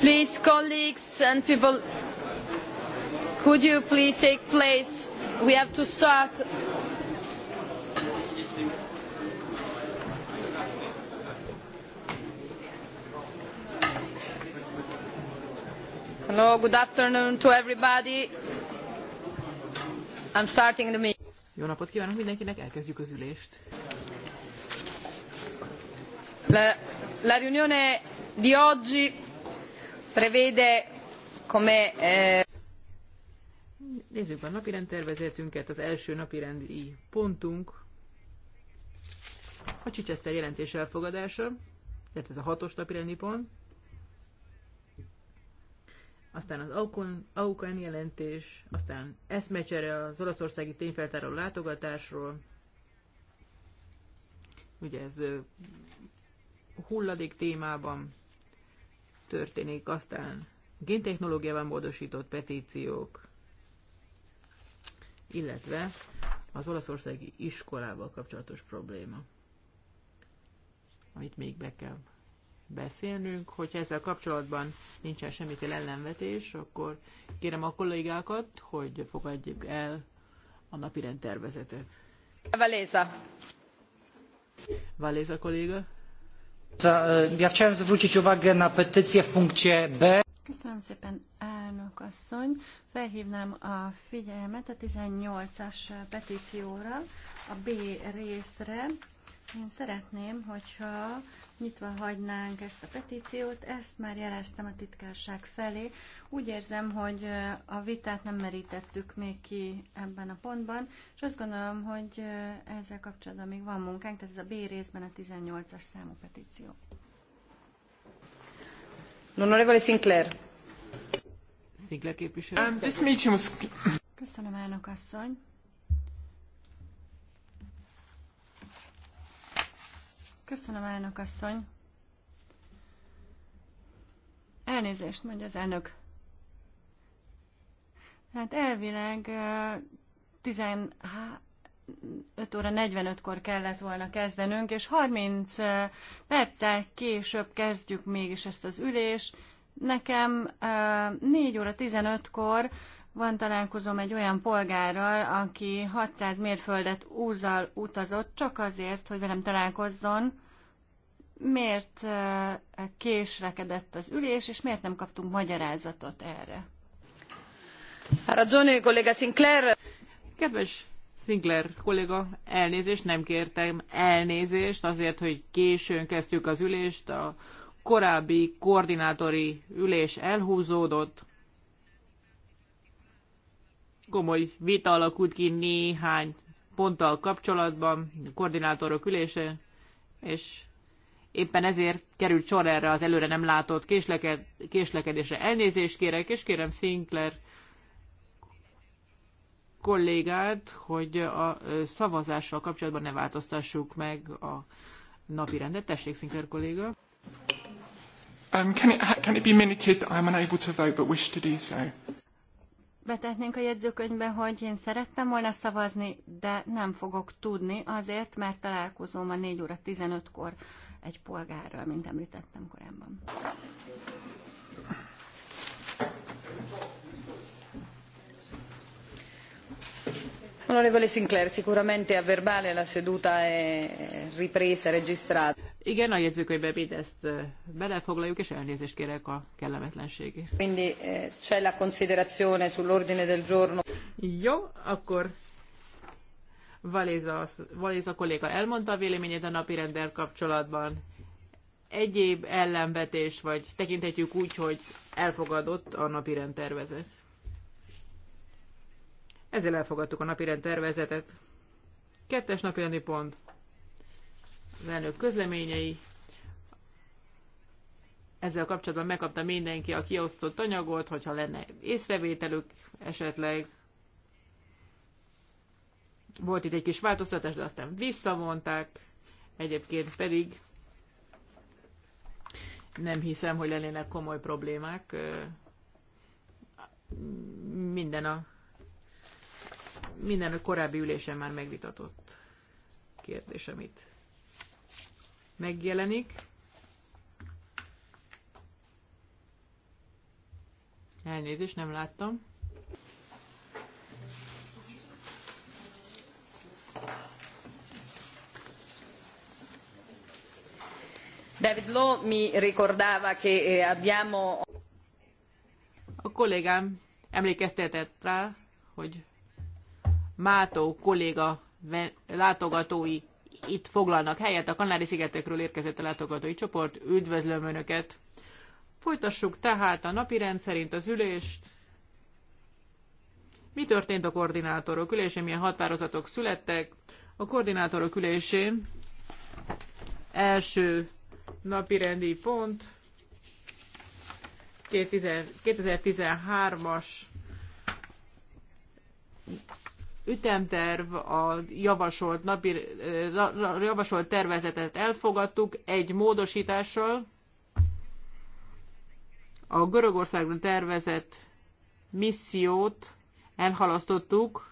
Please, colleagues and people, could you please take place? We have to start. Hello, good afternoon to everybody. I'm starting the meeting. Jó napot kívánok mindenkinek, elkezdjük az ülést. La, la riunione di oggi prevede come... Eh, Nézzük a napirend tervezetünket, az első napirendi pontunk a Csicseszter jelentés elfogadása, illetve ez a hatos napirendi pont. Aztán az Aukon, Aukon jelentés, aztán eszmecsere az olaszországi tényfeltáró látogatásról. Ugye ez hulladék témában történik. Aztán géntechnológiával módosított petíciók, illetve az olaszországi iskolával kapcsolatos probléma, amit még be kell beszélnünk. Hogyha ezzel kapcsolatban nincsen semmiféle ellenvetés, akkor kérem a kollégákat, hogy fogadjuk el a napirend tervezetet. Valéza. Valéza kolléga. E, ja chciałem zwrócić uwagę na petycję w punkcie B. Köszönöm szépen, elnök asszony. Felhívnám a figyelmet a 18-as petícióra, a B részre. Én szeretném, hogyha nyitva hagynánk ezt a petíciót, ezt már jeleztem a titkárság felé. Úgy érzem, hogy a vitát nem merítettük még ki ebben a pontban, és azt gondolom, hogy ezzel kapcsolatban még van munkánk, tehát ez a B részben a 18-as számú petíció. L'onorevole Sinclair. Sinclair képviselő. Um, Köszönöm, elnök asszony. Köszönöm, elnök asszony. Elnézést, mondja az elnök. Hát elvileg 15 óra 45-kor kellett volna kezdenünk, és 30 perccel később kezdjük mégis ezt az ülést. Nekem 4 óra 15-kor van találkozom egy olyan polgárral, aki 600 mérföldet úzal utazott csak azért, hogy velem találkozzon, miért késrekedett az ülés, és miért nem kaptunk magyarázatot erre. Ragione, kollega Sinclair. Kedves Sinclair kolléga, elnézést, nem kértem elnézést azért, hogy későn kezdtük az ülést, a korábbi koordinátori ülés elhúzódott komoly vita alakult ki néhány ponttal kapcsolatban, koordinátorok ülése, és éppen ezért került sor erre az előre nem látott késleked, késlekedésre. Elnézést kérek, és kérem Sinclair kollégát, hogy a szavazással kapcsolatban ne változtassuk meg a napi rendet. Tessék, Sinclair kolléga. Um, can, it, can it be minuted? I'm unable to vote, but wish to do so betetnénk a jegyzőkönyvbe, hogy én szerettem volna szavazni, de nem fogok tudni azért, mert találkozom a 4 óra 15-kor egy polgárral, mint említettem korábban. Onorevole Sinclair, sicuramente a verbale la seduta è ripresa, registrata. Igen, a jegyzőkönyvbe mindezt eh, belefoglaljuk, és elnézést kérek a kellemetlenségért. Quindi eh, c'è la considerazione sull'ordine del giorno. Jó, akkor Valéza, Valéza kolléga elmondta a véleményét a napi rendel kapcsolatban. Egyéb ellenvetés, vagy tekinthetjük úgy, hogy elfogadott a napi rendtervezet. Ezzel elfogadtuk a napirend tervezetet. Kettes napirendi pont. Az elnök közleményei. Ezzel kapcsolatban megkapta mindenki a kiosztott anyagot, hogyha lenne észrevételük esetleg. Volt itt egy kis változtatás, de aztán visszavonták. Egyébként pedig nem hiszem, hogy lennének komoly problémák. Minden a minden korábbi ülésen már megvitatott kérdés, amit megjelenik. Elnézést, nem láttam. David Law mi ricordava che eh, abbiamo... A kollégám emlékeztetett rá, hogy Mátó kolléga látogatói itt foglalnak helyet, a Kanári-szigetekről érkezett a látogatói csoport. Üdvözlöm Önöket! Folytassuk tehát a napi rend szerint az ülést. Mi történt a koordinátorok ülésén, milyen határozatok születtek? A koordinátorok ülésén első napi rendi pont 2013-as ütemterv, a javasolt, napi, javasolt tervezetet elfogadtuk egy módosítással. A Görögországban tervezett missziót elhalasztottuk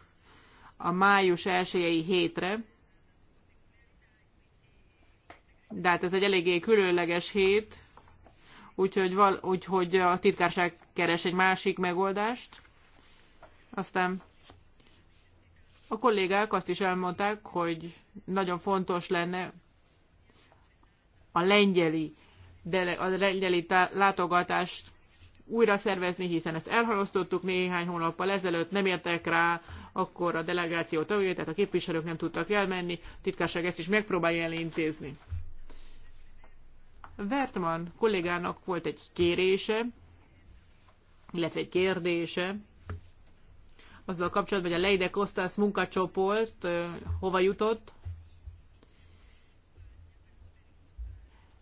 a május 1 hétre. De hát ez egy eléggé különleges hét, úgyhogy, val, úgyhogy a titkárság keres egy másik megoldást. Aztán a kollégák azt is elmondták, hogy nagyon fontos lenne a lengyeli, de a lengyeli látogatást újra szervezni, hiszen ezt elhalasztottuk néhány hónappal ezelőtt, nem értek rá, akkor a delegáció tagjai, tehát a képviselők nem tudtak elmenni, a titkárság ezt is megpróbálja elintézni. Vertman kollégának volt egy kérése, illetve egy kérdése, azzal kapcsolatban, hogy a Leide Kostas munkacsoport hova jutott,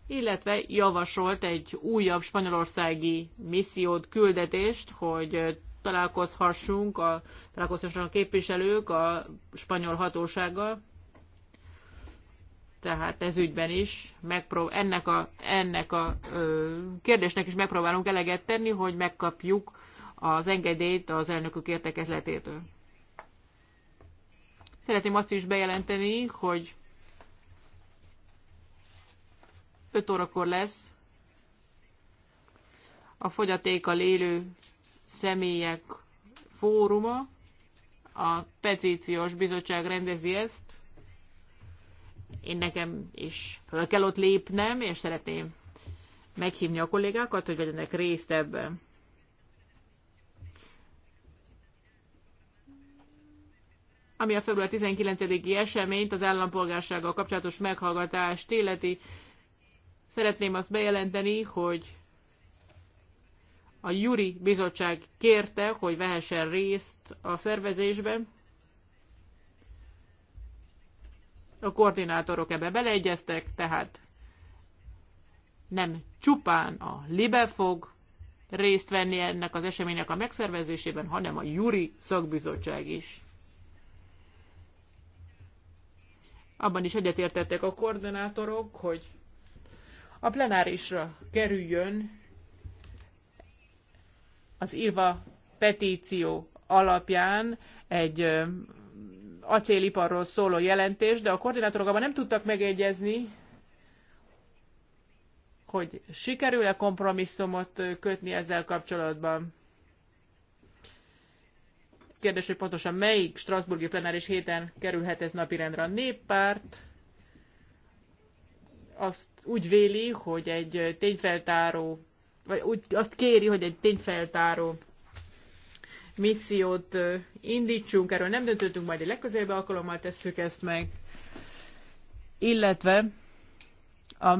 illetve javasolt egy újabb spanyolországi missziót, küldetést, hogy találkozhassunk, a, találkozhassanak a képviselők a spanyol hatósággal. Tehát ez ügyben is megprób- ennek a, ennek a ö, kérdésnek is megpróbálunk eleget tenni, hogy megkapjuk az engedélyt az elnökök értekezletétől. Szeretném azt is bejelenteni, hogy 5 órakor lesz a fogyatékkal élő személyek fóruma. A petíciós bizottság rendezi ezt. Én nekem is fel kell ott lépnem, és szeretném meghívni a kollégákat, hogy vegyenek részt ebben. ami a február 19-i eseményt, az állampolgársággal kapcsolatos meghallgatást illeti. Szeretném azt bejelenteni, hogy a Juri Bizottság kérte, hogy vehessen részt a szervezésben. A koordinátorok ebbe beleegyeztek, tehát nem csupán a Libe fog részt venni ennek az eseménynek a megszervezésében, hanem a Juri szakbizottság is. Abban is egyetértettek a koordinátorok, hogy a plenárisra kerüljön az ILVA petíció alapján egy acéliparról szóló jelentés, de a koordinátorok abban nem tudtak megegyezni, hogy sikerül-e kompromisszumot kötni ezzel kapcsolatban. Kérdés, hogy pontosan melyik Strasburgi plenáris héten kerülhet ez napirendre. A néppárt azt úgy véli, hogy egy tényfeltáró, vagy úgy azt kéri, hogy egy tényfeltáró missziót indítsunk, erről nem döntöttünk, majd egy legközelebb alkalommal tesszük ezt meg, illetve a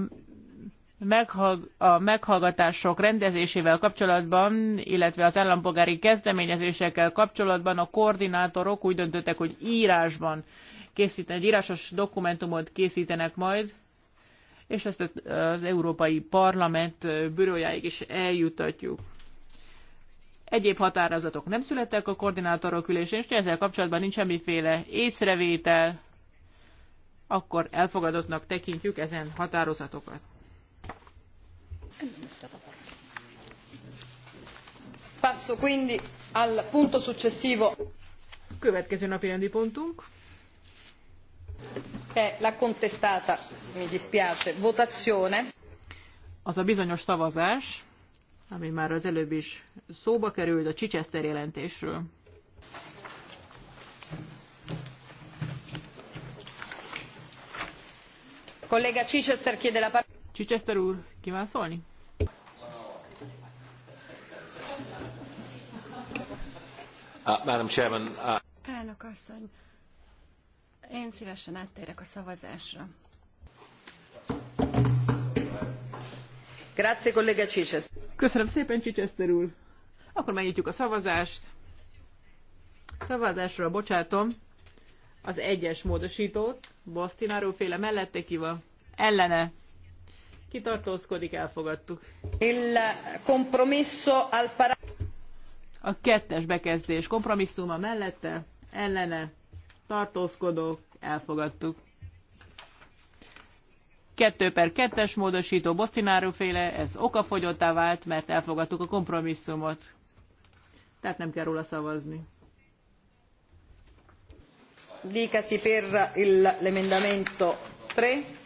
a meghallgatások rendezésével kapcsolatban, illetve az állampolgári kezdeményezésekkel kapcsolatban a koordinátorok úgy döntöttek, hogy írásban készítenek, egy írásos dokumentumot készítenek majd, és ezt az Európai Parlament bürójáig is eljutatjuk. Egyéb határozatok nem születtek a koordinátorok ülésén, és ezzel kapcsolatban nincs semmiféle észrevétel, akkor elfogadottnak tekintjük ezen határozatokat. Passo quindi al punto successivo. Következő napi rendi pontunk. È la contestata, mi dispiace, votazione. Az a bizonyos szavazás, ami már az előbb is szóba került a Chichester jelentésről. Collega Chichester chiede la parola. Chichester úr Kíván szólni? Uh, Madam Chairman, uh... Elnök asszony, én szívesen áttérek a szavazásra. Grazie, kollega Köszönöm szépen, Csicseszter úr. Akkor megnyitjuk a szavazást. Szavazásra bocsátom az egyes módosítót, Bostináró féle mellette kiva, ellene ki elfogadtuk. Il compromesso al para... A kettes bekezdés kompromisszuma mellette, ellene, tartózkodók, elfogadtuk. 2 per 2-es módosító Bosztináró féle, ez okafogyottá vált, mert elfogadtuk a kompromisszumot. Tehát nem kell róla szavazni. Dicasi per l'emendamento 3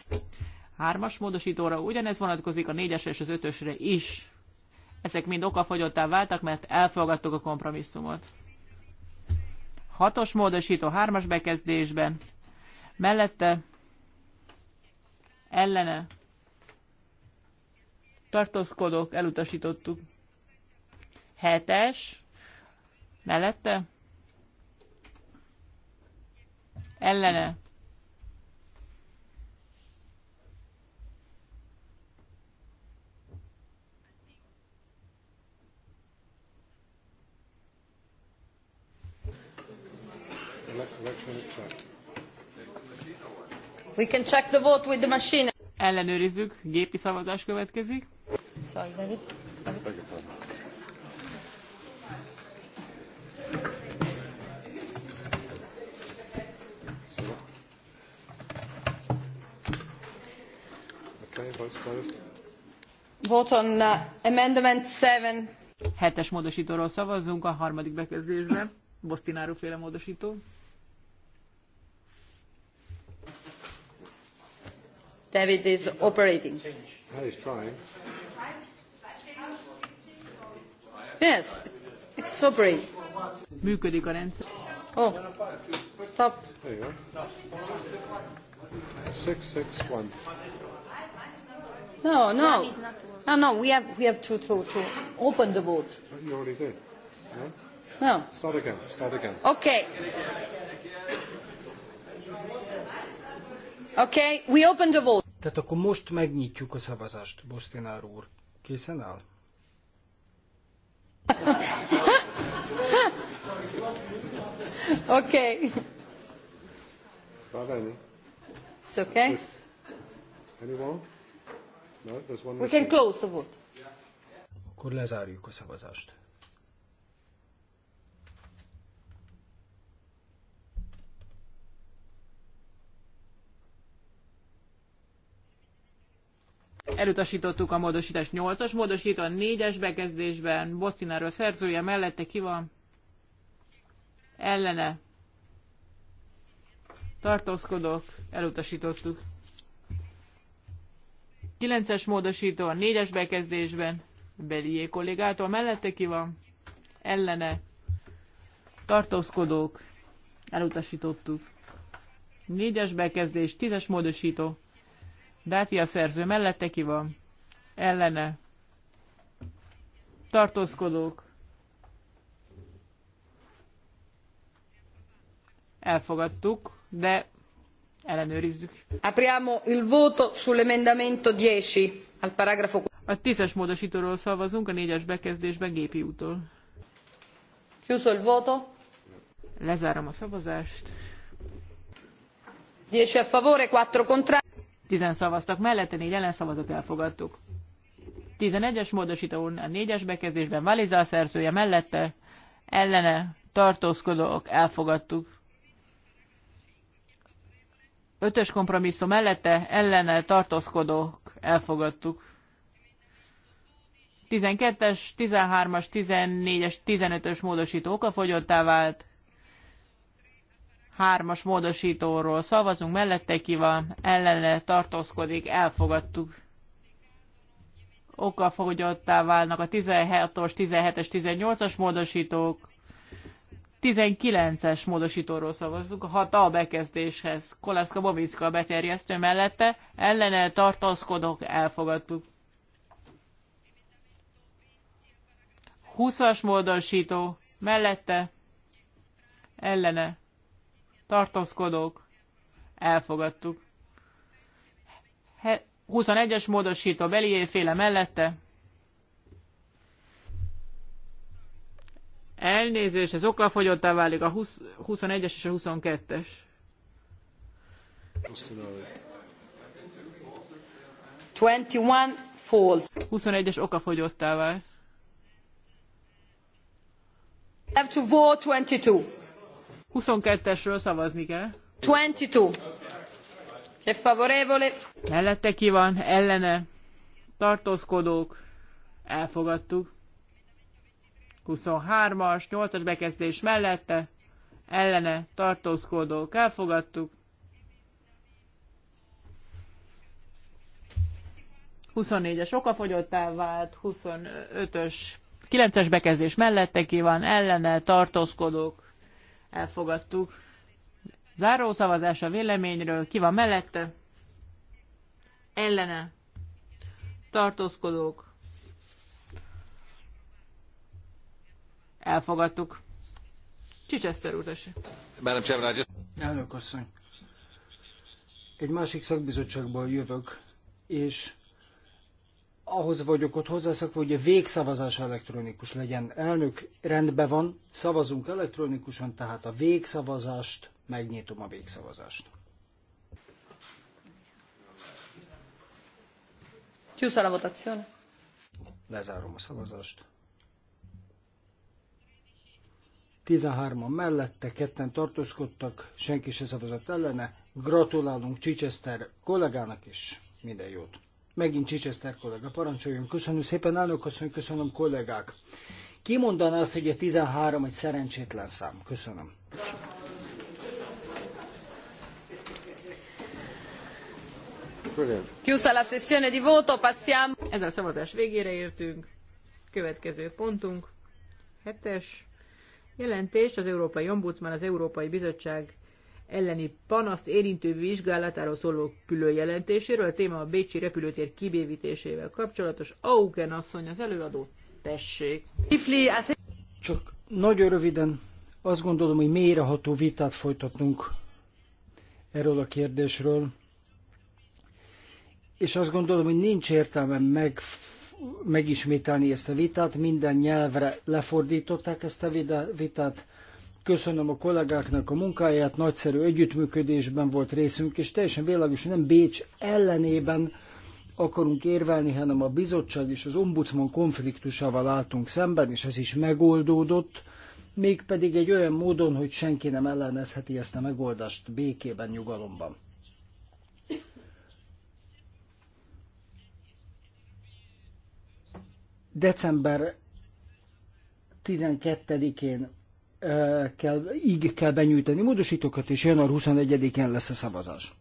hármas módosítóra, ugyanez vonatkozik a négyesre és az ötösre is. Ezek mind okafogyottá váltak, mert elfogadtuk a kompromisszumot. Hatos módosító hármas bekezdésben, mellette, ellene, tartózkodók, elutasítottuk. Hetes, mellette, ellene, We can check the vote with the machine. Ellenőrizzük, gépi szavazás következik. Sorry, David. Okay, vote's closed. Vote on uh, amendment 7. Hetes módosítóról szavazzunk a harmadik bekezdésre. Bosztináru féle módosító. David is operating. No, he's trying. Yes, it's operating. Működik a rendszer. Oh, stop. There you Six, six, one. No, no. No, no, we have, we have to, to, to open the vote. You already did. No? No. Start again, start again. Okay. Okay, we open the vote. Tehát akkor most megnyitjuk a szavazást, Bostinár úr. Készen áll? okay. Bavani. It's okay. anyone? No, there's one We can close the vote. Akkor lezárjuk a szavazást. elutasítottuk a módosítás 8-as módosító, a 4-es bekezdésben Bostináról szerzője mellette ki van ellene tartózkodok, elutasítottuk. 9-es módosító a 4-es bekezdésben Belié kollégától mellette ki van ellene tartózkodók, elutasítottuk. 4-es bekezdés, 10-es módosító Dátia szerző mellette ki van? Ellene. Tartózkodók. Elfogadtuk, de ellenőrizzük. Apriamo il voto sull'emendamento 10 al paragrafo a tízes módosítóról szavazunk a négyes bekezdésben gépi úton. Chiuso il voto. Lezárom a szavazást. 10 a favore, 4 contrari. Tizen szavaztak mellette, négy ellenszavazat elfogadtuk. 11-es módosító a 4-es bekezdésben Valizá szerzője mellette, ellene tartózkodók elfogadtuk. 5-ös kompromisszum mellette, ellene tartózkodók elfogadtuk. 12-es, 13-as, 14-es, 15-ös módosító okafogyottá vált hármas módosítóról szavazunk, mellette ki van, ellene tartózkodik, elfogadtuk. Oka fogyottá válnak a 16-os, 17-es, 18-as módosítók. 19-es módosítóról szavazunk, a 6A bekezdéshez. Kolaszka Bobicka beterjesztő mellette, ellene tartózkodok, elfogadtuk. 20-as módosító mellette, ellene tartózkodók, elfogadtuk. 21-es módosító belié féle mellette. Elnézés, ez oklafogyottá válik a 21-es és a 22-es. Fold. 21-es okafogyottá vált. Have to vote 22. 22-esről szavazni kell. 22. È favorevole. Mellette ki van, ellene, tartózkodók, elfogadtuk. 23-as, 8-as bekezdés mellette, ellene, tartózkodók, elfogadtuk. 24-es okafogyottá vált, 25-ös 9-es bekezdés mellette ki van, ellene tartózkodók, elfogadtuk. Záró szavazás a véleményről, ki van mellette? Ellene. Tartózkodók. Elfogadtuk. Csicseszter úr, Csevrágy. Elnök asszony. Egy másik szakbizottságból jövök, és ahhoz vagyok ott hozzászokva, hogy a végszavazás elektronikus legyen. Elnök, rendben van, szavazunk elektronikusan, tehát a végszavazást, megnyitom a végszavazást. Chiusa la votazione. Lezárom a szavazást. 13-an mellette, ketten tartózkodtak, senki se szavazott ellene. Gratulálunk Csicseszter kollégának is, minden jót! Megint Csicseszter kollega, parancsoljon. Köszönöm szépen, elnök köszönöm köszönöm kollégák. Ki mondaná azt, hogy a 13 egy szerencsétlen szám? Köszönöm. Chiusa la sessione di voto, passiamo. Ezen a szavazás végére értünk. Következő pontunk, hetes jelentés az Európai Ombudsman, az Európai Bizottság elleni panaszt érintő vizsgálatáról szóló különjelentéséről, A téma a Bécsi repülőtér kibévítésével kapcsolatos. Augen asszony az előadó. Tessék! Csak nagyon röviden azt gondolom, hogy mélyreható vitát folytatnunk erről a kérdésről. És azt gondolom, hogy nincs értelme meg, megismételni ezt a vitát, minden nyelvre lefordították ezt a vitát, Köszönöm a kollégáknak a munkáját, nagyszerű együttműködésben volt részünk, és teljesen világos, hogy nem Bécs ellenében akarunk érvelni, hanem a bizottság és az ombudsman konfliktusával álltunk szemben, és ez is megoldódott, mégpedig egy olyan módon, hogy senki nem ellenezheti ezt a megoldást békében, nyugalomban. December 12-én kell, így kell benyújtani módosítókat, és január 21-én lesz a szavazás.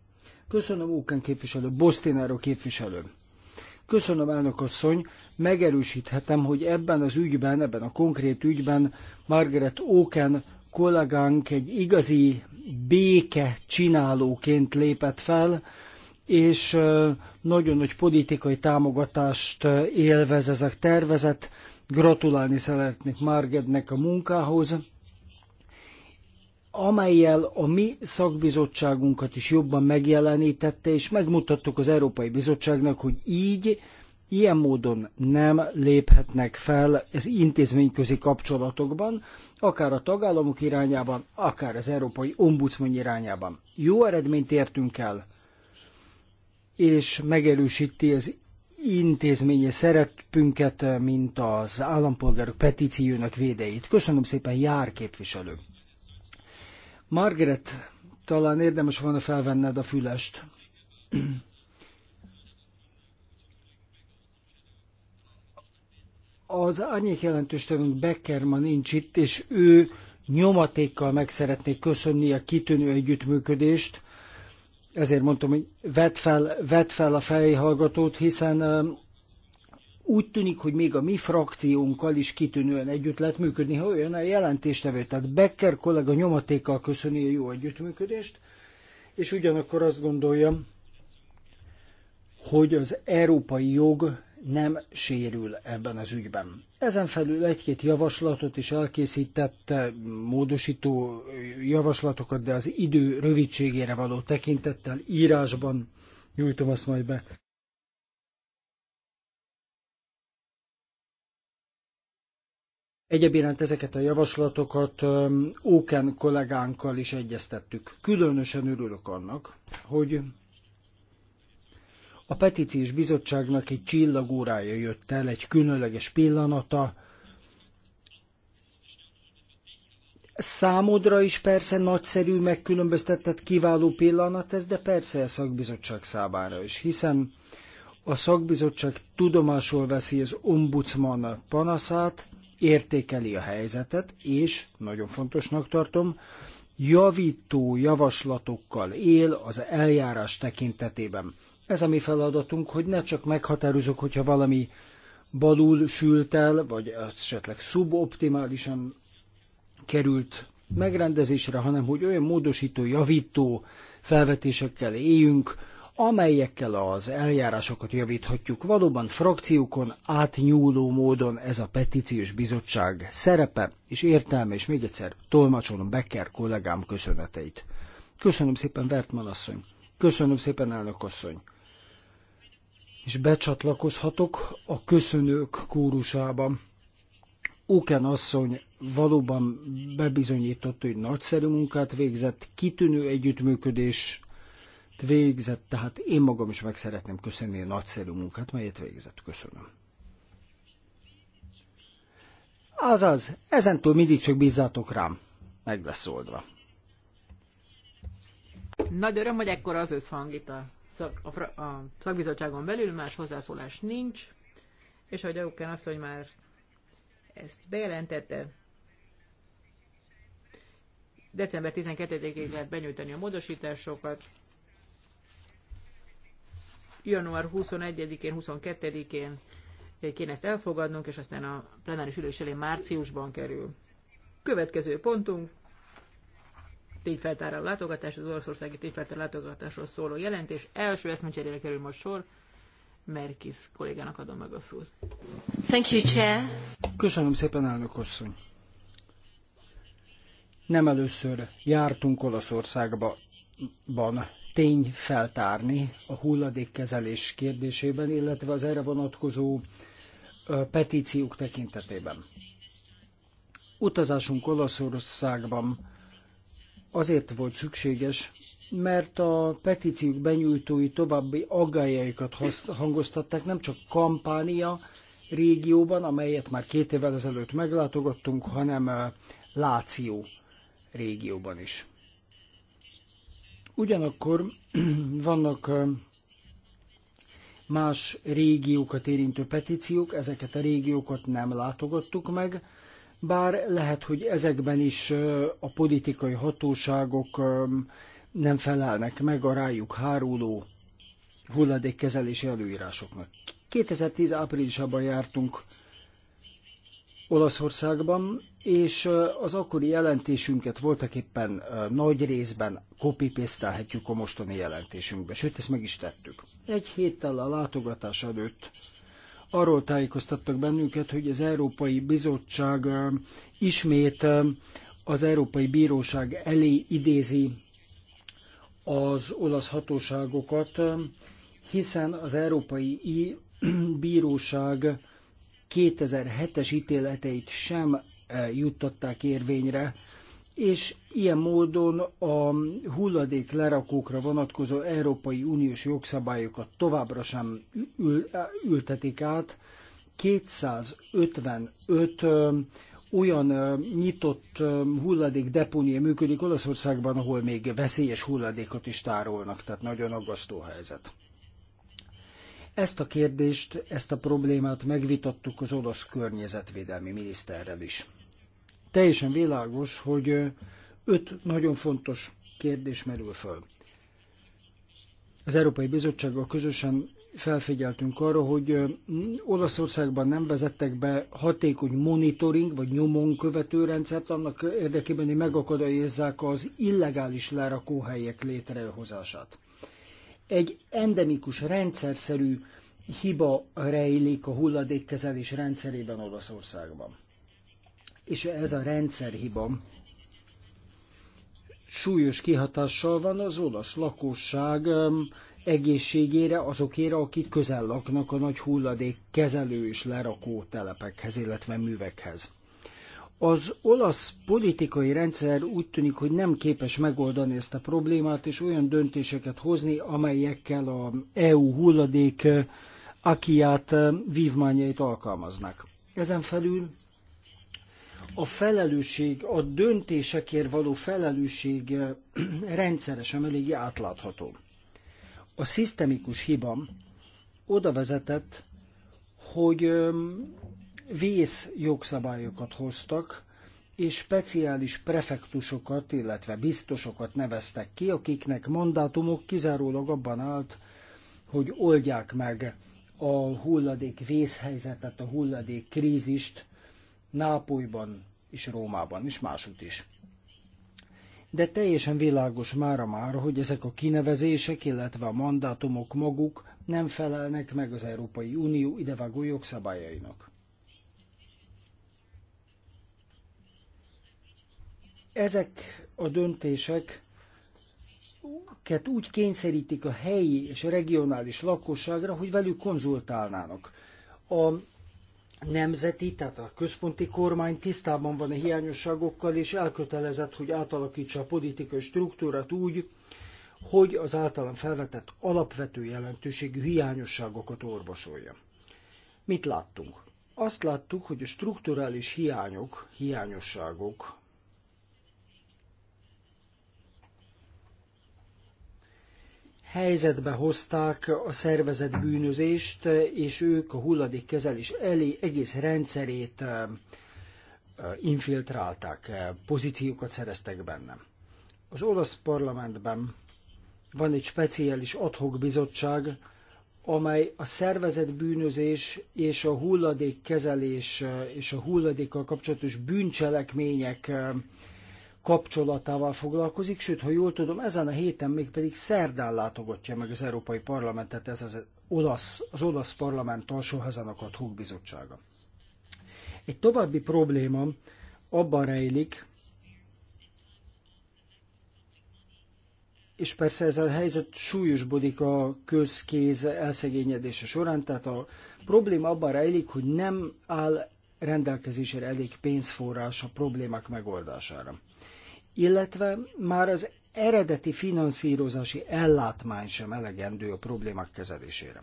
Köszönöm Ókán képviselő, Bosztináró képviselő. Köszönöm, elnök asszony, megerősíthetem, hogy ebben az ügyben, ebben a konkrét ügyben Margaret Óken kollégánk egy igazi béke csinálóként lépett fel, és nagyon nagy politikai támogatást élvez ezek tervezet. Gratulálni szeretnék Margaretnek a munkához, amelyel a mi szakbizottságunkat is jobban megjelenítette, és megmutattuk az Európai Bizottságnak, hogy így, ilyen módon nem léphetnek fel az intézményközi kapcsolatokban, akár a tagállamok irányában, akár az Európai Ombudsman irányában. Jó eredményt értünk el, és megerősíti az intézménye szerepünket, mint az állampolgárok petíciónak védeit. Köszönöm szépen, jár képviselő! Margaret, talán érdemes volna felvenned a fülest. Az árnyék jelentős tevünk Becker ma nincs itt, és ő nyomatékkal meg szeretné köszönni a kitűnő együttműködést. Ezért mondtam, hogy vedd fel, vedd fel a fejhallgatót, hiszen úgy tűnik, hogy még a mi frakciónkkal is kitűnően együtt lehet működni, ha olyan a jelentéstevő. Tehát Becker kollega nyomatékkal köszöni a jó együttműködést, és ugyanakkor azt gondolja, hogy az európai jog nem sérül ebben az ügyben. Ezen felül egy-két javaslatot is elkészített, módosító javaslatokat, de az idő rövidségére való tekintettel írásban nyújtom azt majd be. Egyébként ezeket a javaslatokat Óken kollégánkkal is egyeztettük. Különösen örülök annak, hogy a petíciós bizottságnak egy csillagórája jött el, egy különleges pillanata. Számodra is persze nagyszerű, megkülönböztetett kiváló pillanat ez, de persze a szakbizottság számára is, hiszen a szakbizottság tudomásul veszi az ombudsman panaszát, értékeli a helyzetet, és nagyon fontosnak tartom, javító javaslatokkal él az eljárás tekintetében. Ez a mi feladatunk, hogy ne csak meghatározok, hogyha valami balul sült el, vagy esetleg szuboptimálisan került megrendezésre, hanem hogy olyan módosító, javító felvetésekkel éljünk, amelyekkel az eljárásokat javíthatjuk. Valóban frakciókon átnyúló módon ez a petíciós bizottság szerepe és értelme, és még egyszer tolmacsolom Becker kollégám köszöneteit. Köszönöm szépen, Vertman asszony. Köszönöm szépen, elnök asszony. És becsatlakozhatok a köszönők kórusába. Óken asszony valóban bebizonyított, hogy nagyszerű munkát végzett, kitűnő együttműködés végzett, tehát én magam is meg szeretném köszönni a nagyszerű munkát, melyet végzett. Köszönöm. Azaz, ezentúl mindig csak bízzátok rám. Meg lesz oldva. Nagy öröm, hogy ekkor az összhang itt a, szak, a, fra, a szakbizottságon belül, más hozzászólás nincs, és ahogy Auken azt, hogy már ezt bejelentette, december 12-ig lehet benyújtani a módosításokat, január 21-én, 22-én kéne ezt elfogadnunk, és aztán a plenáris ülés elé márciusban kerül. Következő pontunk, tényfeltáráló látogatás, az Oroszországi tényfeltáráló látogatásról szóló jelentés. Első eszmecserére kerül most sor. Merkis kollégának adom meg a szót. Thank you, Chair. Köszönöm szépen, elnök asszony. Nem először jártunk Olaszországban, tény feltárni a hulladékkezelés kérdésében, illetve az erre vonatkozó petíciók tekintetében. Utazásunk Olaszországban azért volt szükséges, mert a petíciók benyújtói további aggájaikat hangoztatták nem csak Kampánia régióban, amelyet már két évvel ezelőtt meglátogattunk, hanem Láció régióban is. Ugyanakkor vannak más régiókat érintő petíciók, ezeket a régiókat nem látogattuk meg, bár lehet, hogy ezekben is a politikai hatóságok nem felelnek meg a rájuk háruló hulladékkezelési előírásoknak. 2010 áprilisában jártunk Olaszországban, és az akkori jelentésünket voltak éppen nagy részben copy a mostani jelentésünkbe, sőt, ezt meg is tettük. Egy héttel a látogatás előtt arról tájékoztattak bennünket, hogy az Európai Bizottság ismét az Európai Bíróság elé idézi az olasz hatóságokat, hiszen az Európai Bíróság 2007-es ítéleteit sem Eh, juttatták érvényre, és ilyen módon a hulladék lerakókra vonatkozó Európai Uniós jogszabályokat továbbra sem ültetik át. 255 eh, olyan eh, nyitott hulladék deponia működik Olaszországban, ahol még veszélyes hulladékot is tárolnak, tehát nagyon aggasztó helyzet. Ezt a kérdést, ezt a problémát megvitattuk az olasz környezetvédelmi miniszterrel is teljesen világos, hogy öt nagyon fontos kérdés merül föl. Az Európai Bizottsággal közösen felfigyeltünk arra, hogy Olaszországban nem vezettek be hatékony monitoring vagy nyomon követő rendszert annak érdekében, hogy megakadályozzák az illegális lerakóhelyek létrehozását. Egy endemikus, rendszerszerű hiba rejlik a hulladékkezelés rendszerében Olaszországban és ez a rendszerhiba súlyos kihatással van az olasz lakosság egészségére, azokére, akik közel laknak a nagy hulladék kezelő és lerakó telepekhez, illetve művekhez. Az olasz politikai rendszer úgy tűnik, hogy nem képes megoldani ezt a problémát, és olyan döntéseket hozni, amelyekkel a EU hulladék akiát vívmányait alkalmaznak. Ezen felül a felelősség, a döntésekért való felelősség eh, rendszeresen eléggé átlátható. A szisztemikus hiba oda vezetett, hogy vész jogszabályokat hoztak, és speciális prefektusokat, illetve biztosokat neveztek ki, akiknek mandátumok kizárólag abban állt, hogy oldják meg a hulladék vészhelyzetet, a hulladék krízist, Nápolyban és Rómában, és másút is. De teljesen világos mára már, hogy ezek a kinevezések, illetve a mandátumok maguk nem felelnek meg az Európai Unió idevágó jogszabályainak. Ezek a döntések úgy kényszerítik a helyi és a regionális lakosságra, hogy velük konzultálnának. A nemzeti, tehát a központi kormány tisztában van a hiányosságokkal, és elkötelezett, hogy átalakítsa a politikai struktúrát úgy, hogy az általam felvetett alapvető jelentőségű hiányosságokat orvosolja. Mit láttunk? Azt láttuk, hogy a strukturális hiányok, hiányosságok helyzetbe hozták a szervezet bűnözést, és ők a hulladékkezelés elé egész rendszerét infiltrálták, pozíciókat szereztek benne. Az olasz parlamentben van egy speciális adhok bizottság, amely a szervezett bűnözés és a hulladékkezelés és a hulladékkal kapcsolatos bűncselekmények kapcsolatával foglalkozik, sőt, ha jól tudom, ezen a héten még pedig szerdán látogatja meg az Európai Parlamentet, ez az olasz, az olasz parlament alsóházának a bizottsága. Egy további probléma abban rejlik, és persze ez a helyzet súlyosbodik a közkéz elszegényedése során, tehát a probléma abban rejlik, hogy nem áll rendelkezésére elég pénzforrás a problémák megoldására illetve már az eredeti finanszírozási ellátmány sem elegendő a problémák kezelésére.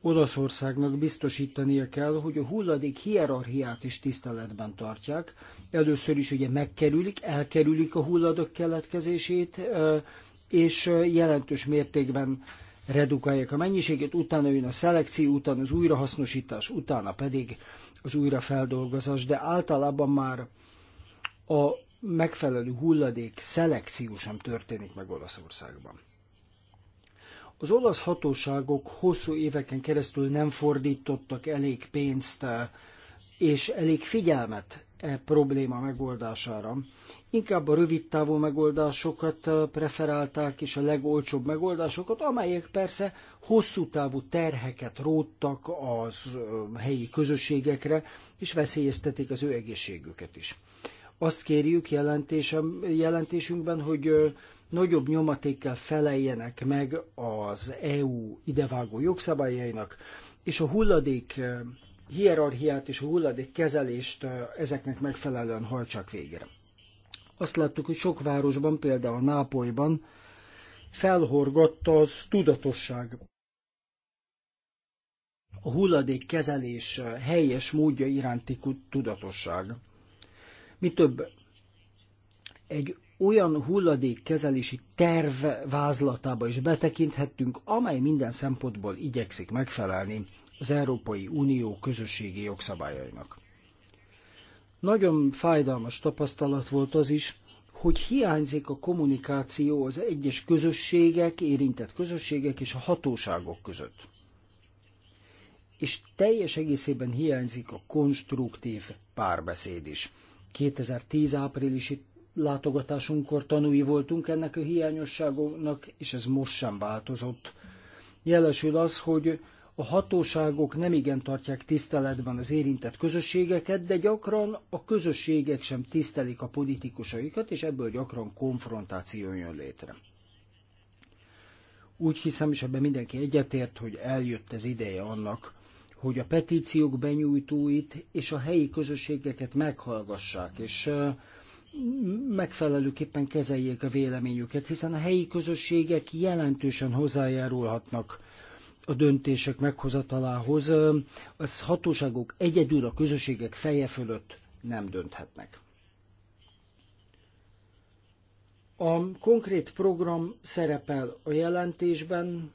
Olaszországnak biztosítania kell, hogy a hulladék hierarchiát is tiszteletben tartják. Először is ugye megkerülik, elkerülik a hulladok keletkezését, és jelentős mértékben redukálják a mennyiségét, utána jön a szelekció, utána az újrahasznosítás, utána pedig az újrafeldolgozás, de általában már a megfelelő hulladék szelekció sem történik meg Olaszországban. Az olasz hatóságok hosszú éveken keresztül nem fordítottak elég pénzt eh, és elég figyelmet e probléma megoldására. Inkább a rövid távú megoldásokat eh, preferálták, és a legolcsóbb megoldásokat, amelyek persze hosszú távú terheket róttak az eh, helyi közösségekre, és veszélyeztetik az ő egészségüket is. Azt kérjük jelentésünkben, hogy nagyobb nyomatékkel feleljenek meg az EU idevágó jogszabályainak, és a hulladék hierarchiát és a hulladék kezelést ezeknek megfelelően hajtsák végre. Azt láttuk, hogy sok városban, például Nápolyban felhorgott az tudatosság. A hulladék kezelés helyes módja iránti tudatosság. Mi több, egy olyan hulladékkezelési terv vázlatába is betekinthettünk, amely minden szempontból igyekszik megfelelni az Európai Unió közösségi jogszabályainak. Nagyon fájdalmas tapasztalat volt az is, hogy hiányzik a kommunikáció az egyes közösségek, érintett közösségek és a hatóságok között. És teljes egészében hiányzik a konstruktív párbeszéd is. 2010 áprilisi látogatásunkkor tanúi voltunk ennek a hiányosságoknak, és ez most sem változott. Jelesül az, hogy a hatóságok nem igen tartják tiszteletben az érintett közösségeket, de gyakran a közösségek sem tisztelik a politikusaikat, és ebből gyakran konfrontáció jön létre. Úgy hiszem, és ebben mindenki egyetért, hogy eljött az ideje annak, hogy a petíciók benyújtóit és a helyi közösségeket meghallgassák, és megfelelőképpen kezeljék a véleményüket, hiszen a helyi közösségek jelentősen hozzájárulhatnak a döntések meghozatalához. az hatóságok egyedül a közösségek feje fölött nem dönthetnek. A konkrét program szerepel a jelentésben,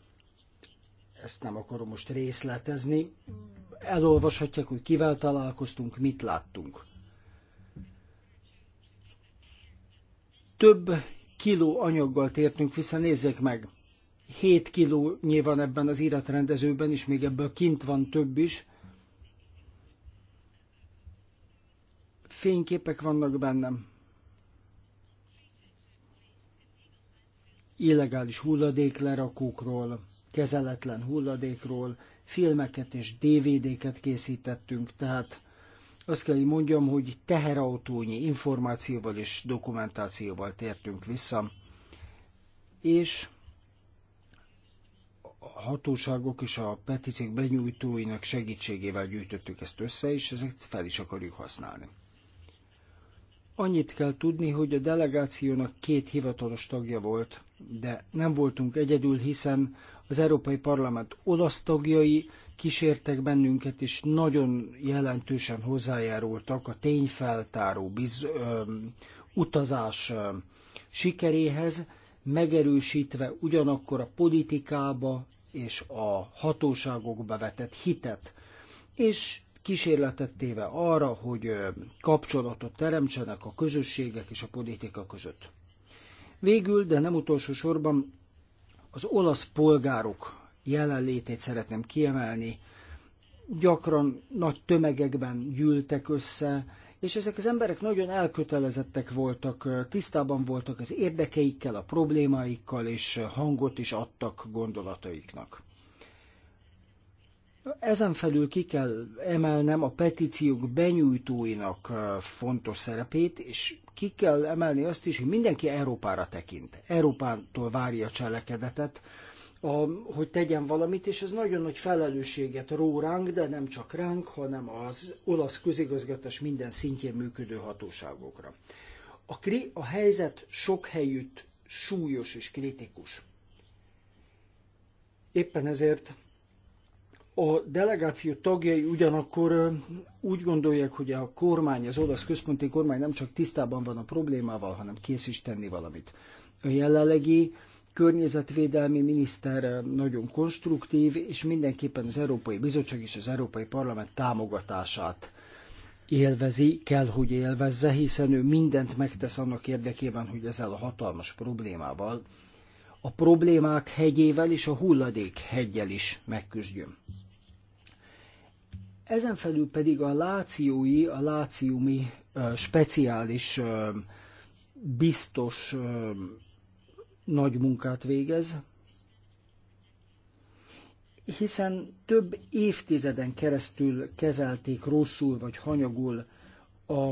ezt nem akarom most részletezni, elolvashatják, hogy kivel találkoztunk, mit láttunk. Több kiló anyaggal tértünk vissza, nézzék meg! 7 kiló nyilván ebben az iratrendezőben, és még ebből kint van több is. Fényképek vannak bennem. Illegális hulladéklerakókról, kezeletlen hulladékról, filmeket és DVD-ket készítettünk, tehát azt kell, hogy mondjam, hogy teherautónyi információval és dokumentációval tértünk vissza, és a hatóságok és a petíciók benyújtóinak segítségével gyűjtöttük ezt össze, és ezeket fel is akarjuk használni. Annyit kell tudni, hogy a delegációnak két hivatalos tagja volt, de nem voltunk egyedül, hiszen az Európai Parlament olasz tagjai kísértek bennünket, és nagyon jelentősen hozzájárultak a tényfeltáró biz, ö, utazás ö, sikeréhez, megerősítve ugyanakkor a politikába és a hatóságokba vetett hitet, és kísérletet téve arra, hogy kapcsolatot teremtsenek a közösségek és a politika között. Végül, de nem utolsó sorban az olasz polgárok jelenlétét szeretném kiemelni. Gyakran nagy tömegekben gyűltek össze, és ezek az emberek nagyon elkötelezettek voltak, tisztában voltak az érdekeikkel, a problémáikkal, és hangot is adtak gondolataiknak. Ezen felül ki kell emelnem a petíciók benyújtóinak fontos szerepét, és ki kell emelni azt is, hogy mindenki Európára tekint. Európától várja a cselekedetet, a, hogy tegyen valamit, és ez nagyon nagy felelősséget ró ránk, de nem csak ránk, hanem az olasz közigazgatás minden szintjén működő hatóságokra. A, kri, a helyzet sok helyütt súlyos és kritikus. Éppen ezért a delegáció tagjai ugyanakkor úgy gondolják, hogy a kormány, az olasz központi kormány nem csak tisztában van a problémával, hanem kész is tenni valamit. A jelenlegi környezetvédelmi miniszter nagyon konstruktív, és mindenképpen az Európai Bizottság és az Európai Parlament támogatását élvezi, kell, hogy élvezze, hiszen ő mindent megtesz annak érdekében, hogy ezzel a hatalmas problémával, a problémák hegyével és a hulladék hegyel is megküzdjön. Ezen felül pedig a lációi, a láciumi speciális biztos nagy munkát végez, hiszen több évtizeden keresztül kezelték rosszul vagy hanyagul a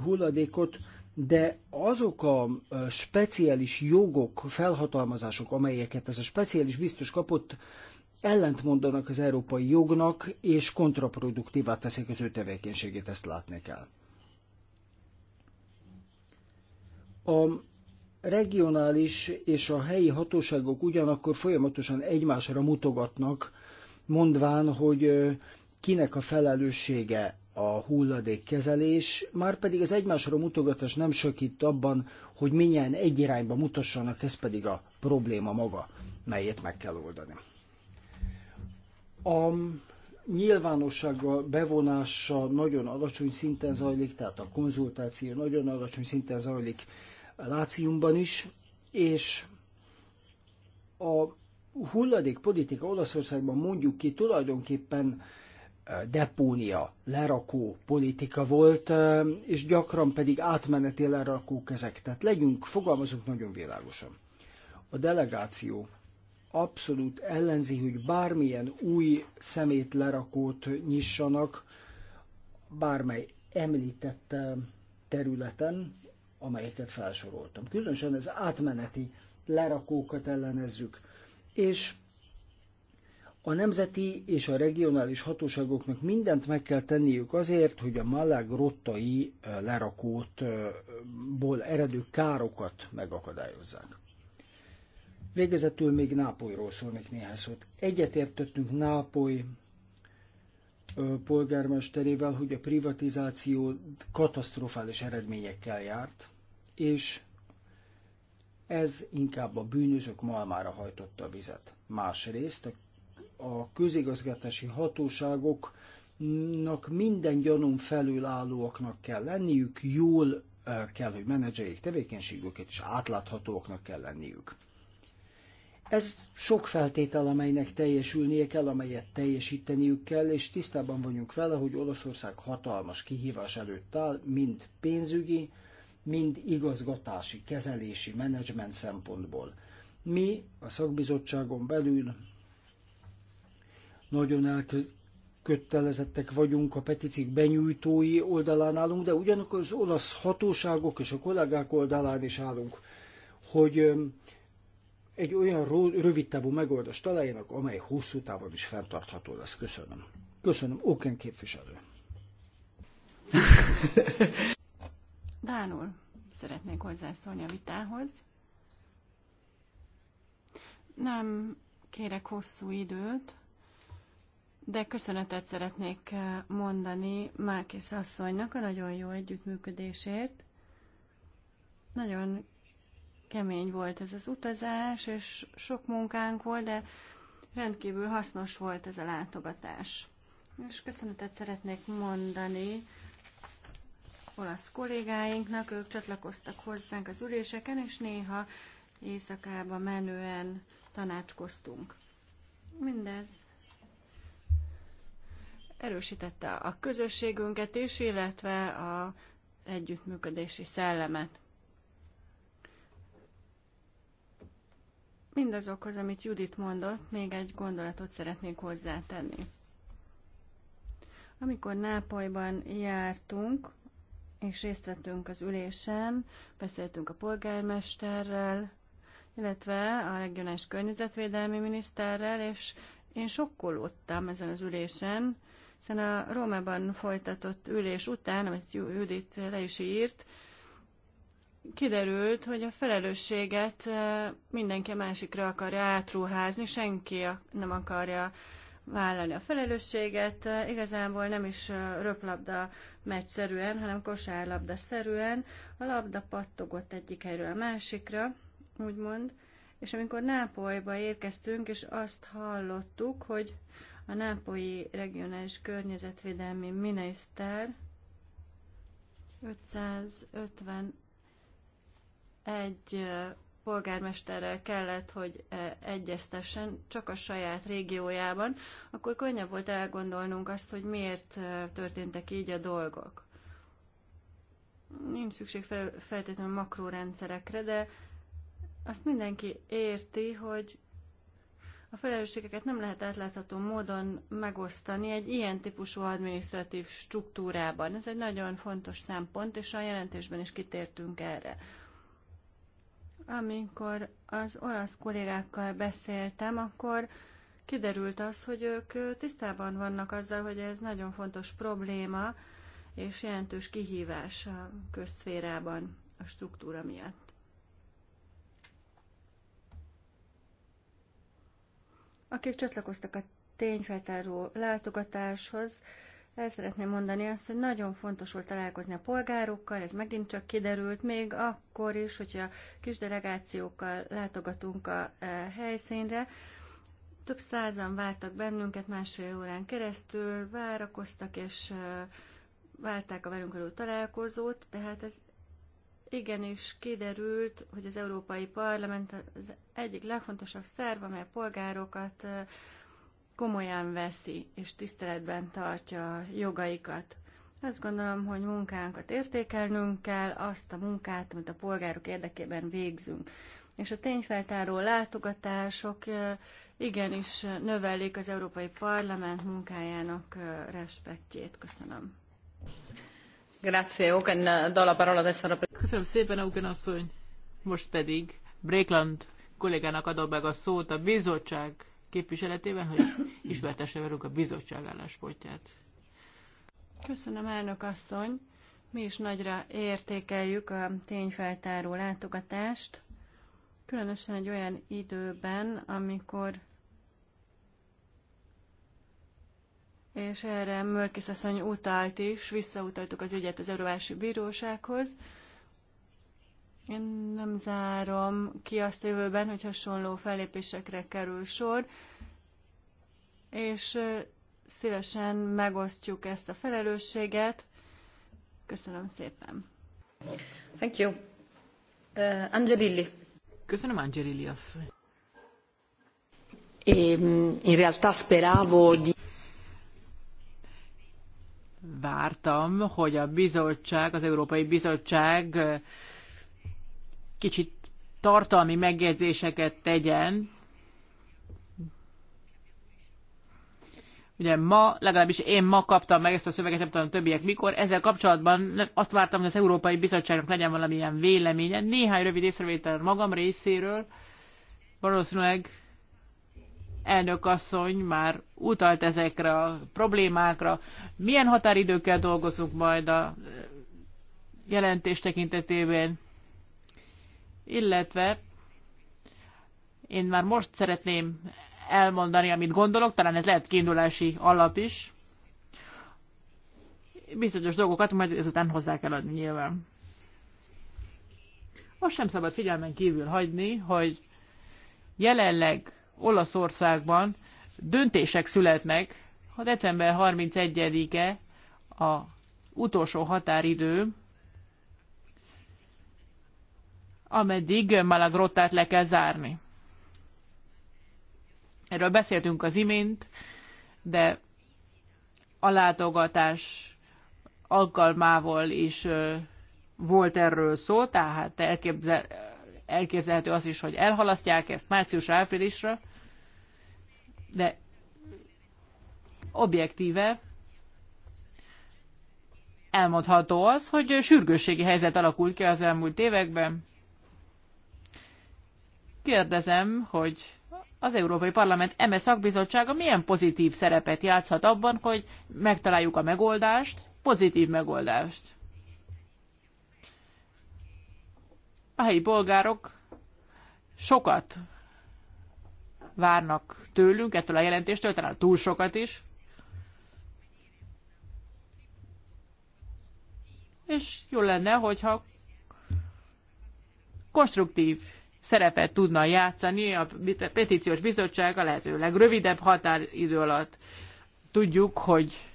hulladékot, de azok a speciális jogok, felhatalmazások, amelyeket ez a speciális biztos kapott, ellentmondanak az európai jognak, és kontraproduktívá teszik az ő tevékenységét, ezt látni kell. A regionális és a helyi hatóságok ugyanakkor folyamatosan egymásra mutogatnak, mondván, hogy kinek a felelőssége a hulladékkezelés, már pedig az egymásra mutogatás nem sökít abban, hogy minnyáján egy irányba mutassanak, ez pedig a probléma maga, melyet meg kell oldani a nyilvánossága, bevonása nagyon alacsony szinten zajlik, tehát a konzultáció nagyon alacsony szinten zajlik Láciumban is, és a hulladék politika Olaszországban mondjuk ki tulajdonképpen e, depónia, lerakó politika volt, e, és gyakran pedig átmeneti lerakók ezek. Tehát legyünk, fogalmazunk nagyon világosan. A delegáció abszolút ellenzi, hogy bármilyen új szemét lerakót nyissanak bármely említett eh, területen, amelyeket felsoroltam. Különösen az átmeneti lerakókat ellenezzük. És a nemzeti és a regionális hatóságoknak mindent meg kell tenniük azért, hogy a Malág rottai eh, lerakótból eredő károkat megakadályozzák. Végezetül még Nápolyról szólnék néhány szót. Egyetértettünk Nápoly polgármesterével, hogy a privatizáció katasztrofális eredményekkel járt, és ez inkább a bűnözök malmára hajtotta a vizet. Másrészt a közigazgatási hatóságoknak minden gyanúm felülállóaknak kell lenniük, jól kell, hogy menedzseljék tevékenységüket, és átláthatóaknak kell lenniük. Ez sok feltétel, amelynek teljesülnie kell, amelyet teljesíteniük kell, és tisztában vagyunk vele, hogy Olaszország hatalmas kihívás előtt áll, mind pénzügyi, mind igazgatási, kezelési, menedzsment szempontból. Mi a szakbizottságon belül nagyon elkötelezettek vagyunk a peticik benyújtói oldalán állunk, de ugyanakkor az olasz hatóságok és a kollégák oldalán is állunk, hogy egy olyan rövid távú megoldást találjanak, amely hosszú távon is fenntartható lesz. Köszönöm. Köszönöm, Oken képviselő. Bánul szeretnék hozzászólni a vitához. Nem kérek hosszú időt, de köszönetet szeretnék mondani Mákis asszonynak a nagyon jó együttműködésért. Nagyon kemény volt ez az utazás, és sok munkánk volt, de rendkívül hasznos volt ez a látogatás. És köszönetet szeretnék mondani olasz kollégáinknak, ők csatlakoztak hozzánk az üléseken, és néha éjszakába menően tanácskoztunk. Mindez erősítette a közösségünket is, illetve az együttműködési szellemet. Mindazokhoz, amit Judit mondott, még egy gondolatot szeretnék hozzátenni. Amikor Nápolyban jártunk, és részt vettünk az ülésen, beszéltünk a polgármesterrel, illetve a regionális környezetvédelmi miniszterrel, és én sokkolódtam ezen az ülésen, hiszen a Rómában folytatott ülés után, amit Judit le is írt, kiderült, hogy a felelősséget eh, mindenki másikra akarja átruházni, senki nem akarja vállalni a felelősséget, eh, igazából nem is eh, röplabda meccserűen, hanem kosárlabda szerűen, a labda pattogott egyik helyről a másikra, úgymond, és amikor Nápolyba érkeztünk, és azt hallottuk, hogy a Nápolyi Regionális Környezetvédelmi Miniszter 550 egy polgármesterrel kellett, hogy egyeztessen csak a saját régiójában, akkor könnyebb volt elgondolnunk azt, hogy miért történtek így a dolgok. Nincs szükség feltétlenül makrórendszerekre, de azt mindenki érti, hogy a felelősségeket nem lehet átlátható módon megosztani egy ilyen típusú administratív struktúrában. Ez egy nagyon fontos szempont, és a jelentésben is kitértünk erre. Amikor az olasz kollégákkal beszéltem, akkor kiderült az, hogy ők tisztában vannak azzal, hogy ez nagyon fontos probléma és jelentős kihívás a közszférában a struktúra miatt. Akik csatlakoztak a tényfeltáró látogatáshoz, el szeretném mondani azt, hogy nagyon fontos volt találkozni a polgárokkal, ez megint csak kiderült, még akkor is, hogyha kis delegációkkal látogatunk a e, helyszínre. Több százan vártak bennünket másfél órán keresztül, várakoztak és e, várták a velünk való találkozót, tehát ez igenis kiderült, hogy az Európai Parlament az egyik legfontosabb szerv, amely a polgárokat e, komolyan veszi és tiszteletben tartja a jogaikat. Azt gondolom, hogy munkánkat értékelnünk kell, azt a munkát, amit a polgárok érdekében végzünk. És a tényfeltáró látogatások igenis növelik az Európai Parlament munkájának respektjét. Köszönöm. Grazie, Oken, do la parola Köszönöm szépen, Oken asszony. Most pedig Brékland kollégának adom meg a szót a bizottság képviseletében, hogy ismertesse velünk a bizottság álláspontját. Köszönöm, elnök asszony! Mi is nagyra értékeljük a tényfeltáró látogatást, különösen egy olyan időben, amikor és erre Mörkis asszony utalt is, visszautaltuk az ügyet az Euróvási Bírósághoz, én nem zárom ki azt a jövőben, hogy hasonló fellépésekre kerül sor, és szívesen megosztjuk ezt a felelősséget. Köszönöm szépen. Thank you. Uh, Angelilli. Köszönöm, Angelilli asszony. Ehm, in realtà speravo di vártam, hogy a bizottság, az Európai Bizottság kicsit tartalmi megjegyzéseket tegyen. Ugye ma, legalábbis én ma kaptam meg ezt a szöveget, nem tudom többiek mikor. Ezzel kapcsolatban azt vártam, hogy az Európai Bizottságnak legyen valamilyen véleménye. Néhány rövid észrevétel magam részéről. Valószínűleg elnök asszony már utalt ezekre a problémákra. Milyen határidőkkel dolgozunk majd a jelentés tekintetében? illetve én már most szeretném elmondani, amit gondolok, talán ez lehet kiindulási alap is. Bizonyos dolgokat majd ezután hozzá kell adni nyilván. most sem szabad figyelmen kívül hagyni, hogy jelenleg Olaszországban döntések születnek, ha december 31-e a utolsó határidő ameddig Malagrottát le kell zárni. Erről beszéltünk az imént, de a látogatás alkalmával is volt erről szó, tehát elképzel, elképzelhető az is, hogy elhalasztják ezt március áprilisra, de objektíve elmondható az, hogy sürgősségi helyzet alakult ki az elmúlt években. Kérdezem, hogy az Európai Parlament EME szakbizottsága milyen pozitív szerepet játszhat abban, hogy megtaláljuk a megoldást, pozitív megoldást. A helyi bolgárok sokat várnak tőlünk, ettől a jelentéstől, talán túl sokat is. És jó lenne, hogyha konstruktív szerepet tudna játszani a petíciós bizottság a lehető legrövidebb határidő alatt. Tudjuk, hogy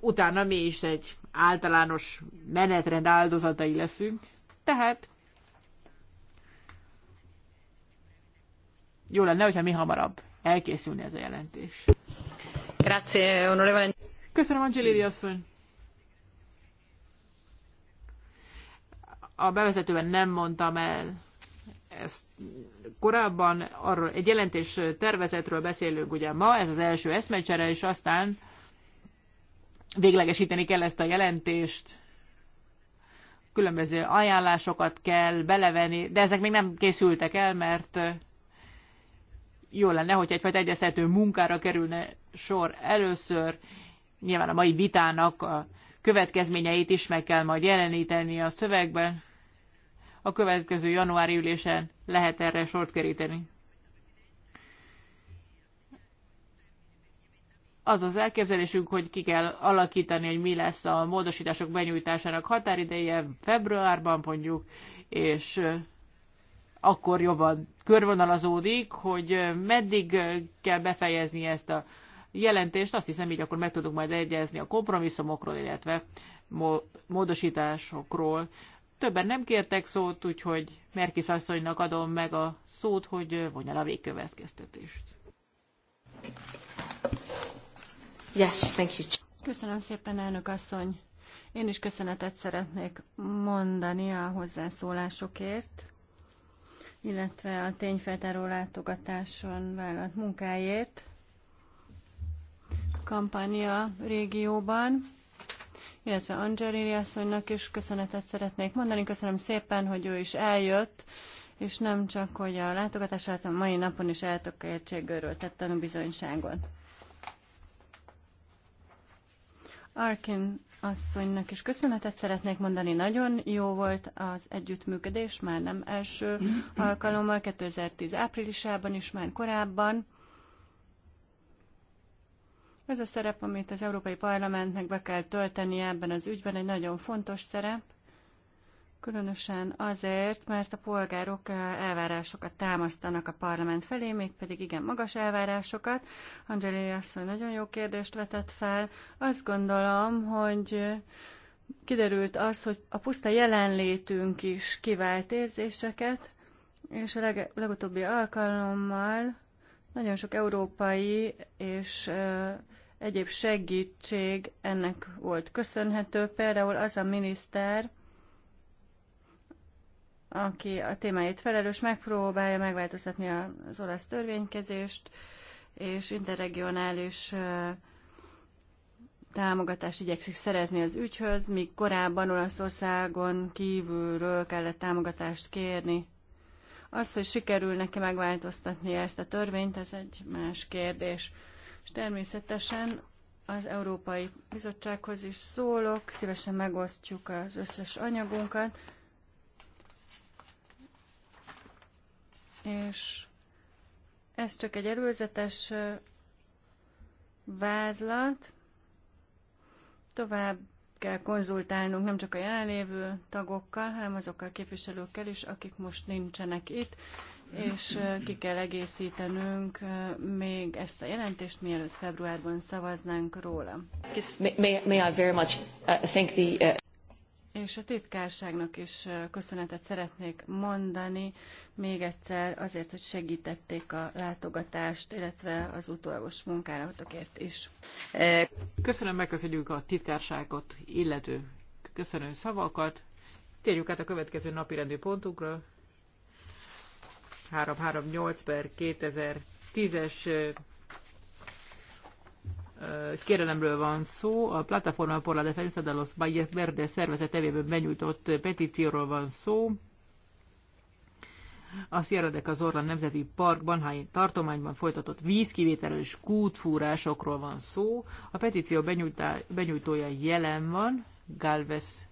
utána mi is egy általános menetrend áldozatai leszünk, tehát jó lenne, hogyha mi hamarabb elkészülne ez a jelentés. Grazie, onorevole. Köszönöm, Angelili asszony. a bevezetőben nem mondtam el ezt korábban, arról egy jelentés tervezetről beszélünk ugye ma, ez az első eszmecsere, és aztán véglegesíteni kell ezt a jelentést, különböző ajánlásokat kell belevenni, de ezek még nem készültek el, mert jó lenne, hogy egyfajta egyeztető munkára kerülne sor először. Nyilván a mai vitának a következményeit is meg kell majd jeleníteni a szövegben. A következő januári ülésen lehet erre sort keríteni. az az elképzelésünk, hogy ki kell alakítani, hogy mi lesz a módosítások benyújtásának határideje februárban mondjuk, és akkor jobban körvonalazódik, hogy meddig kell befejezni ezt a jelentést, azt hiszem így akkor meg tudunk majd egyezni a kompromisszumokról, illetve módosításokról. Többen nem kértek szót, úgyhogy Merkis asszonynak adom meg a szót, hogy vonja a végkövetkeztetést. Yes, thank you. Köszönöm szépen, elnök asszony. Én is köszönetet szeretnék mondani a hozzászólásokért, illetve a tényfeltáró látogatáson vállalt munkáért kampánia régióban, illetve Angelini asszonynak is köszönetet szeretnék mondani. Köszönöm szépen, hogy ő is eljött, és nem csak, hogy a látogatását a mai napon is eltökéltségőről tett bizonyságot. Arkin asszonynak is köszönetet szeretnék mondani. Nagyon jó volt az együttműködés, már nem első alkalommal, 2010 áprilisában is, már korábban. Ez a szerep, amit az Európai Parlamentnek be kell tölteni ebben az ügyben, egy nagyon fontos szerep, különösen azért, mert a polgárok eh, elvárásokat támasztanak a parlament felé, mégpedig igen magas elvárásokat. Angeli asszony nagyon jó kérdést vetett fel. Azt gondolom, hogy eh, kiderült az, hogy a puszta jelenlétünk is kivált érzéseket, és a legutóbbi alkalommal nagyon sok európai és egyéb segítség ennek volt köszönhető. Például az a miniszter, aki a témáit felelős, megpróbálja megváltoztatni az olasz törvénykezést, és interregionális támogatást igyekszik szerezni az ügyhöz, míg korábban Olaszországon kívülről kellett támogatást kérni. Az, hogy sikerül neki megváltoztatni ezt a törvényt, ez egy más kérdés. És természetesen az Európai Bizottsághoz is szólok, szívesen megosztjuk az összes anyagunkat, és ez csak egy előzetes vázlat, tovább kell konzultálnunk, nem csak a jelenlévő tagokkal, hanem azokkal a képviselőkkel is, akik most nincsenek itt, és ki kell egészítenünk még ezt a jelentést, mielőtt februárban szavaznánk róla. May, may I very much uh, és a titkárságnak is köszönetet szeretnék mondani még egyszer azért, hogy segítették a látogatást, illetve az utolvos munkálatokért is. Köszönöm, megköszönjük a titkárságot illető köszönő szavakat. Térjük át a következő napi rendő pontunkra. 338 per 2010-es kérelemről van szó, a Plataforma por la Defensa de los Valles Verdes szervezet nevében benyújtott petícióról van szó. A Sierra de Cazorla Nemzeti Parkban, Banhai tartományban folytatott vízkivételes kútfúrásokról van szó. A petíció benyújtá, benyújtója jelen van, Galvez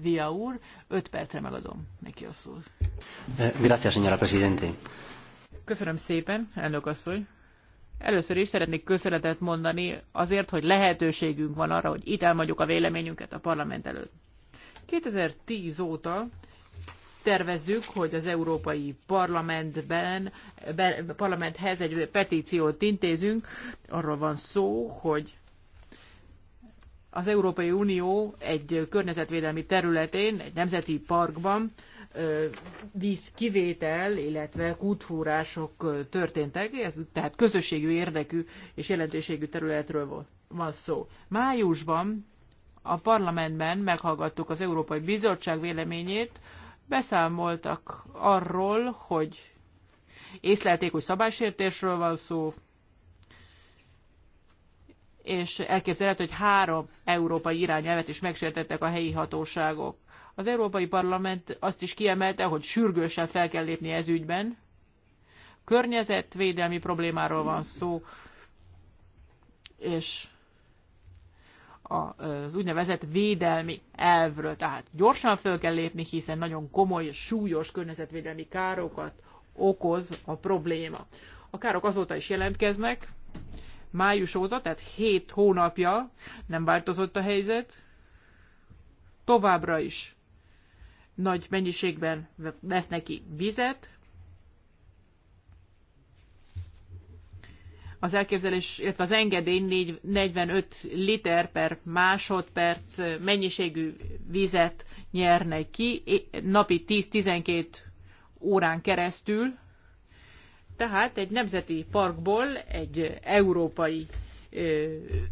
Via úr. Öt percre megadom neki a szót. Gracias, señora presidente. Köszönöm szépen, elnök asszony. Először is szeretnék köszönetet mondani azért, hogy lehetőségünk van arra, hogy itt elmondjuk a véleményünket a parlament előtt. 2010 óta tervezzük, hogy az Európai Parlamentben, be, Parlamenthez egy petíciót intézünk. Arról van szó, hogy az Európai Unió egy környezetvédelmi területén, egy nemzeti parkban vízkivétel, illetve kútfúrások történtek, ez tehát közösségű érdekű és jelentőségű területről van szó. Májusban a parlamentben meghallgattuk az Európai Bizottság véleményét, beszámoltak arról, hogy észlelték, hogy szabálysértésről van szó, és elképzelhető, hogy három európai irányelvet is megsértettek a helyi hatóságok. Az Európai Parlament azt is kiemelte, hogy sürgősen fel kell lépni ez ügyben. Környezetvédelmi problémáról van szó, és az úgynevezett védelmi elvről. Tehát gyorsan fel kell lépni, hiszen nagyon komoly és súlyos környezetvédelmi károkat okoz a probléma. A károk azóta is jelentkeznek, május óta, tehát 7 hónapja nem változott a helyzet. Továbbra is nagy mennyiségben vesz neki vizet. Az elképzelés, illetve az engedély 45 liter per másodperc mennyiségű vizet nyerne ki napi 10-12 órán keresztül. Tehát egy nemzeti parkból egy európai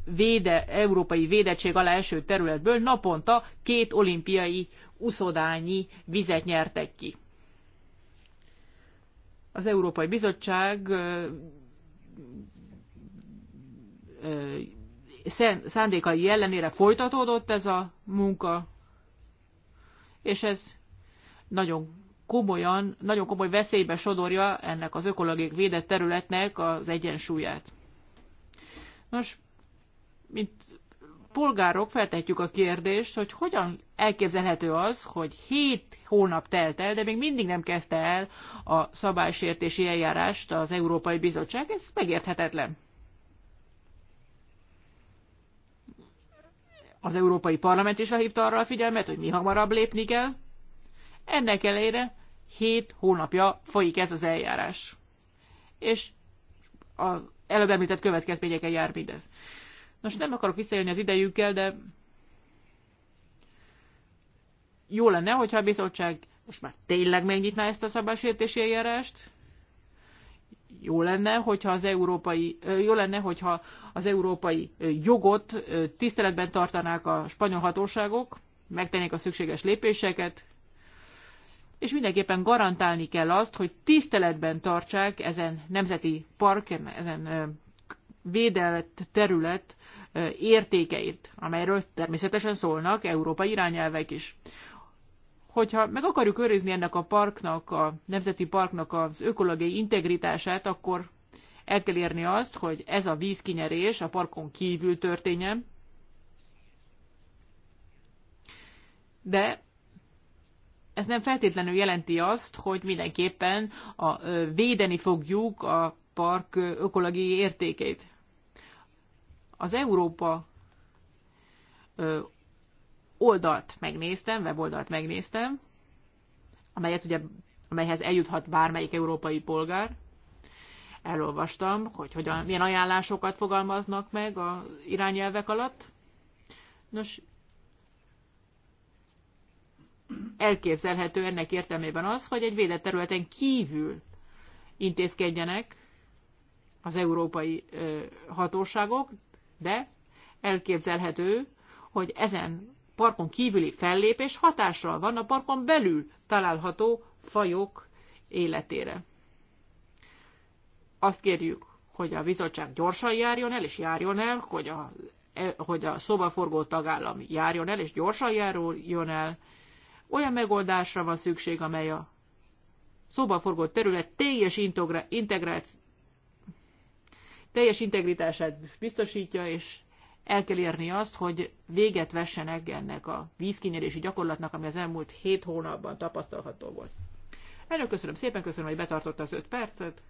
véde, európai védettség alá eső területből naponta két olimpiai uszodányi vizet nyertek ki. Az Európai Bizottság szándékai ellenére folytatódott ez a munka, és ez nagyon komolyan, nagyon komoly veszélybe sodorja ennek az ökológiai védett területnek az egyensúlyát. Nos, mint polgárok feltetjük a kérdést, hogy hogyan elképzelhető az, hogy 7 hónap telt el, de még mindig nem kezdte el a szabálysértési eljárást az Európai Bizottság. Ez megérthetetlen. Az Európai Parlament is felhívta arra a figyelmet, hogy mi hamarabb lépni kell. Ennek elére 7 hónapja folyik ez az eljárás. És az előbb említett következményekkel jár mindez. Nos, nem akarok visszajönni az idejükkel, de jó lenne, hogyha a bizottság most már tényleg megnyitná ezt a szabálysértési eljárást. Jó lenne, hogyha az európai, jó lenne, hogyha az európai jogot tiszteletben tartanák a spanyol hatóságok, megtennék a szükséges lépéseket, és mindenképpen garantálni kell azt, hogy tiszteletben tartsák ezen nemzeti park, ezen védelt terület értékeit, amelyről természetesen szólnak európai irányelvek is. Hogyha meg akarjuk őrizni ennek a parknak, a nemzeti parknak az ökológiai integritását, akkor el kell érni azt, hogy ez a vízkinyerés a parkon kívül történjen, de ez nem feltétlenül jelenti azt, hogy mindenképpen a, védeni fogjuk a park ökológiai értékeit. Az Európa oldalt megnéztem, weboldalt megnéztem, amelyet ugye, amelyhez eljuthat bármelyik európai polgár. Elolvastam, hogy hogyan, milyen ajánlásokat fogalmaznak meg az irányelvek alatt. Nos, elképzelhető ennek értelmében az, hogy egy védett területen kívül intézkedjenek az európai hatóságok, de elképzelhető, hogy ezen parkon kívüli fellépés hatással van a parkon belül található fajok életére. Azt kérjük, hogy a bizottság gyorsan járjon el, és járjon el, hogy a, e, hogy a szobaforgó tagállam járjon el, és gyorsan járjon el, olyan megoldásra van szükség, amely a szóba forgott terület teljes integráció, teljes integritását biztosítja, és el kell érni azt, hogy véget vessenek ennek a vízkinyerési gyakorlatnak, ami az elmúlt hét hónapban tapasztalható volt. Erről köszönöm szépen, köszönöm, hogy betartotta az öt percet.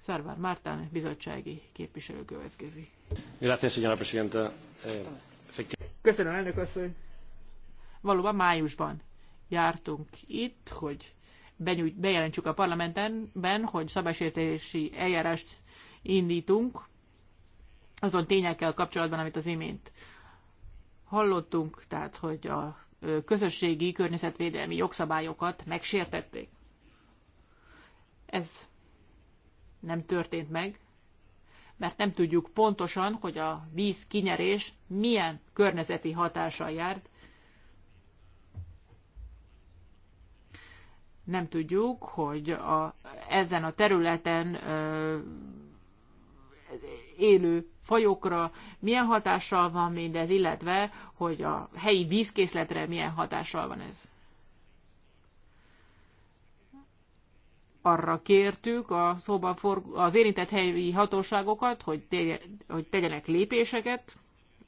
Szervár Mártán, bizottsági képviselő következik. Eh, köszönöm, elnök asszony. Valóban májusban jártunk itt, hogy benyújt, bejelentsük a parlamentben, hogy szabásértési eljárást indítunk azon tényekkel kapcsolatban, amit az imént hallottunk, tehát hogy a közösségi környezetvédelmi jogszabályokat megsértették. Ez nem történt meg, mert nem tudjuk pontosan, hogy a víz kinyerés milyen környezeti hatással járt, nem tudjuk, hogy a, ezen a területen ö, élő fajokra milyen hatással van mindez, illetve hogy a helyi vízkészletre milyen hatással van ez. Arra kértük a szóban for, az érintett helyi hatóságokat, hogy, tegye, hogy tegyenek lépéseket,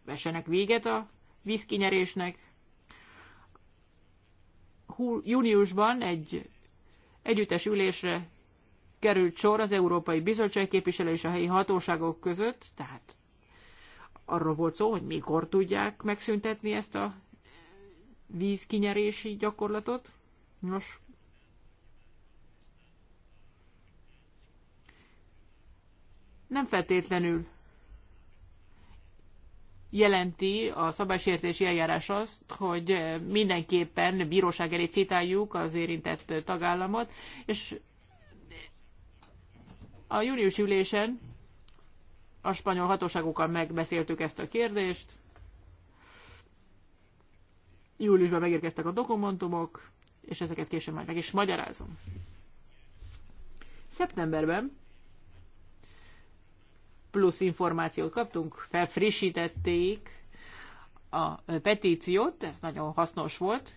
vessenek véget a vízkinyerésnek. Hú, júniusban egy Együttes ülésre került sor az Európai Bizottság képviselő és a helyi hatóságok között, tehát arról volt szó, hogy mikor tudják megszüntetni ezt a vízkinyerési gyakorlatot. Nos, nem feltétlenül jelenti a szabálysértési eljárás azt, hogy mindenképpen bíróság elé citáljuk az érintett tagállamot, és a június ülésen a spanyol hatóságokkal megbeszéltük ezt a kérdést. Júliusban megérkeztek a dokumentumok, és ezeket később majd meg is magyarázom. Szeptemberben plusz információt kaptunk, felfrissítették a petíciót, ez nagyon hasznos volt.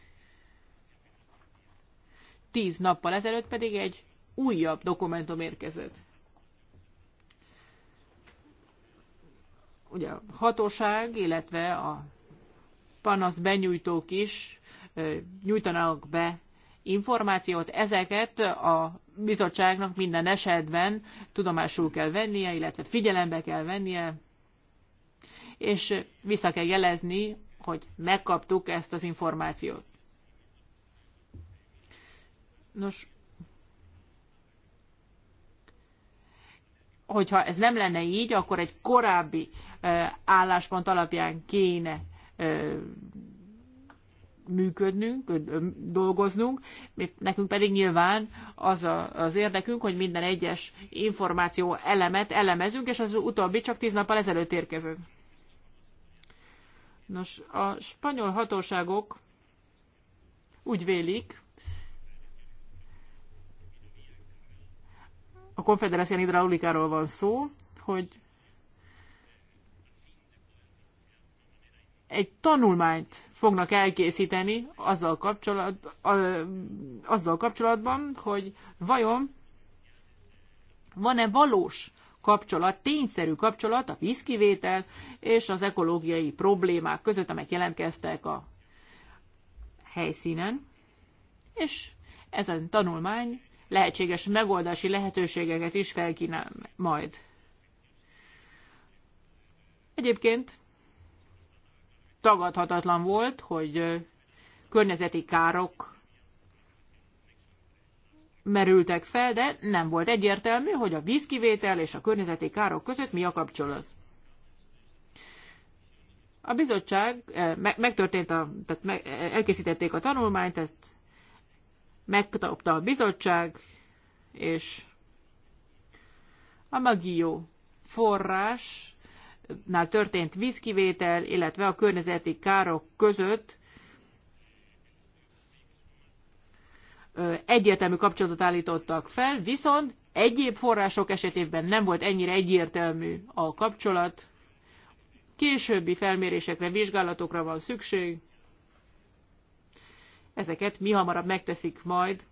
Tíz nappal ezelőtt pedig egy újabb dokumentum érkezett. Ugye a hatóság, illetve a panasz benyújtók is nyújtanak be információt, ezeket a bizottságnak minden esetben tudomásul kell vennie, illetve figyelembe kell vennie, és vissza kell jelezni, hogy megkaptuk ezt az információt. Nos, hogyha ez nem lenne így, akkor egy korábbi álláspont alapján kéne működnünk, dolgoznunk, nekünk pedig nyilván az a, az érdekünk, hogy minden egyes információ elemet elemezünk, és az utóbbi csak tíz nappal ezelőtt érkezett. Nos, a spanyol hatóságok úgy vélik, a konfederácián hidraulikáról van szó, hogy egy tanulmányt fognak elkészíteni azzal, kapcsolat, azzal kapcsolatban, hogy vajon van-e valós kapcsolat, tényszerű kapcsolat a vízkivétel és az ekológiai problémák között, amelyek jelentkeztek a helyszínen. És ez a tanulmány lehetséges megoldási lehetőségeket is felkínál majd. Egyébként tagadhatatlan volt, hogy környezeti károk merültek fel, de nem volt egyértelmű, hogy a vízkivétel és a környezeti károk között mi a kapcsolat. A bizottság megtörtént, a, tehát elkészítették a tanulmányt, ezt megkapta a bizottság, és a magió forrás nál történt vízkivétel, illetve a környezeti károk között egyértelmű kapcsolatot állítottak fel, viszont egyéb források esetében nem volt ennyire egyértelmű a kapcsolat. Későbbi felmérésekre, vizsgálatokra van szükség. Ezeket mi hamarabb megteszik majd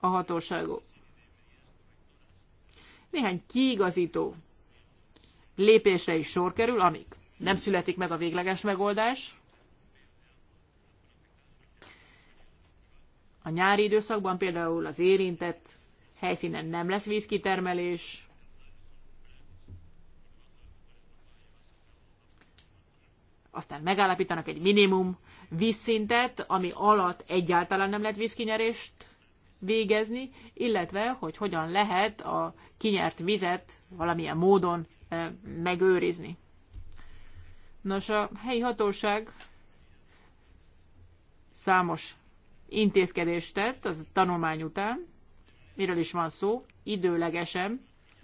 a hatóságok. Néhány kiigazító lépésre is sor kerül, amíg nem születik meg a végleges megoldás. A nyári időszakban például az érintett helyszínen nem lesz vízkitermelés, aztán megállapítanak egy minimum vízszintet, ami alatt egyáltalán nem lehet vízkinyerést végezni, illetve hogy hogyan lehet a kinyert vizet valamilyen módon megőrizni. Nos, a helyi hatóság számos intézkedést tett az tanulmány után, miről is van szó, időlegesen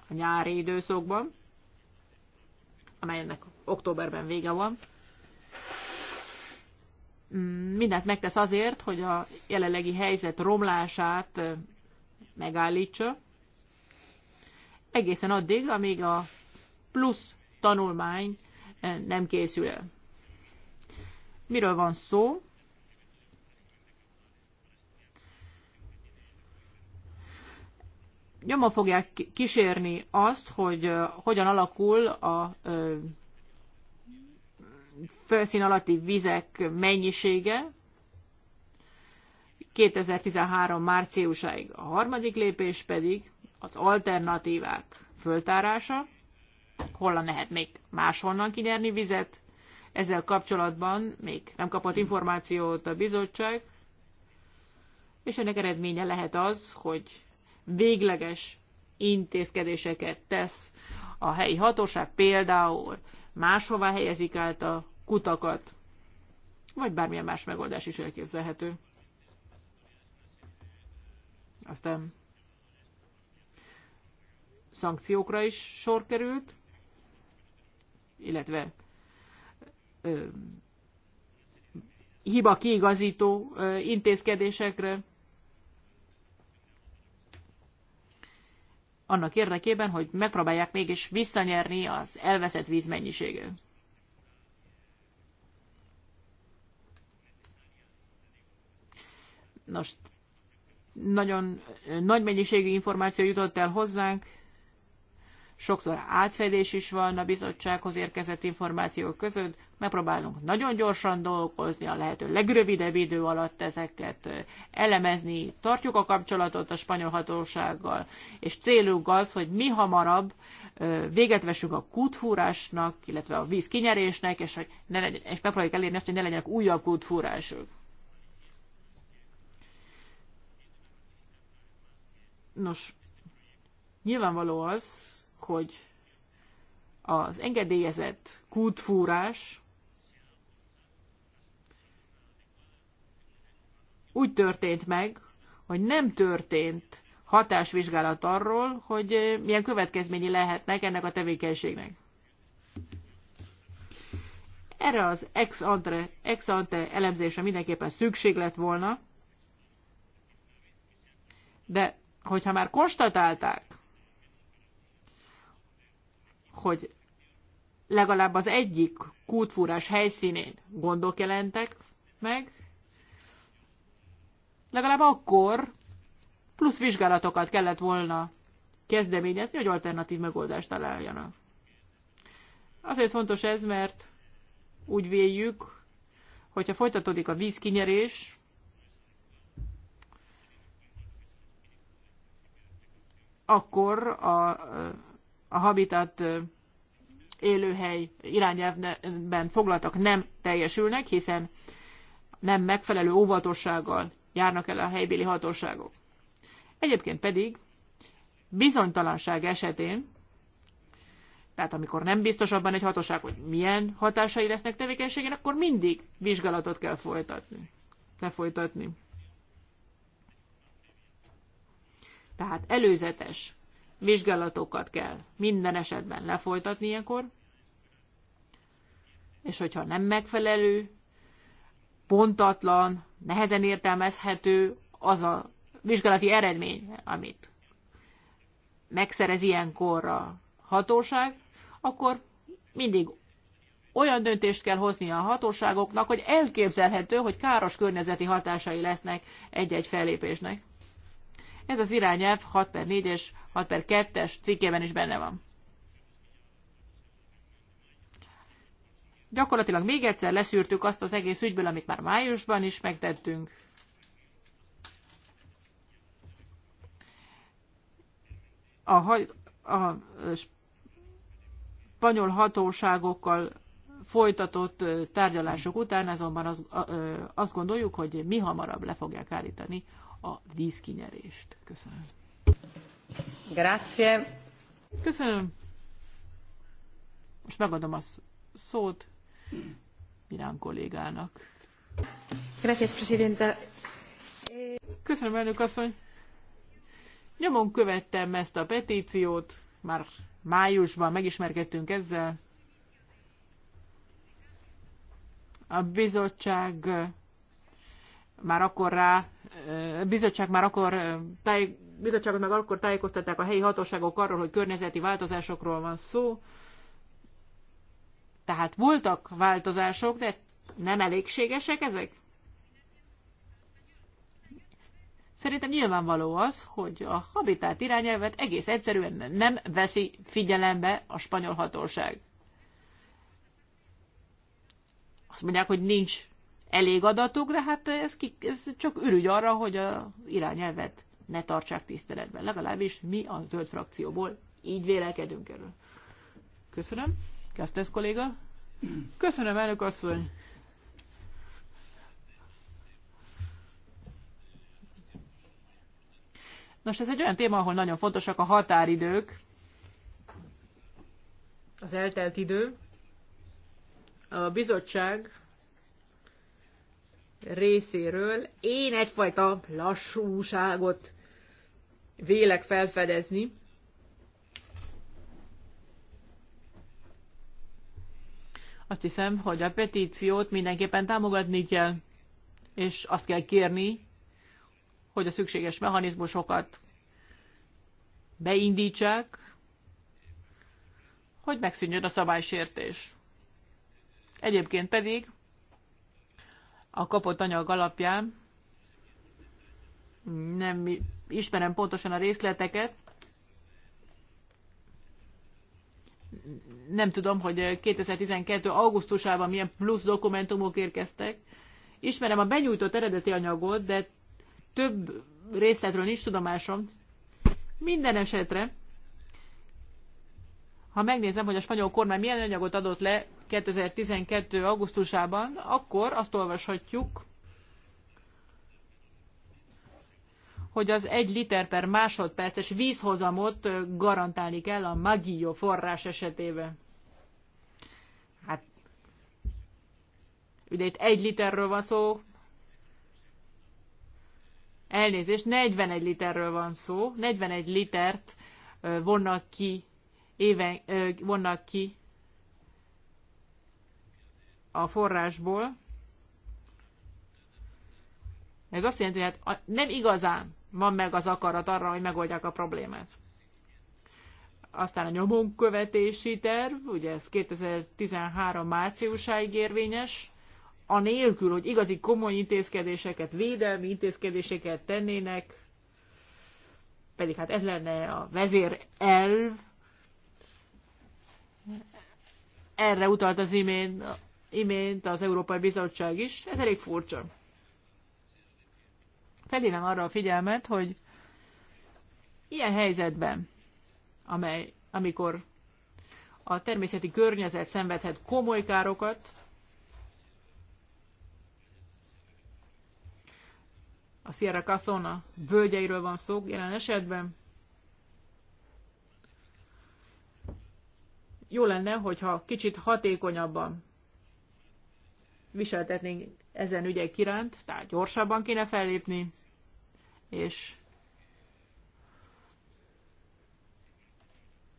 a nyári időszakban, amelynek októberben vége van. Mindent megtesz azért, hogy a jelenlegi helyzet romlását megállítsa, egészen addig, amíg a plusz tanulmány eh, nem készül el. Miről van szó? Nyomon fogják kísérni azt, hogy eh, hogyan alakul a eh, felszín alatti vizek mennyisége 2013 márciusáig. A harmadik lépés pedig az alternatívák föltárása, hol lehet még máshonnan kinyerni vizet. Ezzel kapcsolatban még nem kapott információt a bizottság, és ennek eredménye lehet az, hogy végleges intézkedéseket tesz a helyi hatóság, például máshová helyezik át a kutakat, vagy bármilyen más megoldás is elképzelhető. Aztán szankciókra is sor került, illetve ö, hiba kiigazító ö, intézkedésekre, annak érdekében, hogy megpróbálják mégis visszanyerni az elveszett víz mennyiségét. Nos, nagyon nagy mennyiségű információ jutott el hozzánk, sokszor átfedés is van a bizottsághoz érkezett információk között, megpróbálunk nagyon gyorsan dolgozni, a lehető legrövidebb idő alatt ezeket eh, elemezni, tartjuk a kapcsolatot a spanyol hatósággal, és célunk az, hogy mi hamarabb eh, véget vessünk a kútfúrásnak, illetve a víz kinyerésnek, és, hogy ne legyen, és megpróbáljuk elérni azt, hogy ne legyenek újabb kútfúrások. Nos, nyilvánvaló az, hogy az engedélyezett kútfúrás úgy történt meg, hogy nem történt hatásvizsgálat arról, hogy milyen következményi lehetnek ennek a tevékenységnek. Erre az ex ante, ex ante elemzésre mindenképpen szükség lett volna, de hogyha már konstatálták, hogy legalább az egyik kútfúrás helyszínén gondok jelentek meg, legalább akkor plusz vizsgálatokat kellett volna kezdeményezni, hogy alternatív megoldást találjanak. Azért fontos ez, mert úgy véljük, hogyha folytatódik a vízkinyerés, akkor a a habitat élőhely irányelvben foglaltak nem teljesülnek, hiszen nem megfelelő óvatossággal járnak el a helybéli hatóságok. Egyébként pedig bizonytalanság esetén, tehát amikor nem biztos abban egy hatóság, hogy milyen hatásai lesznek tevékenységén, akkor mindig vizsgálatot kell folytatni. Lefolytatni. Tehát előzetes vizsgálatokat kell minden esetben lefolytatni ilyenkor, és hogyha nem megfelelő, pontatlan, nehezen értelmezhető az a vizsgálati eredmény, amit megszerez ilyenkor a hatóság, akkor mindig olyan döntést kell hozni a hatóságoknak, hogy elképzelhető, hogy káros környezeti hatásai lesznek egy-egy fellépésnek. Ez az irányelv 6 per 4-es, 6 per 2-es cikkében is benne van. Gyakorlatilag még egyszer leszűrtük azt az egész ügyből, amit már májusban is megtettünk. A, a spanyol hatóságokkal folytatott tárgyalások után azonban a, azt gondoljuk, hogy mi hamarabb le fogják állítani a díszkinyerést. Köszönöm. Grazie. Köszönöm. Most megadom a szót Mirán kollégának. Gracias, Presidenta. Köszönöm, elnök asszony. Nyomon követtem ezt a petíciót, már májusban megismerkedtünk ezzel. A bizottság már akkor rá, bizottság már akkor, táj, bizottságot meg akkor tájékoztatták a helyi hatóságok arról, hogy környezeti változásokról van szó. Tehát voltak változások, de nem elégségesek ezek? Szerintem nyilvánvaló az, hogy a habitát irányelvet egész egyszerűen nem veszi figyelembe a spanyol hatóság. Azt mondják, hogy nincs elég adatuk, de hát ez, ki, ez csak ürügy arra, hogy az irányelvet ne tartsák tiszteletben. Legalábbis mi a zöld frakcióból így vélekedünk erről. Köszönöm. Kezdesz, kolléga? Köszönöm, elnök asszony. Nos, ez egy olyan téma, ahol nagyon fontosak a határidők, az eltelt idő. A bizottság részéről én egyfajta lassúságot vélek felfedezni. Azt hiszem, hogy a petíciót mindenképpen támogatni kell, és azt kell kérni, hogy a szükséges mechanizmusokat beindítsák, hogy megszűnjön a szabálysértés. Egyébként pedig a kapott anyag alapján, nem ismerem pontosan a részleteket, nem tudom, hogy 2012. augusztusában milyen plusz dokumentumok érkeztek. Ismerem a benyújtott eredeti anyagot, de több részletről nincs tudomásom. Minden esetre ha megnézem, hogy a spanyol kormány milyen anyagot adott le 2012. augusztusában, akkor azt olvashatjuk, hogy az egy liter per másodperces vízhozamot garantálni kell a Magillo forrás esetében. Hát, ugye itt egy literről van szó, elnézést, 41 literről van szó, 41 litert vonnak ki éven vonnak ki a forrásból. Ez azt jelenti, hogy hát nem igazán van meg az akarat arra, hogy megoldják a problémát. Aztán a nyomonkövetési terv, ugye ez 2013 márciusáig érvényes, anélkül, hogy igazi komoly intézkedéseket, védelmi intézkedéseket tennének, pedig hát ez lenne a vezér elv, erre utalt az imént, imént az Európai Bizottság is. Ez elég furcsa. Felhívnám arra a figyelmet, hogy ilyen helyzetben, amely, amikor a természeti környezet szenvedhet komoly károkat, a Sierra Cazona völgyeiről van szó jelen esetben, jó lenne, hogyha kicsit hatékonyabban viseltetnénk ezen ügyek iránt, tehát gyorsabban kéne fellépni, és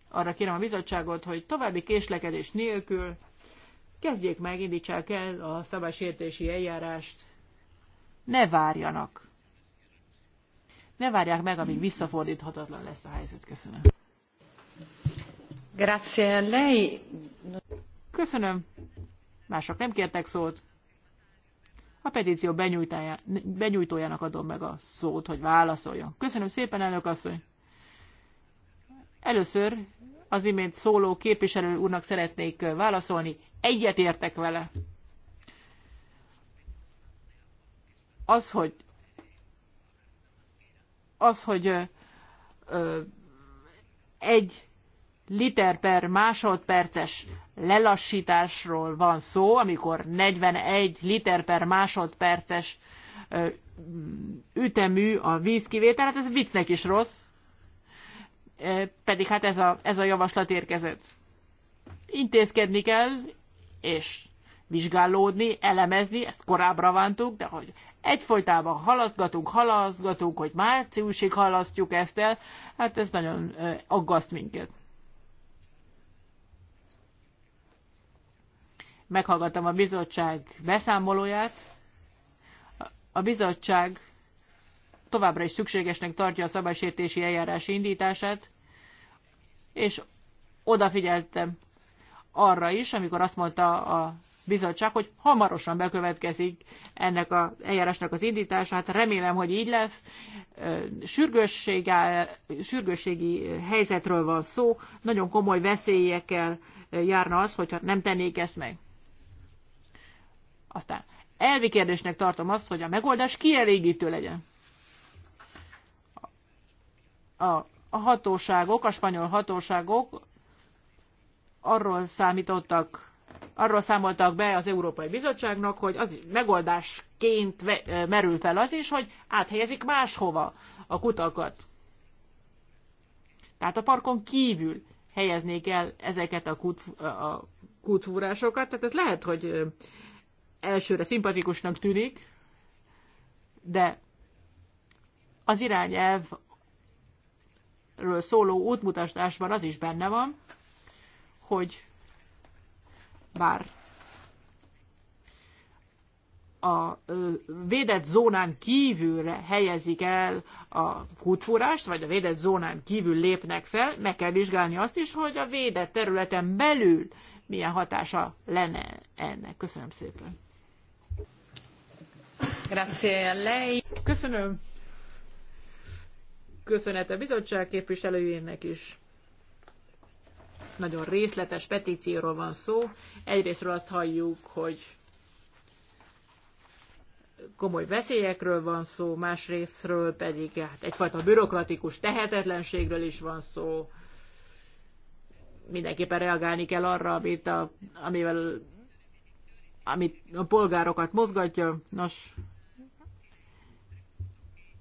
arra kérem a bizottságot, hogy további késlekedés nélkül kezdjék meg, indítsák el a szabálysértési eljárást. Ne várjanak. Ne várják meg, amíg visszafordíthatatlan lesz a helyzet. Köszönöm. Köszönöm. Mások nem kértek szót. A petíció benyújtójának adom meg a szót, hogy válaszoljon. Köszönöm szépen, elnök asszony. Először az imént szóló képviselő úrnak szeretnék válaszolni. Egyet értek vele. Az, hogy az, hogy ö, egy liter per másodperces lelassításról van szó, amikor 41 liter per másodperces ütemű a vízkivétel, hát ez viccnek is rossz, pedig hát ez a, ez a javaslat érkezett. Intézkedni kell, és vizsgálódni, elemezni, ezt korábbra vántuk, de hogy egyfolytában halaszgatunk, halaszgatunk, hogy márciusig halasztjuk ezt el, hát ez nagyon aggaszt minket. meghallgattam a bizottság beszámolóját. A bizottság továbbra is szükségesnek tartja a szabálysértési eljárás indítását, és odafigyeltem arra is, amikor azt mondta a bizottság, hogy hamarosan bekövetkezik ennek az eljárásnak az indítása. Hát remélem, hogy így lesz. Sürgősségi helyzetről van szó, nagyon komoly veszélyekkel járna az, hogyha nem tennék ezt meg. Aztán elvi kérdésnek tartom azt, hogy a megoldás kielégítő legyen. A, a hatóságok, a spanyol hatóságok arról számítottak, arról számoltak be az Európai Bizottságnak, hogy az megoldásként merül fel az is, hogy áthelyezik máshova a kutakat. Tehát a parkon kívül helyeznék el ezeket a, kut, a kutfúrásokat, tehát ez lehet, hogy elsőre szimpatikusnak tűnik, de az irányelvről szóló útmutatásban az is benne van, hogy bár a védett zónán kívülre helyezik el a kutfúrást, vagy a védett zónán kívül lépnek fel, meg kell vizsgálni azt is, hogy a védett területen belül milyen hatása lenne ennek. Köszönöm szépen. Köszönöm. Köszönet a bizottság képviselőjének is. Nagyon részletes petícióról van szó. Egyrésztről azt halljuk, hogy komoly veszélyekről van szó, másrésztről pedig hát egyfajta bürokratikus tehetetlenségről is van szó. Mindenképpen reagálni kell arra, amit a, amivel amit a polgárokat mozgatja. Nos,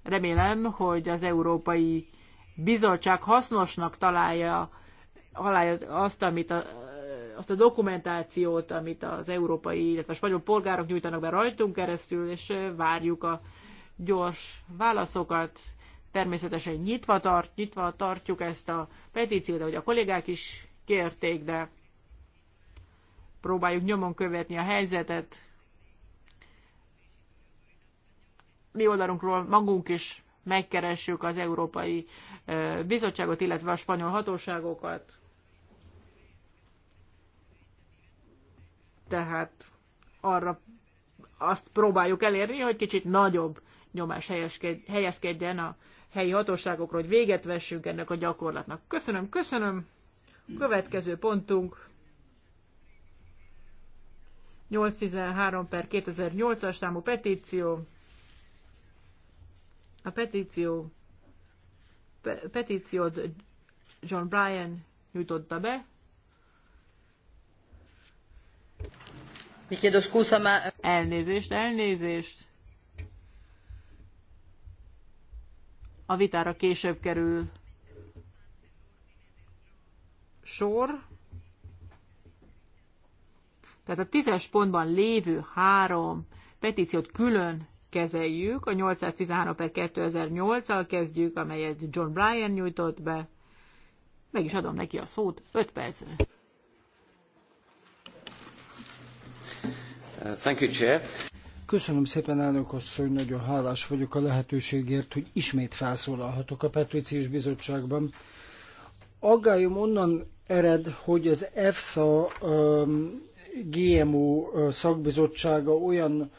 Remélem, hogy az Európai Bizottság hasznosnak találja, találja azt, amit a, azt a dokumentációt, amit az európai, illetve a spanyol polgárok nyújtanak be rajtunk keresztül, és várjuk a gyors válaszokat. Természetesen nyitva, tart, nyitva tartjuk ezt a petíciót, ahogy a kollégák is kérték, de próbáljuk nyomon követni a helyzetet, mi oldalunkról magunk is megkeressük az Európai Bizottságot, illetve a spanyol hatóságokat. Tehát arra azt próbáljuk elérni, hogy kicsit nagyobb nyomás helyezkedjen a helyi hatóságokról, hogy véget vessünk ennek a gyakorlatnak. Köszönöm, köszönöm. Következő pontunk 813 per 2008-as számú petíció a petíció, pe, petíciót John Bryan nyújtotta be. Elnézést, elnézést. A vitára később kerül sor. Tehát a tízes pontban lévő három petíciót külön kezeljük. A 813 per 2008-al kezdjük, amelyet John Bryan nyújtott be. Meg is adom neki a szót 5 percre. Uh, thank you, Chair. Köszönöm szépen, elnök asszony, nagyon hálás vagyok a lehetőségért, hogy ismét felszólalhatok a Petíciós Bizottságban. Aggályom onnan ered, hogy az EFSA um, GMO uh, szakbizottsága olyan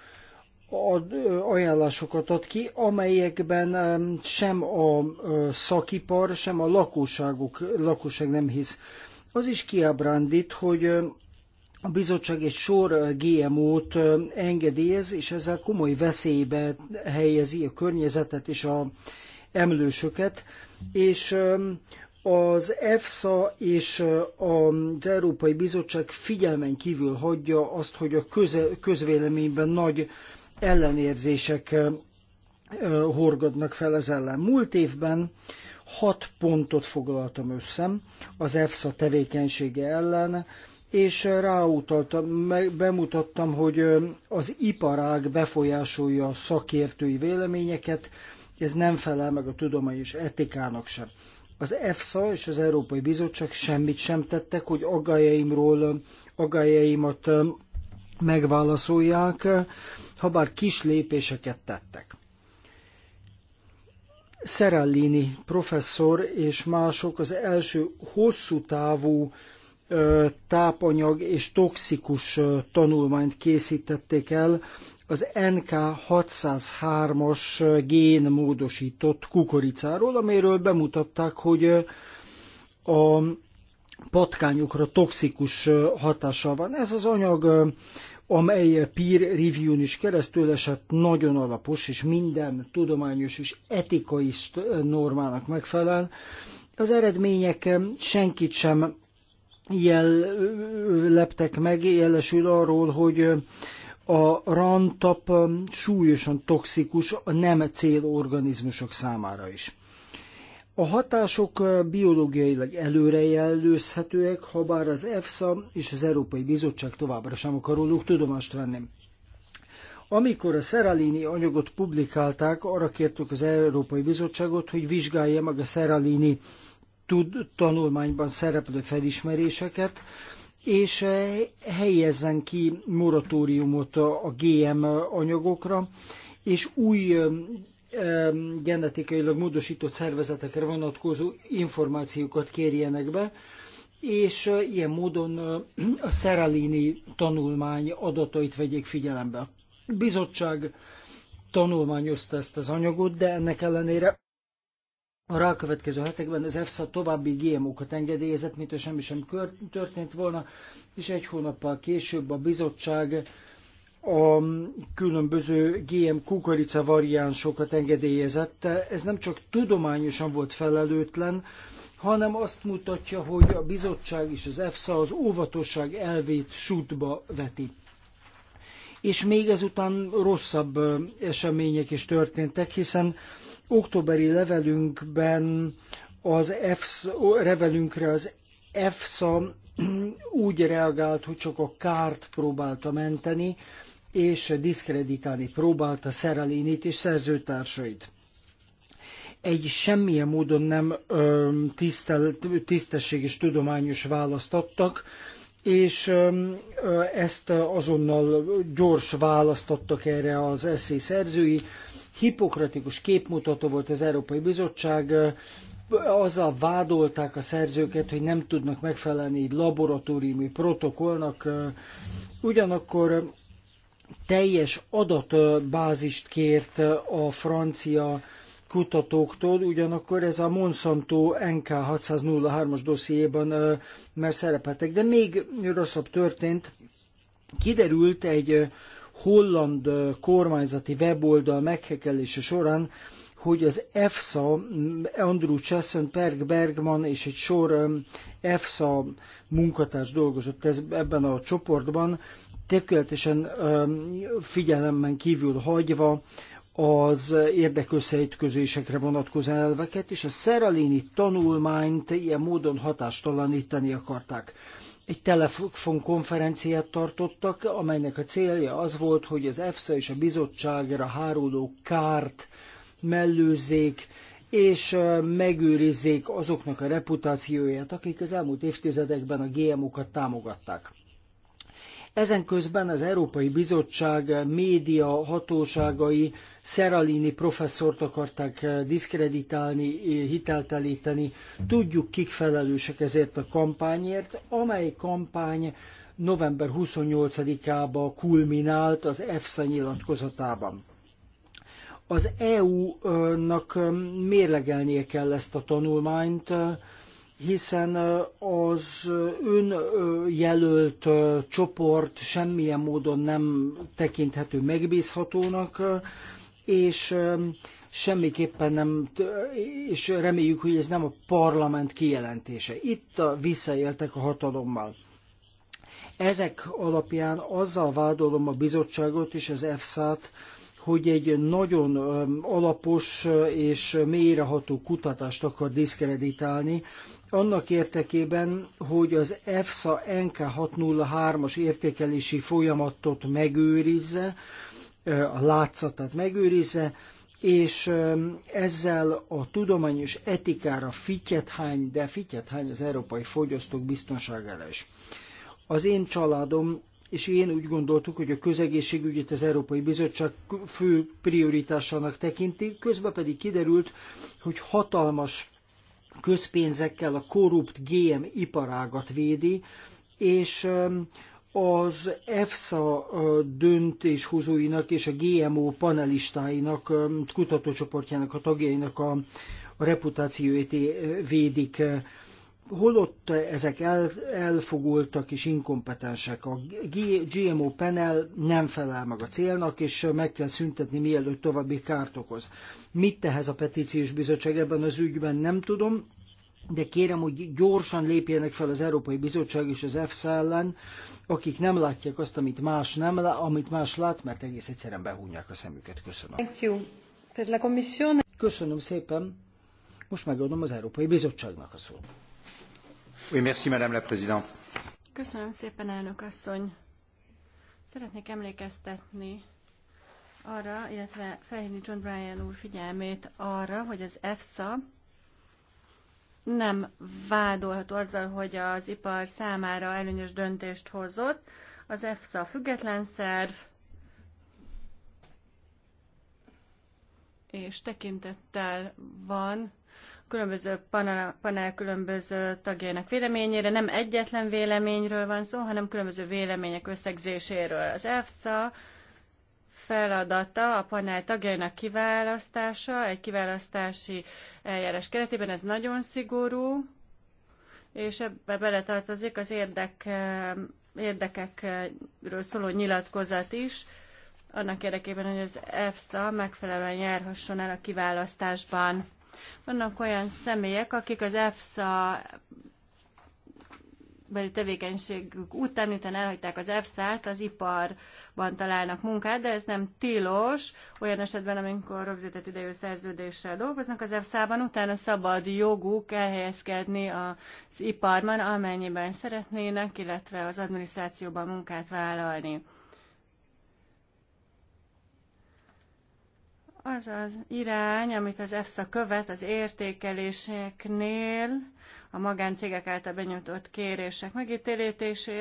ad, ajánlásokat ad ki, amelyekben sem a szakipar, sem a lakosságok, lakosság nem hisz. Az is kiábrándít, hogy a bizottság egy sor GMO-t engedélyez, és ezzel komoly veszélybe helyezi a környezetet és a emlősöket, és az EFSA és az Európai Bizottság figyelmen kívül hagyja azt, hogy a közvéleményben nagy ellenérzések horgadnak fel ez ellen. Múlt évben hat pontot foglaltam össze az EFSA tevékenysége ellen, és ráutaltam, meg bemutattam, hogy az iparág befolyásolja a szakértői véleményeket, ez nem felel meg a tudomány és etikának sem. Az EFSA és az Európai Bizottság semmit sem tettek, hogy aggájaimról, aggájaimat megválaszolják, habár kis lépéseket tettek. Szerellini professzor és mások az első hosszú távú tápanyag és toxikus tanulmányt készítették el az NK603-as génmódosított kukoricáról, amiről bemutatták, hogy a patkányokra toxikus hatással van. Ez az anyag amely peer review-n is keresztül esett, nagyon alapos, és minden tudományos és etikai normának megfelel. Az eredmények senkit sem jel, leptek meg, jelesül arról, hogy a rantap súlyosan toxikus a nem célorganizmusok számára is. A hatások biológiailag előrejelzőzhetőek, ha bár az EFSA és az Európai Bizottság továbbra sem akar róluk tudomást venni. Amikor a Szeralini anyagot publikálták, arra kértük az Európai Bizottságot, hogy vizsgálja meg a Szeralini tud, tanulmányban szereplő felismeréseket, és helyezzen ki moratóriumot a GM anyagokra, és új genetikailag módosított szervezetekre vonatkozó információkat kérjenek be, és ilyen módon a Szerelini tanulmány adatait vegyék figyelembe. A bizottság tanulmányozta ezt az anyagot, de ennek ellenére a rákövetkező hetekben az EFSA további GMO-kat engedélyezett, mint semmi sem történt volna, és egy hónappal később a bizottság a különböző GM kukorica variánsokat engedélyezette. Ez nem csak tudományosan volt felelőtlen, hanem azt mutatja, hogy a bizottság és az EFSA az óvatosság elvét sútba veti. És még ezután rosszabb események is történtek, hiszen októberi levelünkben az EFSA, revelünkre az EFSA úgy reagált, hogy csak a kárt próbálta menteni, és diszkreditálni próbálta Szerelénit és szerzőtársait. Egy semmilyen módon nem ö, tisztességes tudományos választ adtak, és ezt azonnal gyors választ adtak erre az eszély szerzői. Hipokratikus képmutató volt az Európai Bizottság, azzal vádolták a szerzőket, hogy nem tudnak megfelelni egy laboratóriumi protokollnak, ugyanakkor teljes adatbázist kért a francia kutatóktól, ugyanakkor ez a Monsanto NK603-as dossziéban már szerepeltek, de még rosszabb történt, kiderült egy holland kormányzati weboldal meghekelése során, hogy az EFSA, Andrew Chesson, Perg Bergman és egy sor EFSA munkatárs dolgozott ebben a csoportban, tökéletesen figyelemben kívül hagyva az érdekösszeütközésekre vonatkozó elveket, és a szerelini tanulmányt ilyen módon hatástalanítani akarták. Egy telefonkonferenciát tartottak, amelynek a célja az volt, hogy az EFSA és a bizottságra háruló kárt mellőzzék, és megőrizzék azoknak a reputációját, akik az elmúlt évtizedekben a GMO-kat támogatták. Ezen közben az Európai Bizottság média hatóságai Szeralini professzort akarták eh, diszkreditálni, eh, hiteltelíteni. Tudjuk, kik felelősek ezért a kampányért, amely kampány november 28-ába kulminált az EFSA nyilatkozatában az EU-nak eh, mérlegelnie kell ezt a tanulmányt, hiszen az önjelölt csoport semmilyen módon nem tekinthető megbízhatónak, és semmiképpen nem, és reméljük, hogy ez nem a parlament kijelentése. Itt a, visszaéltek a hatalommal. Ezek alapján azzal vádolom a bizottságot és az EFSA-t, hogy egy nagyon alapos és mélyreható kutatást akar diszkreditálni, annak érdekében, hogy az EFSA NK 603-as értékelési folyamatot megőrizze, a látszatát megőrizze, és ezzel a tudományos etikára hány, de hány az európai fogyasztók biztonságára is. Az én családom és én úgy gondoltuk, hogy a közegészségügyet az Európai Bizottság fő prioritásának tekinti, közben pedig kiderült, hogy hatalmas közpénzekkel a korrupt GM iparágat védi, és az EFSA döntéshozóinak és a GMO panelistáinak, kutatócsoportjának, a tagjainak a, a reputációját védik holott ezek el, elfogultak és inkompetensek. A GMO panel nem felel meg a célnak, és meg kell szüntetni, mielőtt további kárt okoz. Mit tehez a petíciós bizottság ebben az ügyben, nem tudom, de kérem, hogy gyorsan lépjenek fel az Európai Bizottság és az EFSA ellen, akik nem látják azt, amit más nem lát, amit más lát, mert egész egyszerűen behúnyják a szemüket. Köszönöm. Thank you. Köszönöm szépen. Most megadom az Európai Bizottságnak a szót. Köszönöm szépen, Szeretnék emlékeztetni arra, illetve felhvni John Bryan úr figyelmét arra, hogy az EFSA nem vádolható azzal, hogy az ipar számára előnyös döntést hozott. Az EFSA független szerv, és tekintettel van különböző panel, panel különböző tagjainak véleményére. Nem egyetlen véleményről van szó, hanem különböző vélemények összegzéséről. Az EFSA feladata a panel tagjainak kiválasztása, egy kiválasztási eljárás keretében, ez nagyon szigorú, és ebbe beletartozik az érdek, érdekekről szóló nyilatkozat is, annak érdekében, hogy az EFSA megfelelően járhasson el a kiválasztásban. Vannak olyan személyek, akik az EFSA beli tevékenységük után, miután elhagyták az EFSA-t, az iparban találnak munkát, de ez nem tilos. Olyan esetben, amikor rögzített idejű szerződéssel dolgoznak az EFSA-ban, utána szabad joguk elhelyezkedni az iparban, amennyiben szeretnének, illetve az adminisztrációban munkát vállalni. az az irány, amit az EFSA követ az értékeléseknél, a magáncégek által benyújtott kérések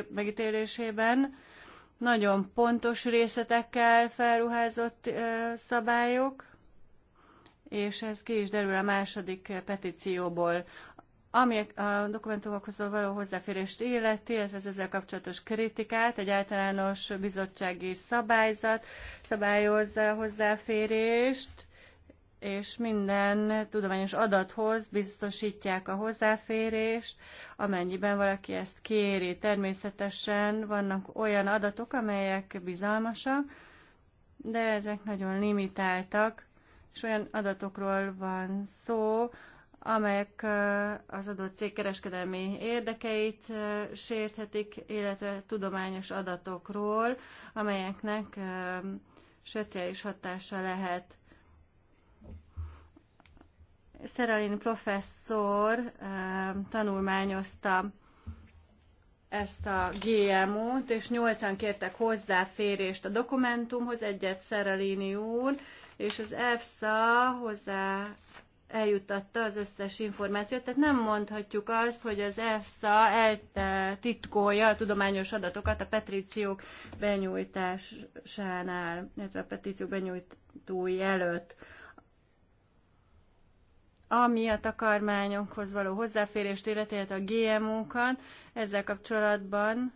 megítélésében, nagyon pontos részletekkel felruházott szabályok, és ez ki is derül a második petícióból. Ami a dokumentumokhoz való hozzáférést illeti, illetve az ezzel kapcsolatos kritikát, egy általános bizottsági szabályzat szabályozza a hozzáférést, és minden tudományos adathoz biztosítják a hozzáférést, amennyiben valaki ezt kéri. Természetesen vannak olyan adatok, amelyek bizalmasak, de ezek nagyon limitáltak, és olyan adatokról van szó, amelyek az adott cég kereskedelmi érdekeit sérthetik, illetve tudományos adatokról, amelyeknek speciális hatása lehet. Szerelin professzor tanulmányozta ezt a GMO-t, és nyolcan kértek hozzáférést a dokumentumhoz, egyet Szerelini úr, és az EFSA hozzá eljutatta az összes információt, tehát nem mondhatjuk azt, hogy az EFSA eltitkolja a tudományos adatokat a petíciók benyújtásánál, illetve a petíciók benyújtói előtt. Ami a takarmányokhoz való hozzáférést illeti, a GMO-kat, ezzel kapcsolatban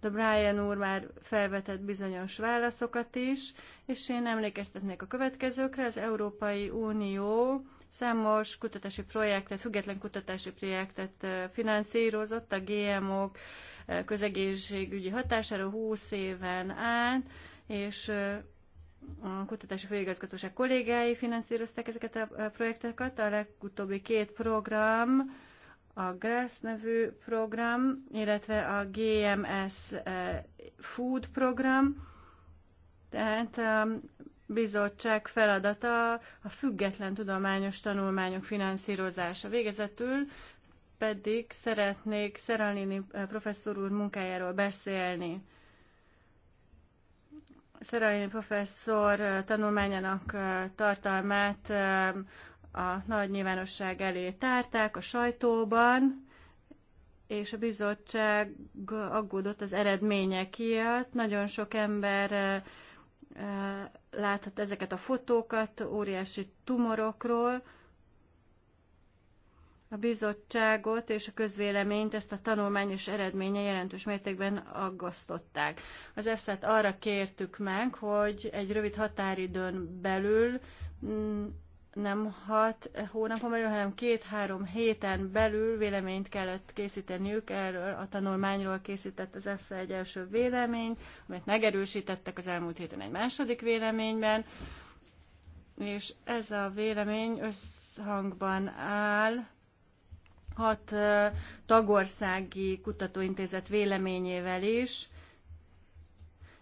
de Brian úr már felvetett bizonyos válaszokat is, és én emlékeztetnék a következőkre. Az Európai Unió Számos kutatási projektet, független kutatási projektet finanszírozott a GMO-k közegészségügyi hatására 20 éven át, és a kutatási főigazgatóság kollégái finanszírozták ezeket a projekteket. A legutóbbi két program, a GRASS nevű program, illetve a GMS Food program, tehát bizottság feladata a független tudományos tanulmányok finanszírozása. Végezetül pedig szeretnék Szeralini eh, professzor úr munkájáról beszélni. Szeralini professzor eh, tanulmányának eh, tartalmát a nagy nyilvánosság elé tárták a sajtóban, és a bizottság aggódott az eredmények miatt. Nagyon sok ember láthat ezeket a fotókat óriási tumorokról. A bizottságot és a közvéleményt ezt a tanulmány és eredménye jelentős mértékben aggasztották. Az efsa arra kértük meg, hogy egy rövid határidőn belül mm, nem hat hónapon belül, hanem két-három héten belül véleményt kellett készíteniük erről a tanulmányról készített az EFSA egy első vélemény, amit megerősítettek az elmúlt héten egy második véleményben, és ez a vélemény összhangban áll hat tagországi kutatóintézet véleményével is,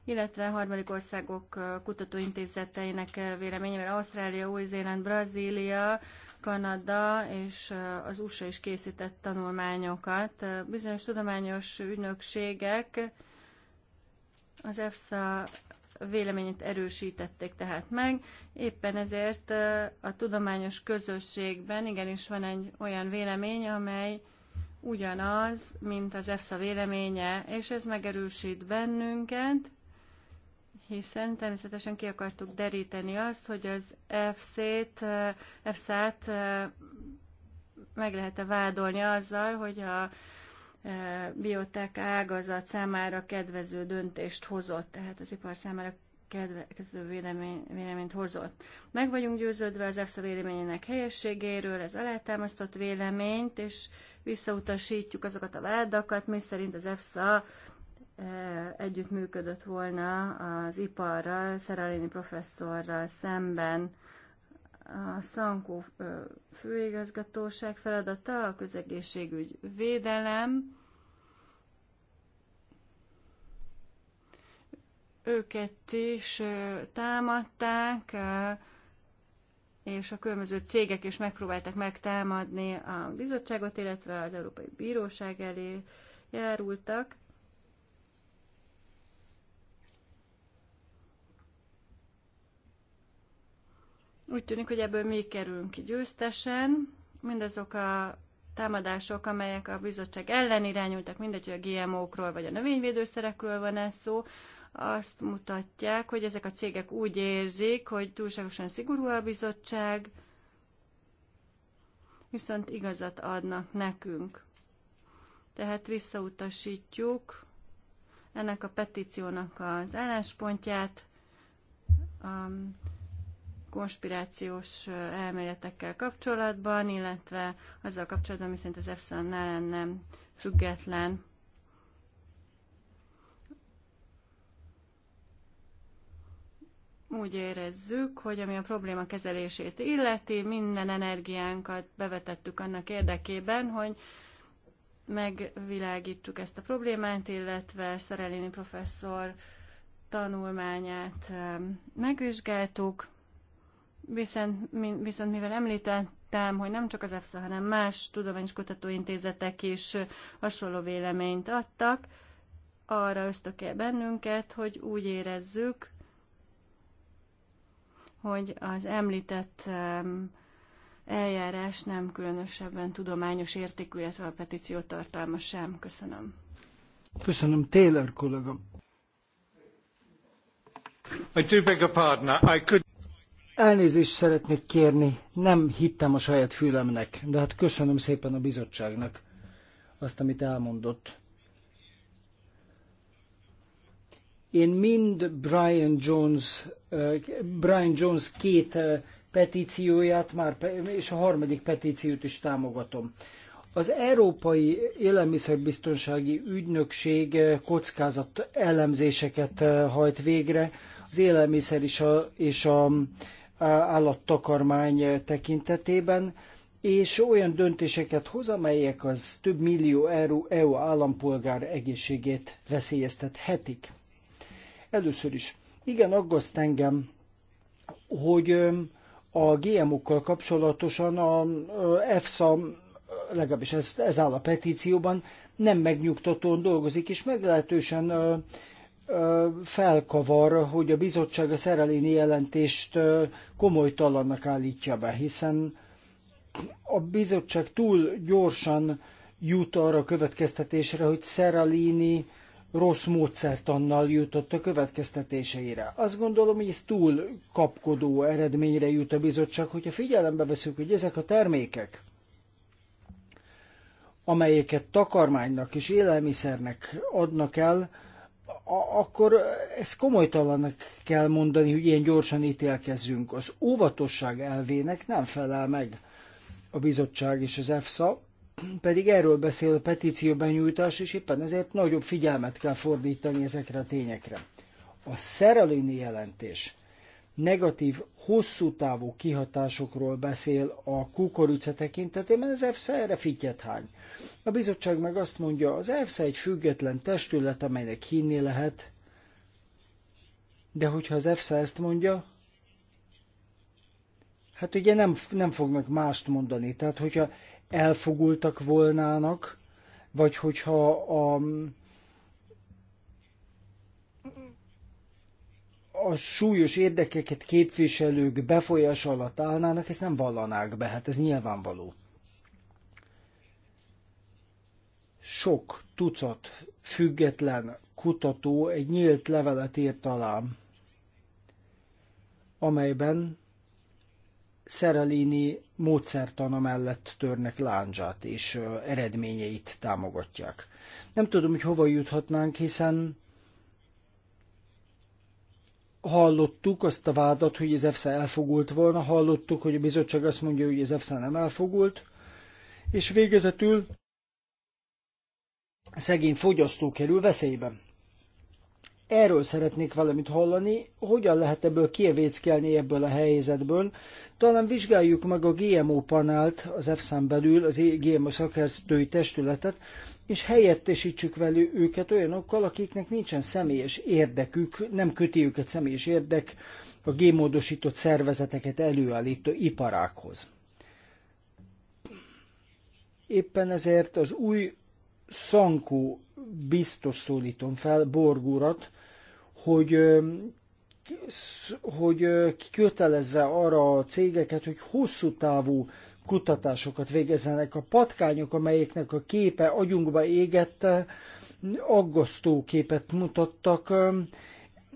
illetve harmadik országok kutatóintézeteinek véleményével Ausztrália, Új-Zéland, Brazília, Kanada és az USA is készített tanulmányokat. Bizonyos tudományos ügynökségek az EFSA véleményét erősítették tehát meg. Éppen ezért a tudományos közösségben igenis van egy olyan vélemény, amely ugyanaz, mint az EFSA véleménye, és ez megerősít bennünket hiszen természetesen ki akartuk deríteni azt, hogy az FC-t, EFSA-t eh, meg lehet-e vádolni azzal, hogy a eh, biotek ágazat számára kedvező döntést hozott, tehát az ipar számára kedvező vélemény, véleményt hozott. Meg vagyunk győződve az EFSA véleményének helyességéről, ez alátámasztott véleményt, és visszautasítjuk azokat a vádakat, mi szerint az EFSA együttműködött volna az iparral, Szeralini professzorral szemben. A Szankó főigazgatóság feladata a közegészségügy védelem. Őket is támadták, és a különböző cégek is megpróbálták megtámadni a bizottságot, illetve az Európai Bíróság elé járultak Úgy tűnik, hogy ebből mi kerülünk ki győztesen. Mindazok a támadások, amelyek a bizottság ellen irányultak, mindegy, hogy a GMO-król vagy a növényvédőszerekről van ez szó, azt mutatják, hogy ezek a cégek úgy érzik, hogy túlságosan szigorú a bizottság, viszont igazat adnak nekünk. Tehát visszautasítjuk ennek a petíciónak az álláspontját. Um, konspirációs elméletekkel kapcsolatban, illetve azzal kapcsolatban, miszerint az efsa ne lenne független úgy érezzük, hogy ami a probléma kezelését illeti, minden energiánkat bevetettük annak érdekében, hogy megvilágítsuk ezt a problémát, illetve Szerelini professzor tanulmányát megvizsgáltuk, Viszont, viszont mivel említettem, hogy nem csak az EFSA, hanem más tudományos kutatóintézetek is hasonló véleményt adtak, arra ösztökél bennünket, hogy úgy érezzük, hogy az említett eljárás nem különösebben tudományos értékű, illetve a petíció tartalma sem. Köszönöm. Köszönöm, Taylor kollega. I do beg a pardon. I could... Elnézést szeretnék kérni, nem hittem a saját fülemnek, de hát köszönöm szépen a bizottságnak azt, amit elmondott. Én mind Brian Jones, Brian Jones két petícióját már, és a harmadik petíciót is támogatom. Az Európai Élelmiszerbiztonsági Ügynökség kockázat elemzéseket hajt végre, az élelmiszer és a, és a állattakarmány tekintetében, és olyan döntéseket hoz, amelyek az több millió euró EU állampolgár egészségét veszélyeztethetik. Először is, igen, aggaszt engem, hogy a GMO-kkal kapcsolatosan a EFSA, legalábbis ez, ez áll a petícióban, nem megnyugtatóan dolgozik, és meglehetősen felkavar, hogy a bizottság a szereléni jelentést komolytalannak állítja be, hiszen a bizottság túl gyorsan jut arra a következtetésre, hogy Szeralini rossz módszertannal jutott a következtetéseire. Azt gondolom, hogy ez túl kapkodó eredményre jut a bizottság, hogyha figyelembe veszük, hogy ezek a termékek, amelyeket takarmánynak és élelmiszernek adnak el, akkor ezt komolytalanak kell mondani, hogy ilyen gyorsan ítélkezzünk. Az óvatosság elvének nem felel meg a bizottság és az EFSA, pedig erről beszél a petíció benyújtás, és éppen ezért nagyobb figyelmet kell fordítani ezekre a tényekre. A szerelőni jelentés negatív, hosszú távú kihatásokról beszél a kukorica tekintetében, az EFSA erre fityet hány. A bizottság meg azt mondja, az EFSA egy független testület, amelynek hinni lehet, de hogyha az EFSA ezt mondja, hát ugye nem, nem fognak mást mondani. Tehát, hogyha elfogultak volnának, vagy hogyha a a súlyos érdekeket képviselők befolyás alatt állnának, ezt nem vallanák be, hát ez nyilvánvaló. Sok tucat független kutató egy nyílt levelet írt alám, amelyben Szerelini módszertana mellett törnek láncsát, és eredményeit támogatják. Nem tudom, hogy hova juthatnánk, hiszen hallottuk azt a vádat, hogy az EFSA elfogult volna, hallottuk, hogy a bizottság azt mondja, hogy az EFSA nem elfogult, és végezetül a szegény fogyasztó kerül veszélyben. Erről szeretnék valamit hallani, hogyan lehet ebből kievéckelni ebből a helyzetből. Talán vizsgáljuk meg a GMO panelt az EFSA-n belül, az GMO szakértői testületet, és helyettesítsük velük őket olyanokkal, akiknek nincsen személyes érdekük, nem köti őket személyes érdek a gémódosított szervezeteket előállító iparákhoz. Éppen ezért az új Szankó biztos szólítom fel, Borgurat, hogy hogy kötelezze arra a cégeket, hogy hosszú távú kutatásokat végezzenek. A patkányok, amelyeknek a képe agyunkba égette aggasztó képet mutattak,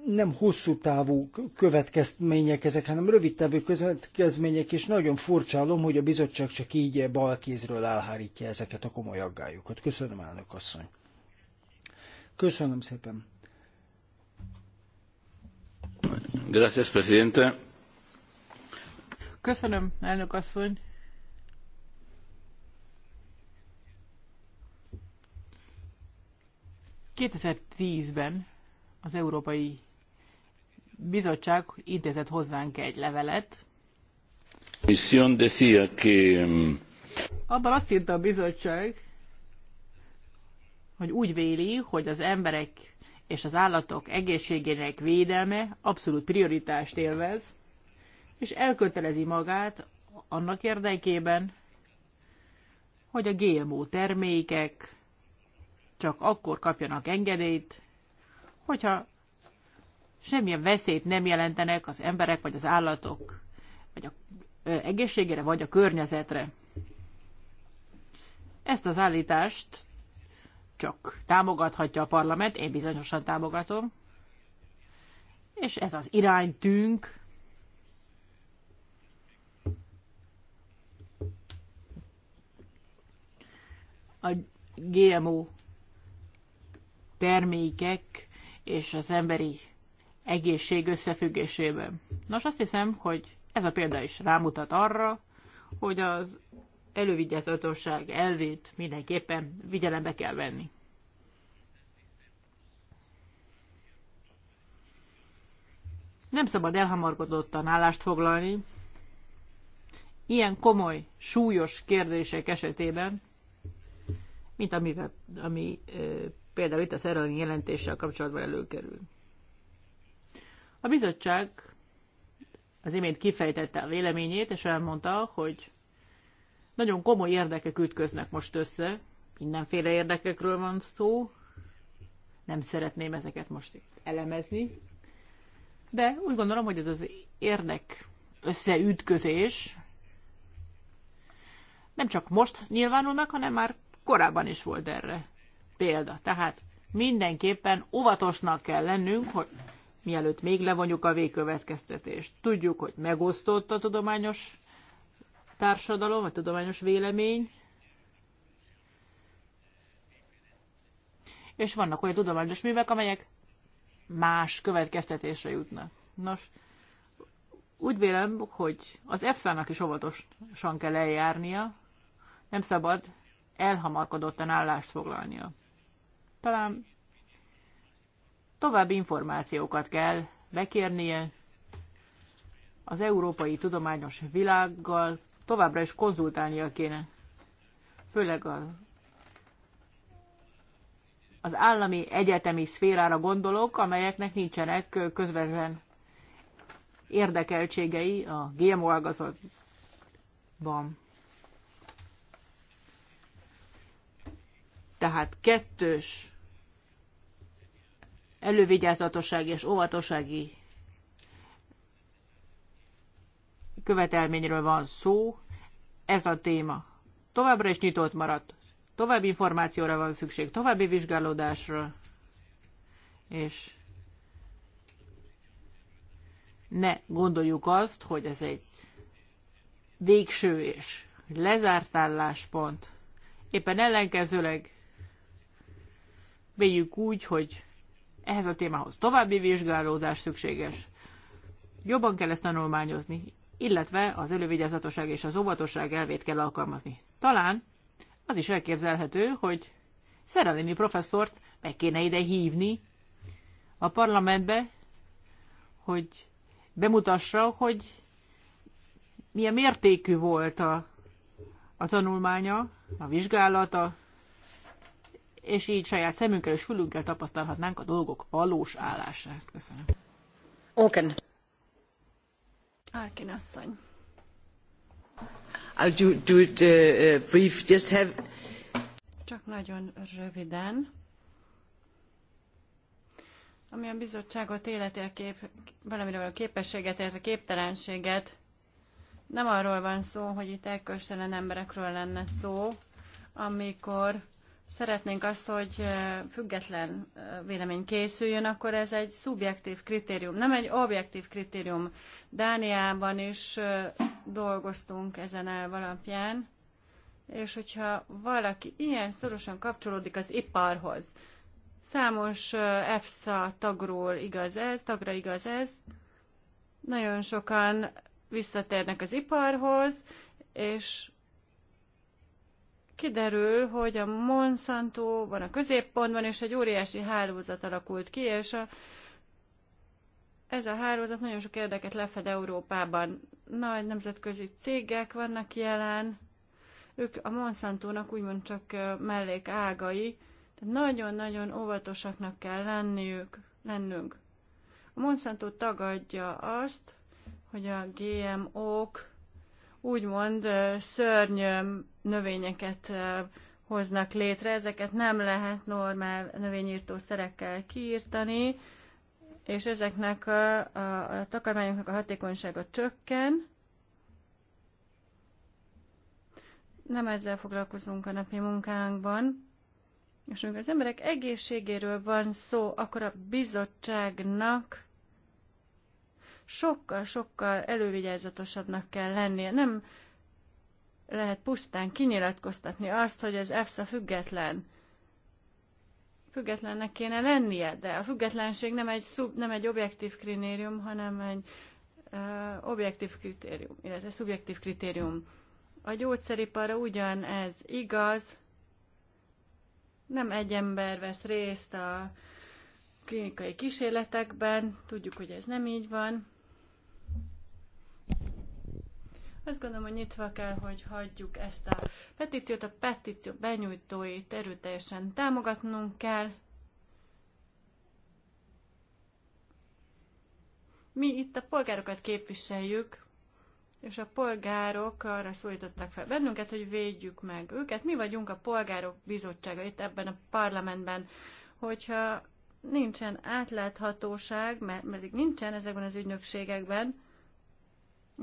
nem hosszú távú következmények ezek, hanem rövid távú következmények, és nagyon furcsálom, hogy a bizottság csak így bal kézről elhárítja ezeket a komoly aggályokat. Köszönöm, elnök asszony. Köszönöm szépen. Gracias, presidente. Köszönöm, elnök asszony. 2010-ben az Európai Bizottság intézett hozzánk egy levelet. Mm, Abban azt írta a bizottság, hogy úgy véli, hogy az emberek és az állatok egészségének védelme abszolút prioritást élvez, és elkötelezi magát annak érdekében, hogy a GMO termékek csak akkor kapjanak engedélyt, hogyha semmilyen veszélyt nem jelentenek az emberek vagy az állatok vagy a ö, egészségére vagy a környezetre. Ezt az állítást csak támogathatja a parlament, én bizonyosan támogatom, és ez az iránytűnk, a GMO termékek és az emberi egészség összefüggésében. Nos, azt hiszem, hogy ez a példa is rámutat arra, hogy az elővigyázatosság elvét mindenképpen vigyelembe kell venni. Nem szabad elhamarkodottan állást foglalni. Ilyen komoly, súlyos kérdések esetében, mint amivel, ami például itt a szerelmi jelentéssel kapcsolatban előkerül. A bizottság az imént kifejtette a véleményét, és elmondta, hogy nagyon komoly érdekek ütköznek most össze, mindenféle érdekekről van szó, nem szeretném ezeket most itt elemezni, de úgy gondolom, hogy ez az érdek összeütközés nem csak most nyilvánul meg, hanem már korábban is volt erre példa. Tehát mindenképpen óvatosnak kell lennünk, hogy mielőtt még levonjuk a végkövetkeztetést. Tudjuk, hogy megosztott a tudományos társadalom, a tudományos vélemény, és vannak olyan tudományos művek, amelyek más következtetésre jutnak. Nos, úgy vélem, hogy az EFSA-nak is óvatosan kell eljárnia, nem szabad elhamarkodottan állást foglalnia talán további információkat kell bekérnie az európai tudományos világgal, továbbra is konzultálnia kéne, főleg a, az állami egyetemi szférára gondolok, amelyeknek nincsenek közvetlen érdekeltségei a GMO ágazatban. Tehát kettős elővigyázatossági és óvatossági követelményről van szó, ez a téma. Továbbra is nyitott maradt. További információra van szükség, további vizsgálódásra, és ne gondoljuk azt, hogy ez egy végső és lezárt álláspont. Éppen ellenkezőleg véljük úgy, hogy ehhez a témához további vizsgálódás szükséges. Jobban kell ezt tanulmányozni, illetve az elővigyázatosság és az óvatosság elvét kell alkalmazni. Talán az is elképzelhető, hogy Szerelini professzort meg kéne ide hívni a parlamentbe, hogy bemutassa, hogy milyen mértékű volt a, a tanulmánya, a vizsgálata, és így saját szemünkkel és fülünkkel tapasztalhatnánk a dolgok valós állását. Köszönöm. Oken. Árkin asszony. I'll do, do it uh, uh, brief. Just have... Csak nagyon röviden. Ami a bizottságot életi a kép, valamire a képességet, illetve képtelenséget, nem arról van szó, hogy itt elköstelen emberekről lenne szó, amikor szeretnénk azt, hogy független vélemény készüljön, akkor ez egy szubjektív kritérium, nem egy objektív kritérium. Dániában is dolgoztunk ezen el alapján, és hogyha valaki ilyen szorosan kapcsolódik az iparhoz, számos EFSA tagról igaz ez, tagra igaz ez, nagyon sokan visszatérnek az iparhoz, és kiderül, hogy a Monsanto van a középpontban, és egy óriási hálózat alakult ki, és a, ez a hálózat nagyon sok érdeket lefed Európában. Nagy nemzetközi cégek vannak jelen, ők a Monsanto-nak úgymond csak mellék ágai, tehát nagyon-nagyon óvatosaknak kell lenniük, lennünk. A Monsanto tagadja azt, hogy a GMO-k úgymond szörny növényeket hoznak létre, ezeket nem lehet normál növényírtó szerekkel kiírtani, és ezeknek a, a, a takarmányoknak a hatékonysága csökken. Nem ezzel foglalkozunk a napi munkánkban. És amikor az emberek egészségéről van szó, akkor a bizottságnak sokkal-sokkal elővigyázatosabbnak kell lennie. Nem lehet pusztán kinyilatkoztatni azt, hogy az EFSA független. Függetlennek kéne lennie, de a függetlenség nem egy, szub, nem egy objektív kritérium, hanem egy uh, objektív kritérium, illetve szubjektív kritérium. A gyógyszeriparra ugyanez igaz, nem egy ember vesz részt a klinikai kísérletekben, tudjuk, hogy ez nem így van, Azt gondolom, hogy nyitva kell, hogy hagyjuk ezt a petíciót, a petíció benyújtóit erőteljesen támogatnunk kell. Mi itt a polgárokat képviseljük, és a polgárok arra szólítottak fel bennünket, hogy védjük meg őket. Mi vagyunk a polgárok bizottsága itt ebben a parlamentben, hogyha nincsen átláthatóság, mert pedig nincsen ezekben az ügynökségekben,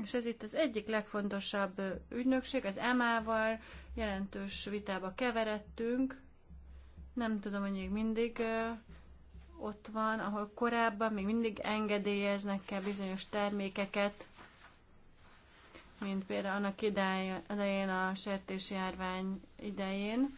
és ez itt az egyik legfontosabb ügynökség, az emával val jelentős vitába keveredtünk. Nem tudom, hogy még mindig ott van, ahol korábban még mindig engedélyeznek kell bizonyos termékeket, mint például annak idején a sertési járvány idején.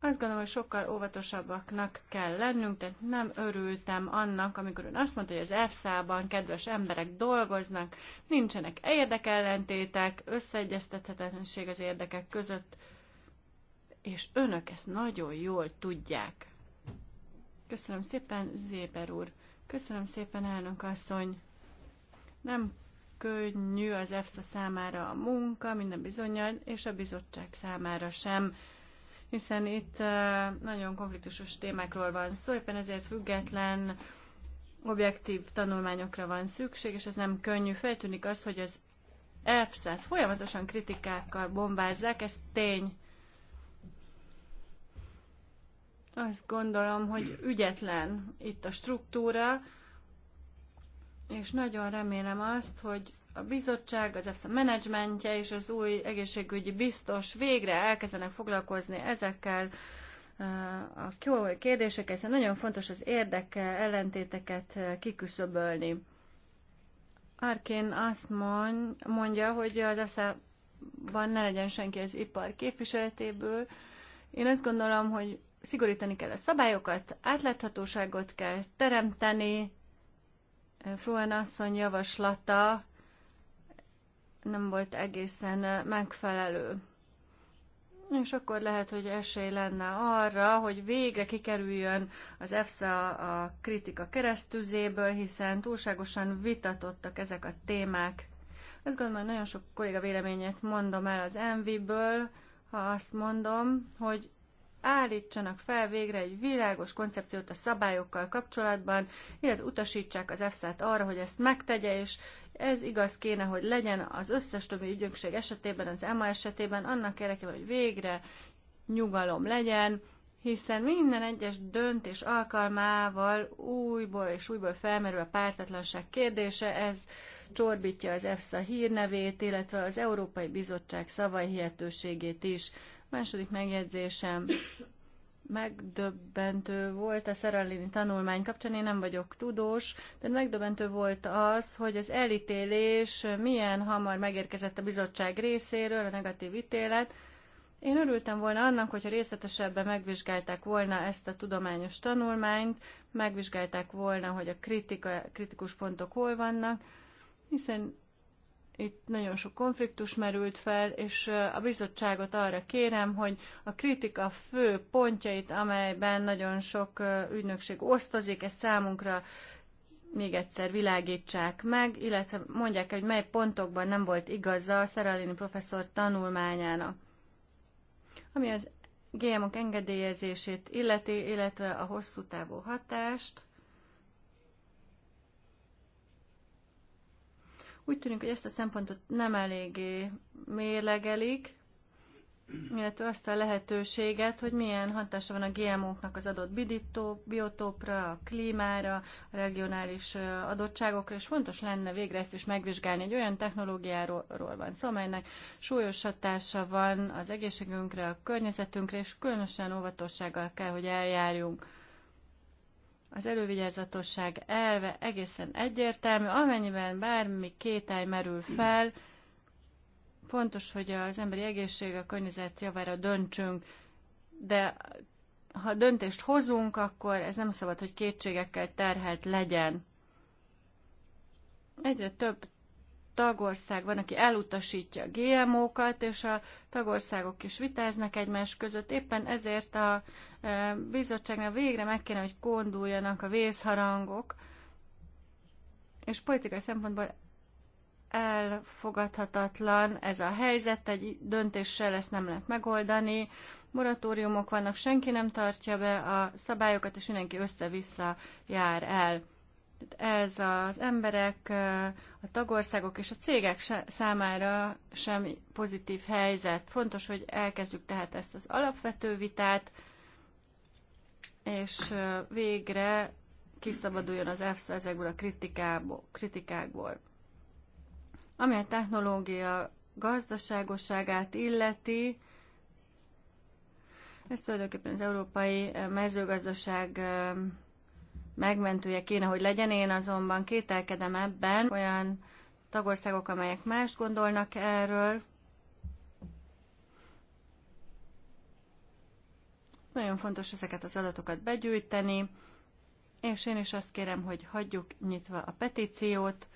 Azt gondolom, hogy sokkal óvatosabbaknak kell lennünk, tehát nem örültem annak, amikor ön azt mondta, hogy az EFSA-ban kedves emberek dolgoznak, nincsenek érdekellentétek, összeegyeztethetetlenség az érdekek között, és önök ezt nagyon jól tudják. Köszönöm szépen, Zéber úr. Köszönöm szépen, elnök asszony. Nem könnyű az EFSA számára a munka, minden bizonyal, és a bizottság számára sem hiszen itt nagyon konfliktusos témákról van szó, éppen ezért független objektív tanulmányokra van szükség, és ez nem könnyű. Feltűnik az, hogy az EFSZ-et folyamatosan kritikákkal bombázzák, ez tény. Azt gondolom, hogy ügyetlen itt a struktúra, és nagyon remélem azt, hogy a bizottság, az EFSA menedzsmentje és az új egészségügyi biztos végre elkezdenek foglalkozni ezekkel eh, a kérdésekkel, hiszen nagyon fontos az érdeke ellentéteket eh, kiküszöbölni. Arkin azt mondja, hogy az EFSA-ban ne legyen senki az ipar képviseletéből. Én azt gondolom, hogy szigorítani kell a szabályokat, átláthatóságot kell teremteni. Eh, Fruan asszony javaslata nem volt egészen megfelelő. És akkor lehet, hogy esély lenne arra, hogy végre kikerüljön az EFSA a kritika keresztüzéből, hiszen túlságosan vitatottak ezek a témák. Azt gondolom, hogy nagyon sok kolléga véleményét mondom el az Envy-ből, ha azt mondom, hogy állítsanak fel végre egy világos koncepciót a szabályokkal kapcsolatban, illetve utasítsák az EFSA-t arra, hogy ezt megtegye, és ez igaz kéne, hogy legyen az összes többi ügyökség esetében, az EMA esetében, annak érdekében, hogy végre nyugalom legyen, hiszen minden egyes döntés alkalmával újból és újból felmerül a pártatlanság kérdése, ez csorbítja az EFSA hírnevét, illetve az Európai Bizottság szavai hihetőségét is. Második megjegyzésem, megdöbbentő volt a szeralini tanulmány kapcsán, én nem vagyok tudós, de megdöbbentő volt az, hogy az elítélés milyen hamar megérkezett a bizottság részéről, a negatív ítélet. Én örültem volna annak, hogyha részletesebben megvizsgálták volna ezt a tudományos tanulmányt, megvizsgálták volna, hogy a kritika, kritikus pontok hol vannak, hiszen itt nagyon sok konfliktus merült fel, és a bizottságot arra kérem, hogy a kritika fő pontjait, amelyben nagyon sok ügynökség osztozik, ezt számunkra még egyszer világítsák meg, illetve mondják, hogy mely pontokban nem volt igaza a Szeralini professzor tanulmányának. Ami az GMO-k engedélyezését illeti, illetve a hosszú távú hatást, Úgy tűnik, hogy ezt a szempontot nem eléggé mérlegelik, illetve azt a lehetőséget, hogy milyen hatása van a GMO-knak az adott bidító, biotópra, a klímára, a regionális adottságokra, és fontos lenne végre ezt is megvizsgálni. Egy olyan technológiáról van szó, amelynek súlyos hatása van az egészségünkre, a környezetünkre, és különösen óvatossággal kell, hogy eljárjunk az elővigyázatosság elve egészen egyértelmű, amennyiben bármi kétály merül fel, fontos, hogy az emberi egészség, a környezet javára döntsünk, de ha döntést hozunk, akkor ez nem szabad, hogy kétségekkel terhelt legyen. Egyre több tagország van, aki elutasítja a GMO-kat, és a tagországok is vitáznak egymás között. Éppen ezért a e, bizottságnál végre meg kéne, hogy konduljanak a vészharangok, és politikai szempontból elfogadhatatlan ez a helyzet, egy döntéssel ezt nem lehet megoldani, moratóriumok vannak, senki nem tartja be a szabályokat, és mindenki össze-vissza jár el ez az emberek, a tagországok és a cégek számára sem pozitív helyzet. Fontos, hogy elkezdjük tehát ezt az alapvető vitát, és végre kiszabaduljon az EFSA ezekből a kritikából, kritikákból. Ami a technológia gazdaságosságát illeti, ez tulajdonképpen az európai mezőgazdaság megmentője kéne, hogy legyen. Én azonban kételkedem ebben olyan tagországok, amelyek más gondolnak erről. Nagyon fontos ezeket az adatokat begyűjteni, és én is azt kérem, hogy hagyjuk nyitva a petíciót,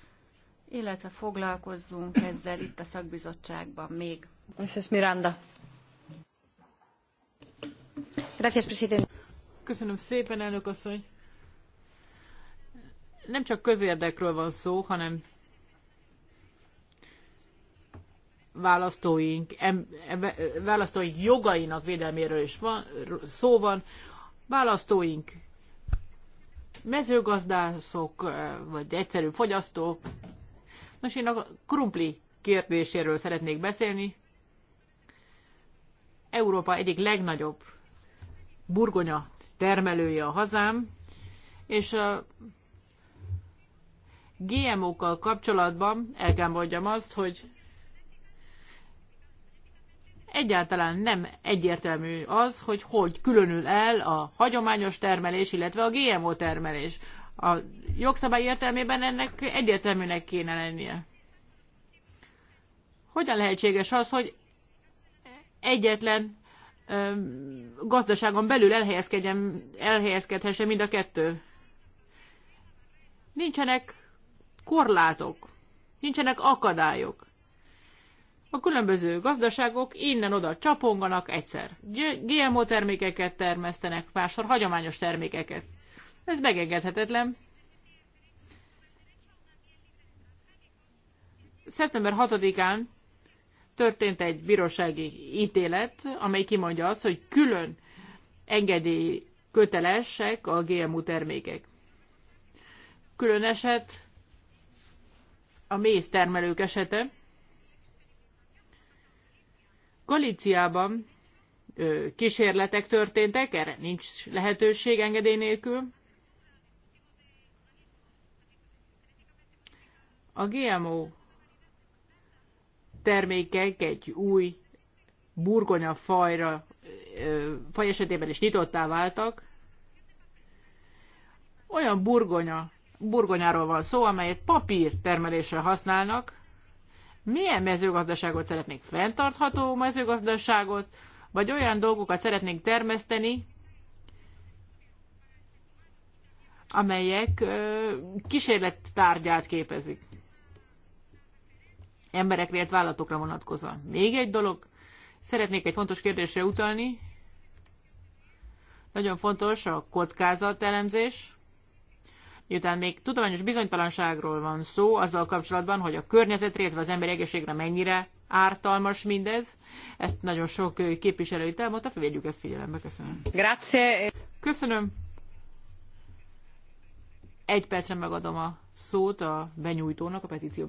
illetve foglalkozzunk ezzel itt a szakbizottságban még. Mrs. Miranda. Gracias, president. Köszönöm szépen, elnök asszony nem csak közérdekről van szó, hanem választóink, em, választóink jogainak védelméről is van, szó van. Választóink mezőgazdászok, eh, vagy egyszerű fogyasztók. Nos, én a krumpli kérdéséről szeretnék beszélni. Európa egyik legnagyobb burgonya termelője a hazám, és a eh, GMO-kkal kapcsolatban el kell mondjam azt, hogy egyáltalán nem egyértelmű az, hogy hogy különül el a hagyományos termelés, illetve a GMO termelés. A jogszabály értelmében ennek egyértelműnek kéne lennie. Hogyan lehetséges az, hogy egyetlen ö, gazdaságon belül elhelyezkedjen, elhelyezkedhessen mind a kettő? Nincsenek korlátok, nincsenek akadályok. A különböző gazdaságok innen-oda csaponganak egyszer. GMO termékeket termesztenek, máshol hagyományos termékeket. Ez megengedhetetlen. Szeptember 6-án történt egy bírósági ítélet, amely kimondja azt, hogy külön engedély kötelesek a GMO termékek. Külön eset a méztermelők esete. Galíciában kísérletek történtek, erre nincs lehetőség engedély nélkül. A GMO termékek egy új burgonya fajra, faj esetében is nyitottá váltak. Olyan burgonya burgonyáról van szó, amelyet papír termelésre használnak. Milyen mezőgazdaságot szeretnék Fenntartható mezőgazdaságot? Vagy olyan dolgokat szeretnénk termeszteni, amelyek kísérlettárgyát képezik. Emberekre, illetve vállalatokra vonatkozóan. Még egy dolog, szeretnék egy fontos kérdésre utalni. Nagyon fontos a elemzés miután még tudományos bizonytalanságról van szó azzal kapcsolatban, hogy a környezetre, illetve az emberi egészségre mennyire ártalmas mindez, ezt nagyon sok képviselő itt elmondta, vegyük ezt figyelembe, köszönöm. Grazie. Köszönöm. Egy percre megadom a szót a benyújtónak, a petíció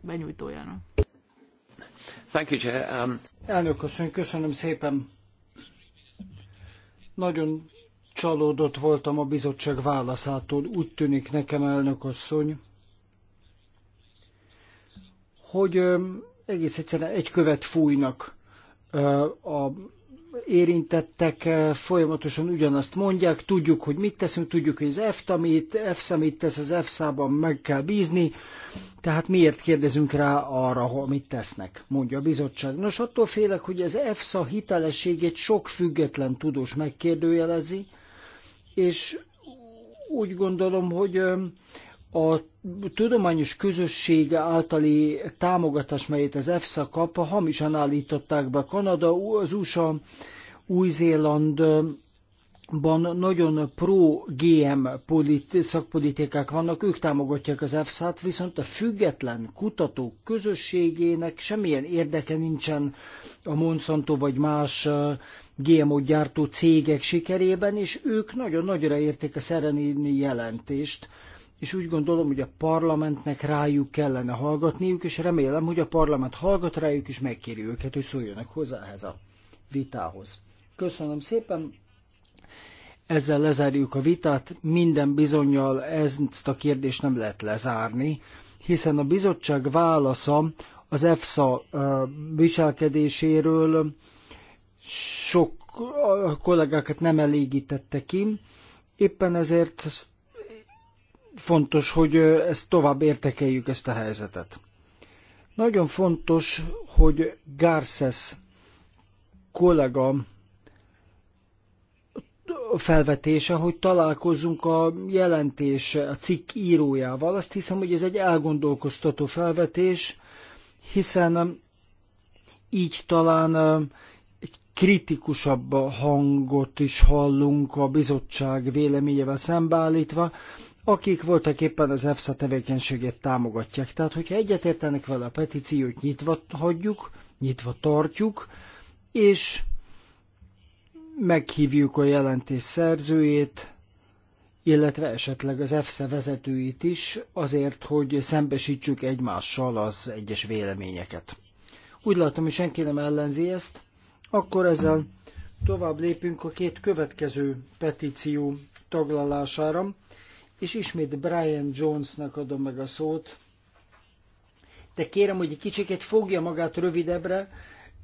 benyújtójának. Thank you, Chair. Um... Elnök köszönöm, köszönöm szépen. Nagyon csalódott voltam a bizottság válaszától. Úgy tűnik nekem, elnök asszony, hogy egész egyszerűen egy követ fújnak a érintettek folyamatosan ugyanazt mondják, tudjuk, hogy mit teszünk, tudjuk, hogy az EFTA mit, EFSA mit tesz, az EFSA-ban meg kell bízni, tehát miért kérdezünk rá arra, hogy mit tesznek, mondja a bizottság. Nos, attól félek, hogy az EFSA hitelességét sok független tudós megkérdőjelezi, és úgy gondolom, hogy a tudományos közösség általi támogatás, melyet az EFSA kap, hamisan állították be Kanada, az USA, Új-Zéland ban nagyon pro-GM szakpolitikák vannak, ők támogatják az EFSA-t, viszont a független kutatók közösségének semmilyen érdeke nincsen a Monsanto vagy más GMO gyártó cégek sikerében, és ők nagyon nagyra érték a szerenéni jelentést, és úgy gondolom, hogy a parlamentnek rájuk kellene hallgatniuk, és remélem, hogy a parlament hallgat rájuk, és megkéri őket, hogy szóljanak hozzá ehhez a vitához. Köszönöm szépen! ezzel lezárjuk a vitát. Minden bizonyal ezt a kérdést nem lehet lezárni, hiszen a bizottság válasza az EFSA viselkedéséről sok kollégákat nem elégítette ki. Éppen ezért fontos, hogy ezt tovább értekeljük ezt a helyzetet. Nagyon fontos, hogy Garces kollega felvetése, hogy találkozzunk a jelentés, a cikk írójával. Azt hiszem, hogy ez egy elgondolkoztató felvetés, hiszen um, így talán um, egy kritikusabb hangot is hallunk a bizottság véleményével szembeállítva, akik voltak éppen az EFSA tevékenységét támogatják. Tehát, hogyha egyetértenek vele a petíciót, nyitva hagyjuk, nyitva tartjuk, és meghívjuk a jelentés szerzőjét, illetve esetleg az EFSZE vezetőit is, azért, hogy szembesítsük egymással az egyes véleményeket. Úgy látom, hogy senki nem ellenzi ezt, akkor ezzel tovább lépünk a két következő petíció taglalására, és ismét Brian Jonesnak adom meg a szót, de kérem, hogy egy kicsikét fogja magát rövidebbre,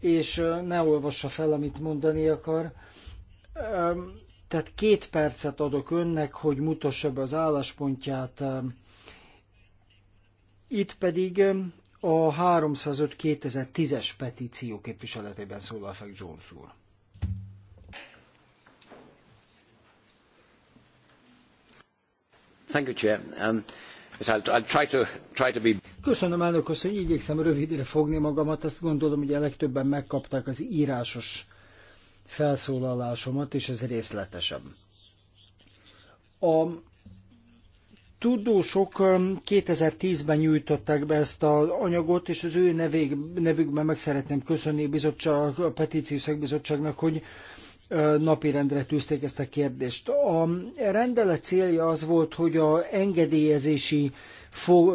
és ne olvassa fel, amit mondani akar, tehát két percet adok önnek, hogy mutassa be az álláspontját. Itt pedig a 305-2010-es petíció képviseletében szólal fel Jones úr. Thank you, Chair. Um, yes, I'll, I'll try to, try to be... Köszönöm, elnök asszony, igyekszem rövidre fogni magamat. Azt gondolom, hogy a legtöbben megkapták az írásos felszólalásomat, és ez részletesebb. A tudósok 2010-ben um, nyújtották be ezt az anyagot, és az ő nevég, nevükben meg szeretném köszönni a, bizottság, a petíciós szakbizottságnak, hogy uh, napirendre tűzték ezt a kérdést. A rendelet célja az volt, hogy a engedélyezési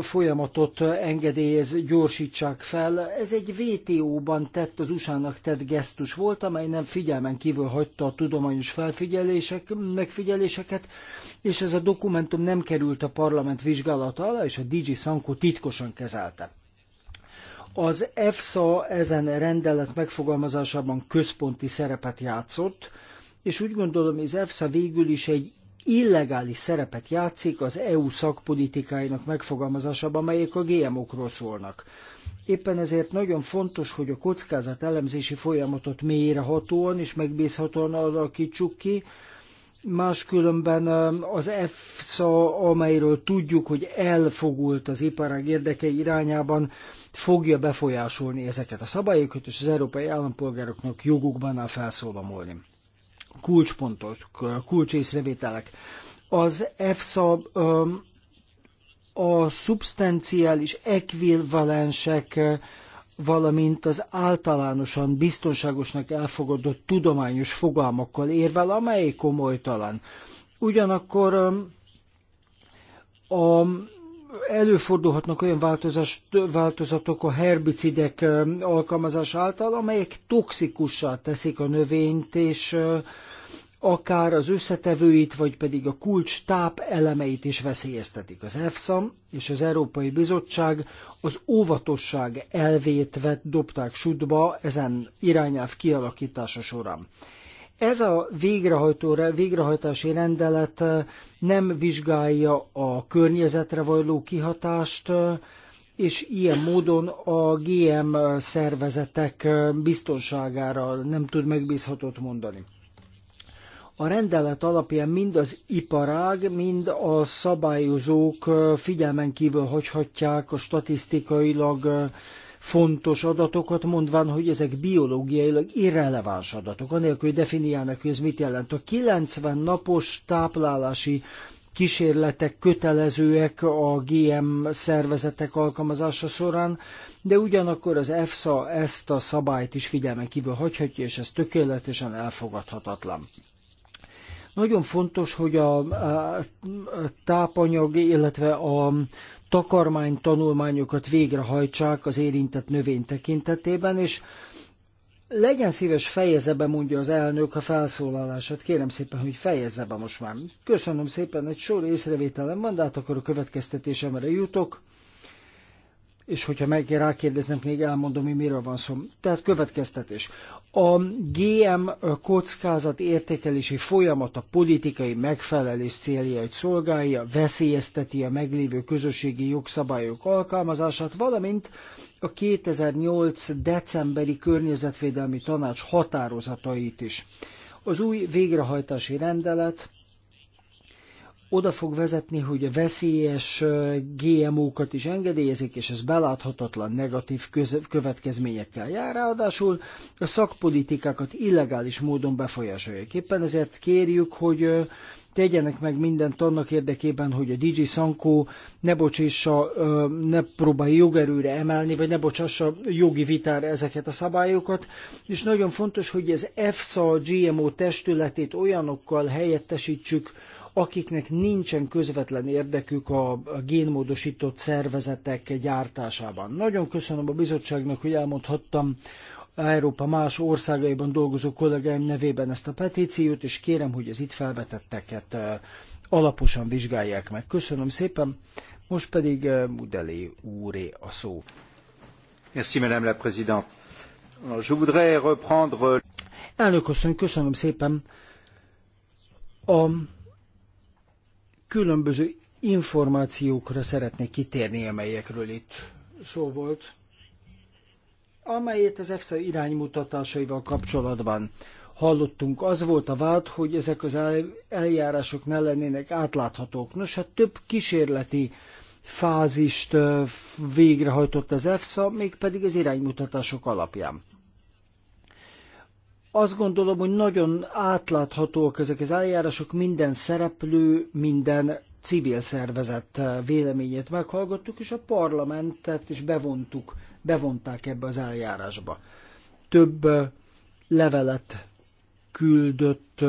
folyamatot engedélyez, gyorsítsák fel. Ez egy WTO-ban tett, az USA-nak tett gesztus volt, amely nem figyelmen kívül hagyta a tudományos felfigyelések, megfigyeléseket, és ez a dokumentum nem került a parlament vizsgálata alá, és a DG Sanko titkosan kezelte. Az EFSA ezen rendelet megfogalmazásában központi szerepet játszott, és úgy gondolom, hogy az EFSA végül is egy illegális szerepet játszik az EU szakpolitikáinak megfogalmazásában, amelyek a GMO-król szólnak. Éppen ezért nagyon fontos, hogy a kockázat elemzési folyamatot mélyrehatóan és megbízhatóan alakítsuk ki, Máskülönben az EFSA, amelyről tudjuk, hogy elfogult az iparág érdekei irányában, fogja befolyásolni ezeket a szabályokat, és az európai állampolgároknak jogukban áll felszólamolni kulcspontok, kulcsészrevételek. Az EFSA a szubstanciális ekvivalensek, valamint az általánosan biztonságosnak elfogadott tudományos fogalmakkal érvel, amely komolytalan. Ugyanakkor a előfordulhatnak olyan változás, változatok a herbicidek alkalmazás által, amelyek toxikussá teszik a növényt, és akár az összetevőit, vagy pedig a kulcs táp elemeit is veszélyeztetik. Az EFSA és az Európai Bizottság az óvatosság elvét vett, dobták sudba ezen irányelv kialakítása során. Ez a végrehajtó, végrehajtási rendelet eh, nem vizsgálja a környezetre való kihatást, eh, és ilyen módon a GM szervezetek eh, biztonságára nem tud megbízhatót mondani. A rendelet alapján mind az iparág, mind a szabályozók figyelmen kívül hagyhatják a statisztikailag fontos adatokat, mondván, hogy ezek biológiailag irreleváns adatok, anélkül, hogy definiálnak, hogy ez mit jelent. A 90 napos táplálási kísérletek kötelezőek a GM szervezetek alkalmazása során, de ugyanakkor az EFSA ezt a szabályt is figyelmen kívül hagyhatja, és ez tökéletesen elfogadhatatlan. Nagyon fontos, hogy a, a tápanyag, illetve a takarmány tanulmányokat végrehajtsák az érintett növény tekintetében, és legyen szíves, fejezze be, mondja az elnök a felszólalását. Kérem szépen, hogy fejezze be most már. Köszönöm szépen, egy sor észrevételem van, de hát akkor a következtetésemre jutok és hogyha meg rákérdeznek, még elmondom, hogy miről van szó. Tehát következtetés. A GM kockázat értékelési folyamat a politikai megfelelés céljait szolgálja, veszélyezteti a meglévő közösségi jogszabályok alkalmazását, valamint a 2008. decemberi környezetvédelmi tanács határozatait is. Az új végrehajtási rendelet oda fog vezetni, hogy a veszélyes GMO-kat is engedélyezik, és ez beláthatatlan negatív következményekkel jár. Ráadásul a szakpolitikákat illegális módon befolyásolják. Éppen ezért kérjük, hogy tegyenek meg mindent annak érdekében, hogy a DJ Sankó ne bocsássa, ne próbálja jogerőre emelni, vagy ne bocsássa jogi vitára ezeket a szabályokat, és nagyon fontos, hogy az EFSA GMO testületét olyanokkal helyettesítsük, akiknek nincsen közvetlen érdekük a génmódosított szervezetek gyártásában. Nagyon köszönöm a bizottságnak, hogy elmondhattam Európa más országaiban dolgozó kollégáim nevében ezt a petíciót, és kérem, hogy az itt felvetetteket alaposan vizsgálják meg. Köszönöm szépen, most pedig Mudeli úré a szó. Merci, Madame la Présidente. Je voudrais reprendre... Elnök asszony, köszönöm szépen. A különböző információkra szeretnék kitérni, amelyekről itt szó volt, amelyet az EFSA iránymutatásaival kapcsolatban hallottunk, az volt a vált, hogy ezek az eljárások ne lennének átláthatók. Nos, hát több kísérleti fázist végrehajtott az EFSA, mégpedig az iránymutatások alapján azt gondolom, hogy nagyon átláthatóak ezek az eljárások, minden szereplő, minden civil szervezet véleményét meghallgattuk, és a parlamentet is bevontuk, bevonták ebbe az eljárásba. Több levelet küldött,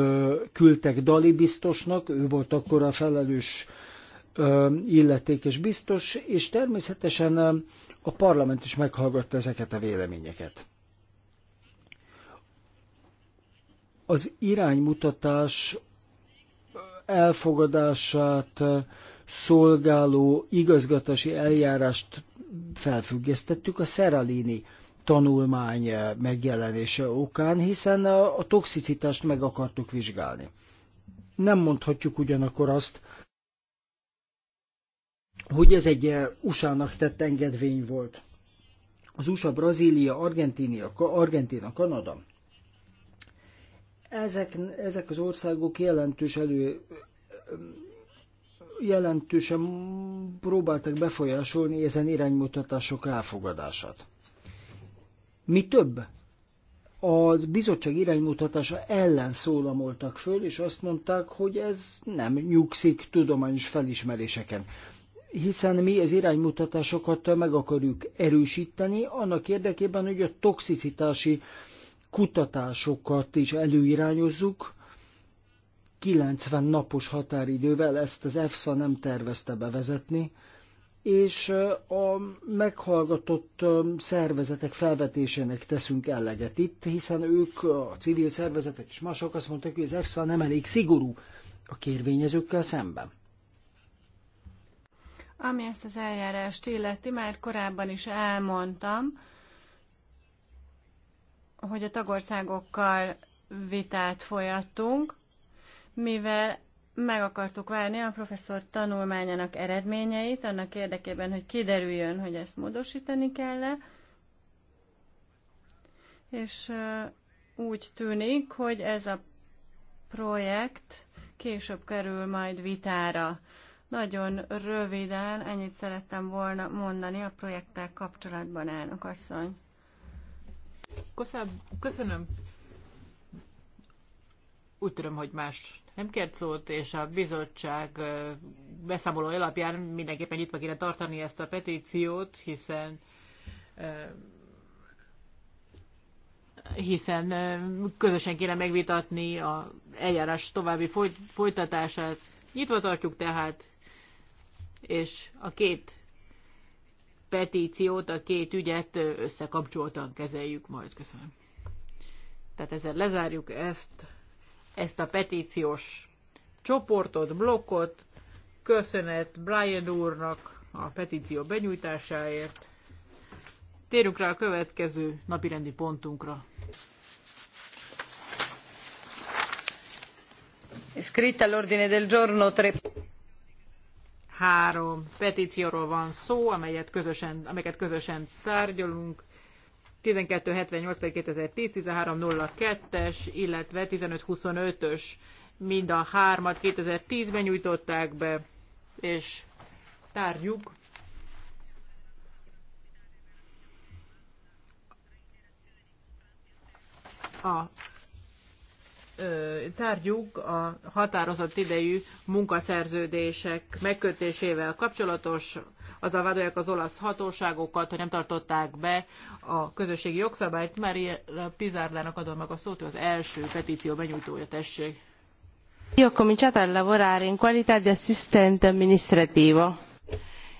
küldtek Dali biztosnak, ő volt akkor a felelős illetékes biztos, és természetesen a parlament is meghallgatta ezeket a véleményeket. az iránymutatás elfogadását szolgáló igazgatási eljárást felfüggesztettük a Szeralini tanulmány megjelenése okán, hiszen a toxicitást meg akartuk vizsgálni. Nem mondhatjuk ugyanakkor azt, hogy ez egy USA-nak tett engedvény volt. Az USA, Brazília, Argentínia, Argentina, Kanada ezek, ezek az országok jelentős elő jelentősen próbáltak befolyásolni ezen iránymutatások elfogadását. Mi több, az bizottság iránymutatása ellen szólamoltak föl, és azt mondták, hogy ez nem nyugszik tudományos felismeréseken. Hiszen mi az iránymutatásokat meg akarjuk erősíteni, annak érdekében, hogy a toxicitási kutatásokat is előirányozzuk, 90 napos határidővel ezt az EFSA nem tervezte bevezetni, és a meghallgatott szervezetek felvetésének teszünk eleget itt, hiszen ők, a civil szervezetek és mások azt mondták, hogy az EFSA nem elég szigorú a kérvényezőkkel szemben. Ami ezt az eljárást illeti, már korábban is elmondtam, hogy a tagországokkal vitát folyattunk, mivel meg akartuk várni a professzor tanulmányának eredményeit, annak érdekében, hogy kiderüljön, hogy ezt módosítani kell -e. És úgy tűnik, hogy ez a projekt később kerül majd vitára. Nagyon röviden ennyit szerettem volna mondani a projekttel kapcsolatban, elnök asszony. Köszönöm. Úgy tudom, hogy más nem kért szót, és a bizottság beszámoló alapján mindenképpen nyitva kéne tartani ezt a petíciót, hiszen hiszen közösen kéne megvitatni a eljárás további folytatását. Nyitva tartjuk tehát, és a két petíciót, a két ügyet összekapcsoltan kezeljük majd. Köszönöm. Tehát ezzel lezárjuk ezt, ezt a petíciós csoportot, blokkot. Köszönet Brian úrnak a petíció benyújtásáért. Térjünk rá a következő napirendi pontunkra. Iscritta all'ordine del giorno tre három petícióról van szó, amelyet közösen, amelyeket közösen tárgyalunk. 1278 per 2010, 1302-es, illetve 1525-ös mind a hármat 2010-ben nyújtották be, és tárgyuk a tárgyuk a határozott idejű munkaszerződések megkötésével kapcsolatos. Azzal vádolják az olasz hatóságokat, hogy nem tartották be a közösségi jogszabályt. Mária Pizárdának adom meg a szót, az első petíció benyújtója, tessék. Io cominciato a lavorare in qualità di assistente amministrativo.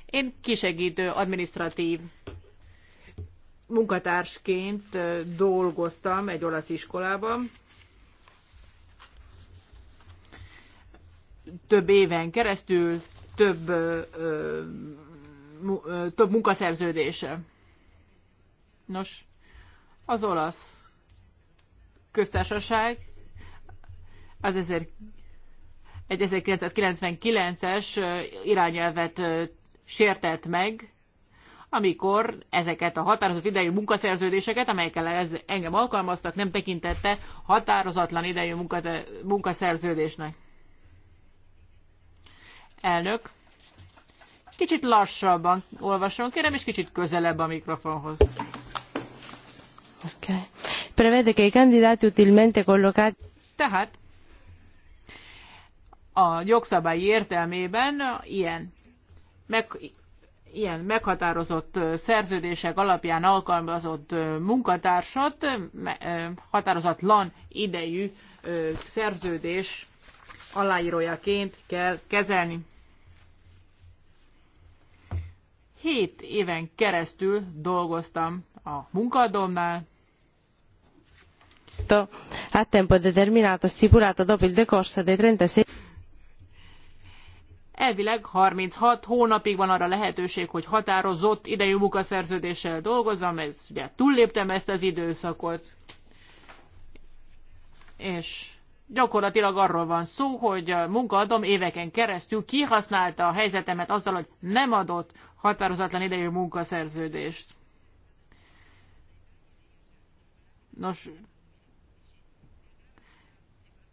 Én kisegítő administratív munkatársként dolgoztam egy olasz iskolában, több éven keresztül, több, ö, ö, több munkaszerződése. Nos, az olasz köztársaság az 1999-es irányelvet sértett meg, amikor ezeket a határozott idejű munkaszerződéseket, amelyekkel ez, engem alkalmaztak, nem tekintette határozatlan idejű munkaszerződésnek. Elnök, kicsit lassabban olvasson, kérem, és kicsit közelebb a mikrofonhoz. Okay. Prevede che i candidati utilmente collocati... Tehát a jogszabályi értelmében ilyen, meg, ilyen meghatározott szerződések alapján alkalmazott munkatársat határozatlan idejű szerződés aláírójaként kell kezelni. Hét éven keresztül dolgoztam a munkadomnál. A tempo determinato stipulato dopo il decorso dei 36 Elvileg 36 hónapig van arra lehetőség, hogy határozott idejű munkaszerződéssel dolgozom, ez ugye túlléptem ezt az időszakot, és gyakorlatilag arról van szó, hogy a munkaadom éveken keresztül kihasználta a helyzetemet azzal, hogy nem adott határozatlan idejű munkaszerződést. Nos,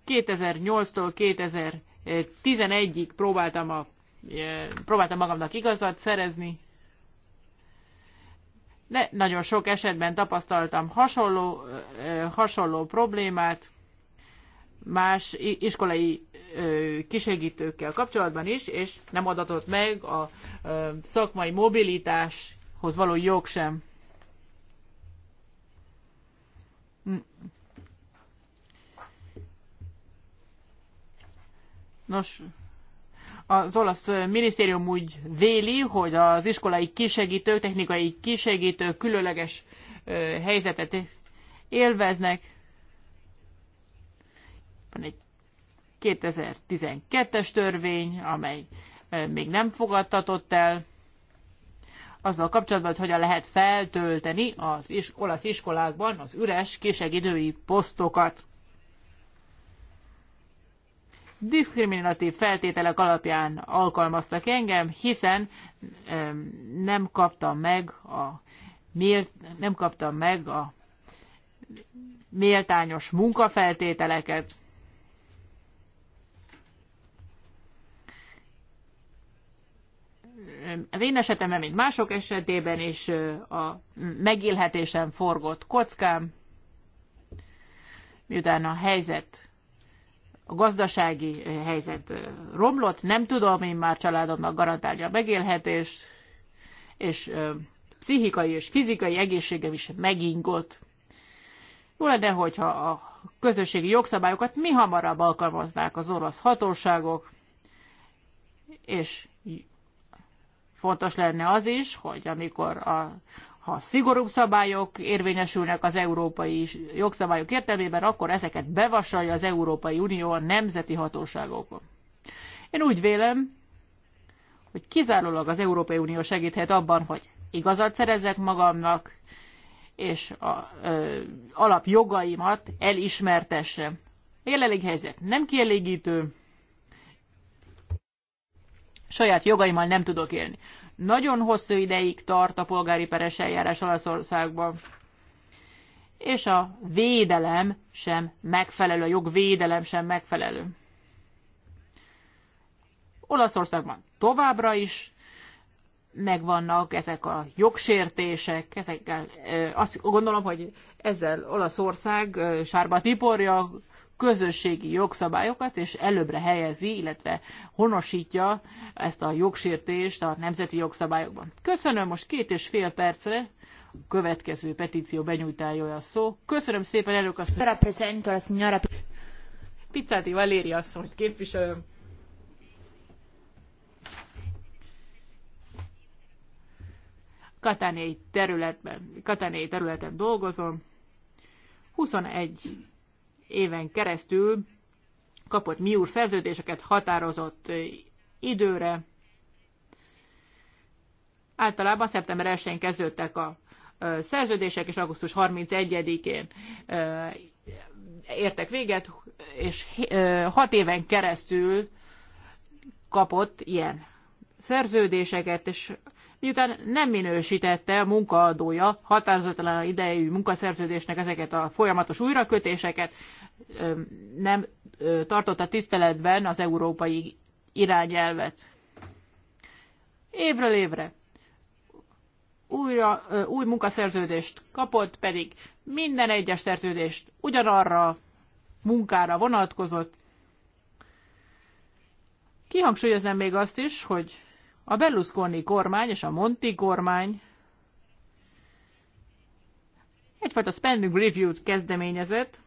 2008-tól 2011-ig próbáltam, a, e, próbáltam magamnak igazat szerezni, de nagyon sok esetben tapasztaltam hasonló, e, hasonló problémát, más iskolai kisegítőkkel kapcsolatban is, és nem adatott meg a szakmai mobilitáshoz való jog sem. Hm. Nos, az olasz minisztérium úgy véli, hogy az iskolai kisegítők, technikai kisegítők különleges helyzetet élveznek, van egy 2012-es törvény, amely még nem fogadtatott el, azzal kapcsolatban, hogy hogyan lehet feltölteni az is, olasz iskolákban az üres kisegidői posztokat. Diszkriminatív feltételek alapján alkalmaztak engem, hiszen nem kaptam meg a mélt, nem kaptam meg a méltányos munkafeltételeket. az én esetemben, mint mások esetében is a megélhetésen forgott kockám, miután a helyzet, a gazdasági helyzet romlott, nem tudom én már családomnak garantálni a megélhetést, és pszichikai és fizikai egészségem is megingott. Jó lenne, hogyha a közösségi jogszabályokat mi hamarabb alkalmaznák az orosz hatóságok, és Fontos lenne az is, hogy amikor a, ha szigorúbb szabályok érvényesülnek az európai jogszabályok értelmében, akkor ezeket bevasalja az Európai Unió a nemzeti hatóságokon. Én úgy vélem, hogy kizárólag az Európai Unió segíthet abban, hogy igazat szerezek magamnak, és az alapjogaimat elismertessem. A jelenlegi helyzet nem kielégítő, saját jogaimmal nem tudok élni. Nagyon hosszú ideig tart a polgári peres eljárás Olaszországban, és a védelem sem megfelelő, a jogvédelem sem megfelelő. Olaszországban továbbra is megvannak ezek a jogsértések, ezekkel, azt gondolom, hogy ezzel Olaszország sárba tiporja közösségi jogszabályokat, és előbbre helyezi, illetve honosítja ezt a jogsértést a nemzeti jogszabályokban. Köszönöm most két és fél percre, következő petíció benyújtája a szó. Köszönöm szépen, elők asszony. Rappresento signora Picáti Valéri asszonyt képviselőm. Katániai területben, Katániai területen dolgozom. 21 éven keresztül kapott miúr szerződéseket határozott időre. Általában szeptember 1-én kezdődtek a szerződések, és augusztus 31-én értek véget, és hat éven keresztül kapott ilyen szerződéseket, és miután nem minősítette a munkaadója határozatlan idejű munkaszerződésnek ezeket a folyamatos újrakötéseket, nem tartotta tiszteletben az európai irányelvet. Évről évre újra, új munkaszerződést kapott, pedig minden egyes szerződést ugyanarra munkára vonatkozott. Kihangsúlyoznám még azt is, hogy a Berlusconi kormány és a Monti kormány egyfajta spending review-t kezdeményezett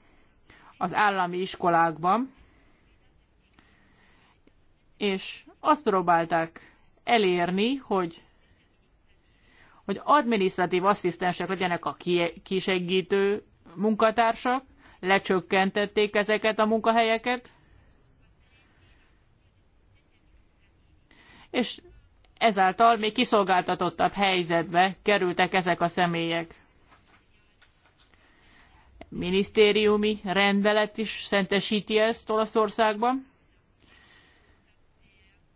az állami iskolákban, és azt próbálták elérni, hogy hogy adminisztratív asszisztensek legyenek a kisegítő munkatársak, lecsökkentették ezeket a munkahelyeket, és ezáltal még kiszolgáltatottabb helyzetbe kerültek ezek a személyek. Minisztériumi rendelet is szentesíti ezt Olaszországban,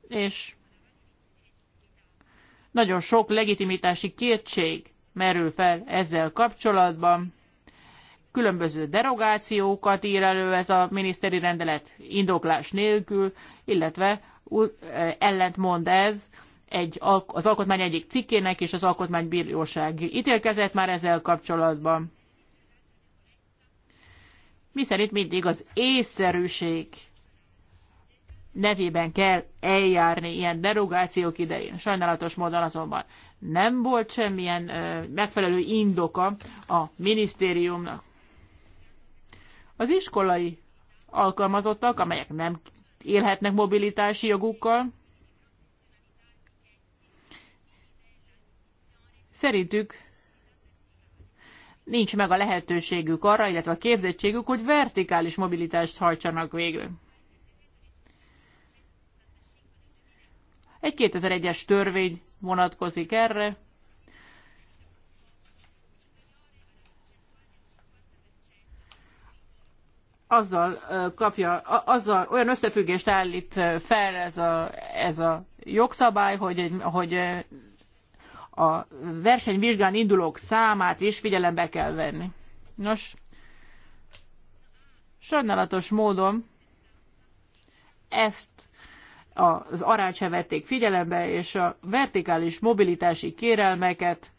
és nagyon sok legitimitási kétség merül fel ezzel kapcsolatban. Különböző derogációkat ír elő ez a miniszteri rendelet indoklás nélkül, illetve ellentmond ez egy, az alkotmány egyik cikkének, és az alkotmánybíróság ítélkezett már ezzel kapcsolatban. Mi szerint mindig az észszerűség nevében kell eljárni ilyen derogációk idején. Sajnálatos módon azonban nem volt semmilyen ö, megfelelő indoka a minisztériumnak. Az iskolai alkalmazottak, amelyek nem élhetnek mobilitási jogukkal, Szerintük nincs meg a lehetőségük arra, illetve a képzettségük, hogy vertikális mobilitást hajtsanak végre. Egy 2001-es törvény vonatkozik erre. Azzal kapja, azzal olyan összefüggést állít fel ez a, ez a jogszabály, hogy, hogy a versenyvizsgán indulók számát is figyelembe kell venni. Nos, sajnálatos módon ezt az arányt sem vették figyelembe, és a vertikális mobilitási kérelmeket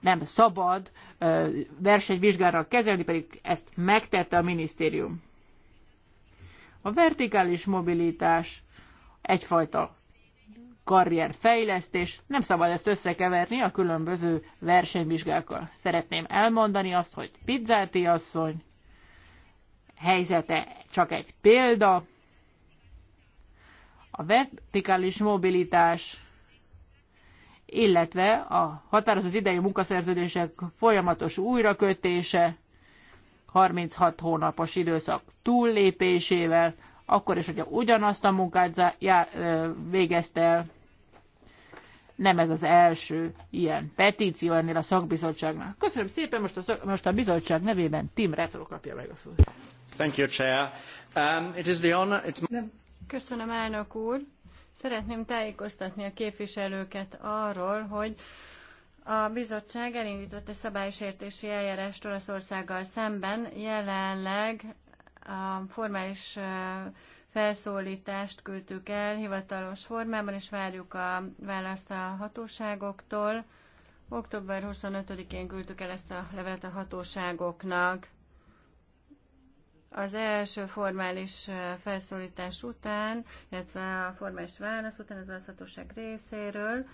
nem szabad versenyvizsgára kezelni, pedig ezt megtette a minisztérium. A vertikális mobilitás egyfajta karrierfejlesztés, nem szabad ezt összekeverni a különböző versenyvizsgákkal. Szeretném elmondani azt, hogy pizzáti asszony helyzete csak egy példa. A vertikális mobilitás, illetve a határozott idejű munkaszerződések folyamatos újrakötése, 36 hónapos időszak túllépésével, akkor is, hogyha ugyanazt a munkát já, végezte el, nem ez az első ilyen petíció ennél a szakbizottságnál. Köszönöm szépen, most a, szak, most a bizottság nevében Tim Retro kapja meg a szót. Thank you, Chair. Um, it is the honor, it's... Köszönöm, elnök úr. Szeretném tájékoztatni a képviselőket arról, hogy a bizottság elindított egy szabálysértési eljárást Olaszországgal szemben. Jelenleg a formális felszólítást küldtük el hivatalos formában, és várjuk a választ a hatóságoktól. Október 25-én küldtük el ezt a levelet a hatóságoknak. Az első formális felszólítás után, illetve a formális válasz után az hatóság részéről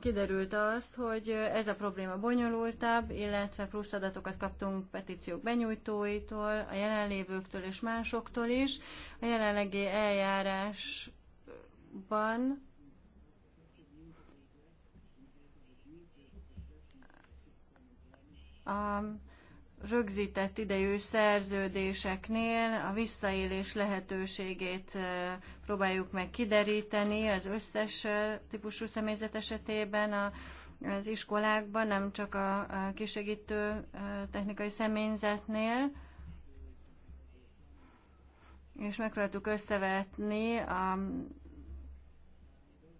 kiderült az, hogy ez a probléma bonyolultabb, illetve plusz adatokat kaptunk petíciók benyújtóitól, a jelenlévőktől és másoktól is. A jelenlegi eljárásban a rögzített idejű szerződéseknél a visszaélés lehetőségét próbáljuk meg kideríteni az összes típusú személyzet esetében a, az iskolákban, nem csak a kisegítő technikai személyzetnél. És megpróbáltuk összevetni a,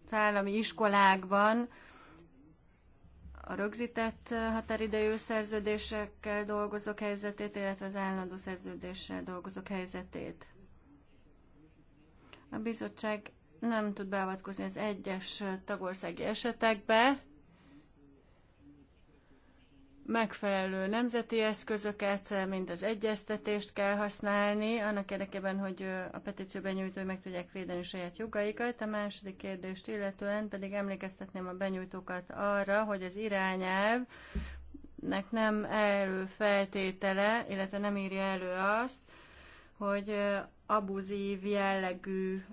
az állami iskolákban, a rögzített határidejű szerződésekkel dolgozók helyzetét, illetve az állandó szerződéssel dolgozók helyzetét. A bizottság nem tud beavatkozni az egyes tagországi esetekbe, megfelelő nemzeti eszközöket, mint az egyeztetést kell használni, annak érdekében, hogy a petíció benyújtói meg tudják védeni saját jogaikat. A második kérdést illetően pedig emlékeztetném a benyújtókat arra, hogy az irányelvnek nem előfeltétele, illetve nem írja elő azt, hogy abuzív jellegű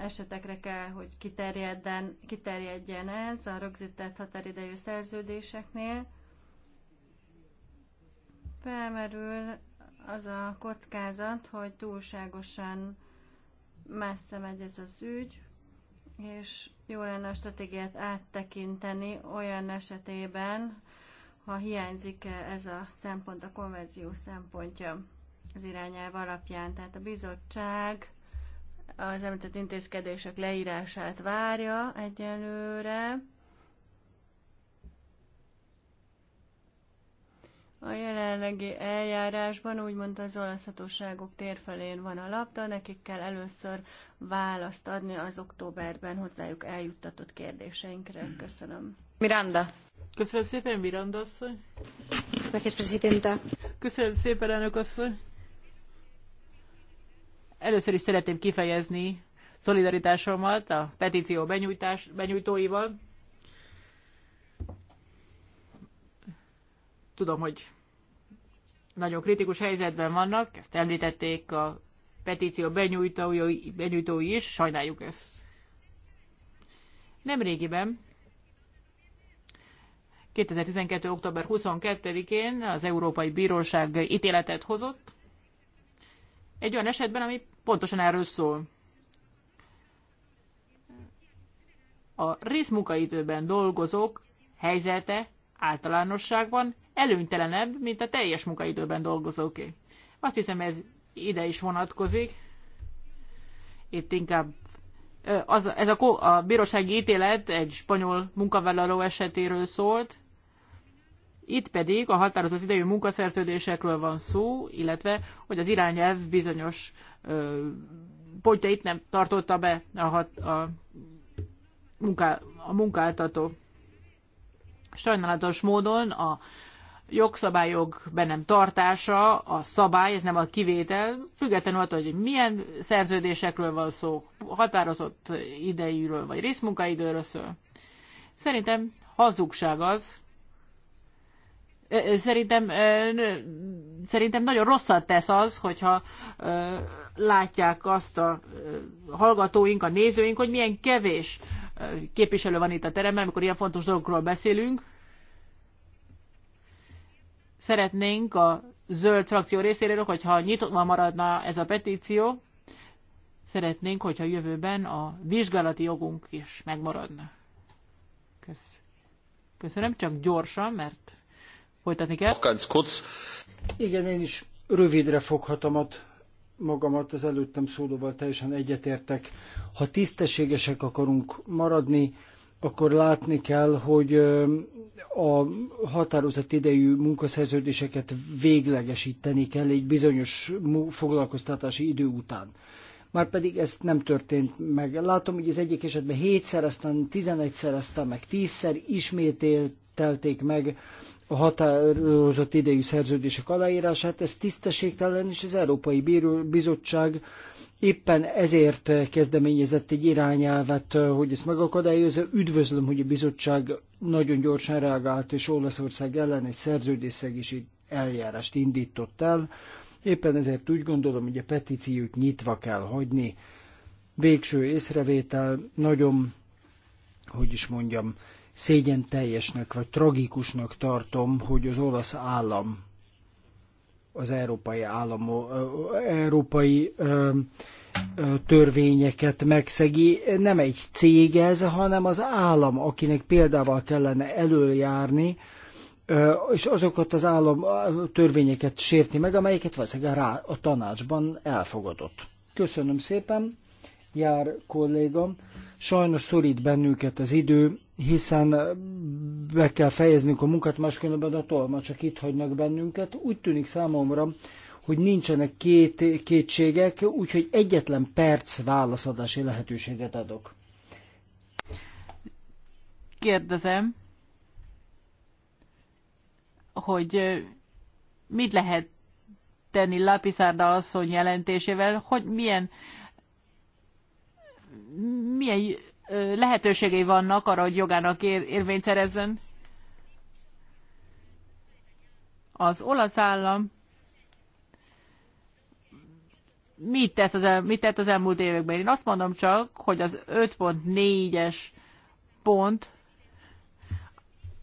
esetekre kell, hogy kiterjedjen, kiterjedjen ez a rögzített határidejű szerződéseknél Felmerül az a kockázat, hogy túlságosan messze megy ez az ügy, és jó lenne a stratégiát áttekinteni olyan esetében, ha hiányzik ez a szempont, a konverzió szempontja az irányelv alapján. Tehát a bizottság az említett intézkedések leírását várja egyelőre, A jelenlegi eljárásban úgymond az olasz hatóságok térfelén van a labda, nekik kell először választ adni az októberben hozzájuk eljuttatott kérdéseinkre. Köszönöm. Miranda. Köszönöm szépen, Miranda asszony. Köszönöm szépen, elnök asszony. Először is szeretném kifejezni szolidaritásomat a petíció benyújtás, benyújtóival. tudom, hogy nagyon kritikus helyzetben vannak, ezt említették a petíció benyújtói, benyújtói is, sajnáljuk ezt. Nemrégiben, 2012. október 22-én az Európai Bíróság ítéletet hozott, egy olyan esetben, ami pontosan erről szól. A részmunkaidőben dolgozók helyzete általánosságban előnytelenebb, mint a teljes munkaidőben dolgozóké. Azt hiszem ez ide is vonatkozik. Itt inkább az, ez a, a bírósági ítélet egy spanyol munkavállaló esetéről szólt, itt pedig a határozott idejű munkaszerződésekről van szó, illetve hogy az irányelv bizonyos ö, pontjait nem tartotta be a, hat, a, munká, a munkáltató. Sajnálatos módon a jogszabályok be nem tartása, a szabály, ez nem a kivétel, függetlenül attól, hogy milyen szerződésekről van szó, határozott idejűről vagy részmunkaidőről szól. Szerintem hazugság az, Szerintem, szerintem nagyon rosszat tesz az, hogyha látják azt a hallgatóink, a nézőink, hogy milyen kevés képviselő van itt a teremben, amikor ilyen fontos dolgokról beszélünk. Szeretnénk a zöld frakció részéről, hogyha nyitottban maradna ez a petíció, szeretnénk, hogyha jövőben a vizsgálati jogunk is megmaradna. Kösz. Köszönöm, csak gyorsan, mert folytatni kell. Igen, én is rövidre foghatamat magamat az előttem szólóval teljesen egyetértek. Ha tisztességesek akarunk maradni, akkor látni kell, hogy a határozott idejű munkaszerződéseket véglegesíteni kell egy bizonyos foglalkoztatási idő után. Márpedig ez nem történt meg. Látom, hogy az egyik esetben 7-szer, aztán 11-szer, aztán meg 10-szer ismételték meg a határozott idejű szerződések aláírását, ez tisztességtelen, és az Európai Bizottság éppen ezért kezdeményezett egy irányelvet, hogy ezt megakadályozza. Üdvözlöm, hogy a bizottság nagyon gyorsan reagált, és Olaszország ellen egy szerződésszegési eljárást indított el. Éppen ezért úgy gondolom, hogy a petíciót nyitva kell hagyni. Végső észrevétel, nagyon, hogy is mondjam, szégyen teljesnek vagy tragikusnak tartom, hogy az olasz állam, az európai állam, európai törvényeket megszegi. Nem egy cég ez, hanem az állam, akinek példával kellene előjárni, és azokat az állam törvényeket sérti meg, amelyeket valószínűleg rá a tanácsban elfogadott. Köszönöm szépen, jár kollégam. Sajnos szorít bennünket az idő, hiszen be kell fejeznünk a munkát, máskülönben a csak itt hagynak bennünket. Úgy tűnik számomra, hogy nincsenek két, kétségek, úgyhogy egyetlen perc válaszadási lehetőséget adok. Kérdezem, hogy mit lehet tenni Lapiszárda asszony jelentésével, hogy milyen milyen lehetőségei vannak arra, hogy jogának ér, érvényt szerezzen. Az olasz állam mit, tesz az el, mit tett az elmúlt években? Én azt mondom csak, hogy az 5.4-es pont,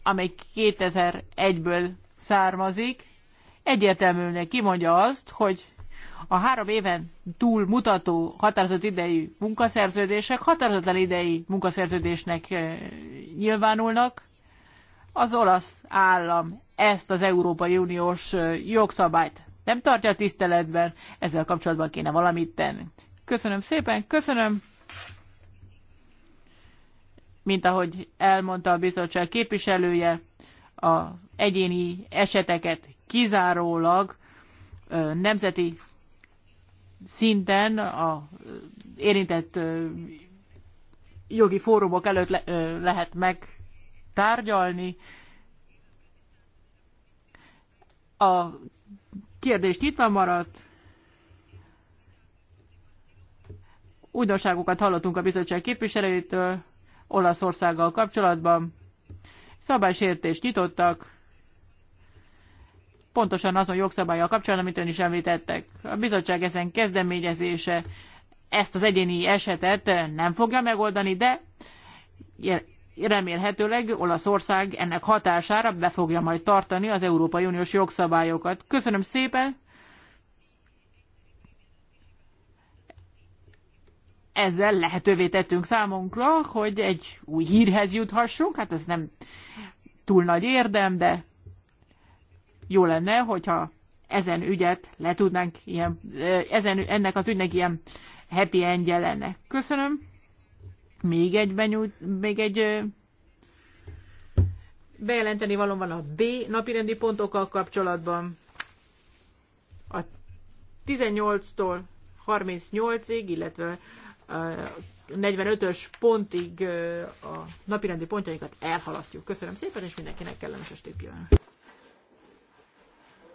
amely 2001-ből származik, egyértelműen kimondja azt, hogy a három éven túl mutató határozott idejű munkaszerződések határozatlan idei munkaszerződésnek eh, nyilvánulnak. Az olasz állam ezt az Európai Uniós eh, jogszabályt nem tartja a tiszteletben, ezzel kapcsolatban kéne valamit tenni. Köszönöm szépen, köszönöm. Mint ahogy elmondta a bizottság képviselője, az egyéni eseteket kizárólag eh, nemzeti szinten a érintett jogi fórumok előtt le, lehet megtárgyalni. A kérdés nyitva maradt. Újdonságokat hallottunk a bizottság képviselőjétől Olaszországgal kapcsolatban. Szabálysértést nyitottak, pontosan azon jogszabályjal kapcsolatban, amit ön is említettek. A bizottság ezen kezdeményezése ezt az egyéni esetet nem fogja megoldani, de remélhetőleg Olaszország ennek hatására be fogja majd tartani az Európai Uniós jogszabályokat. Köszönöm szépen! Ezzel lehetővé tettünk számunkra, hogy egy új hírhez juthassunk. Hát ez nem túl nagy érdem, de jó lenne, hogyha ezen ügyet le tudnánk ilyen, ezen, ennek az ügynek ilyen happy endje lenne. Köszönöm. Még egy, benyújt, még egy bejelenteni való van a B napirendi pontokkal kapcsolatban. A 18-tól 38-ig, illetve a 45-ös pontig a napirendi pontjainkat elhalasztjuk. Köszönöm szépen, és mindenkinek kellemes estét kívánok!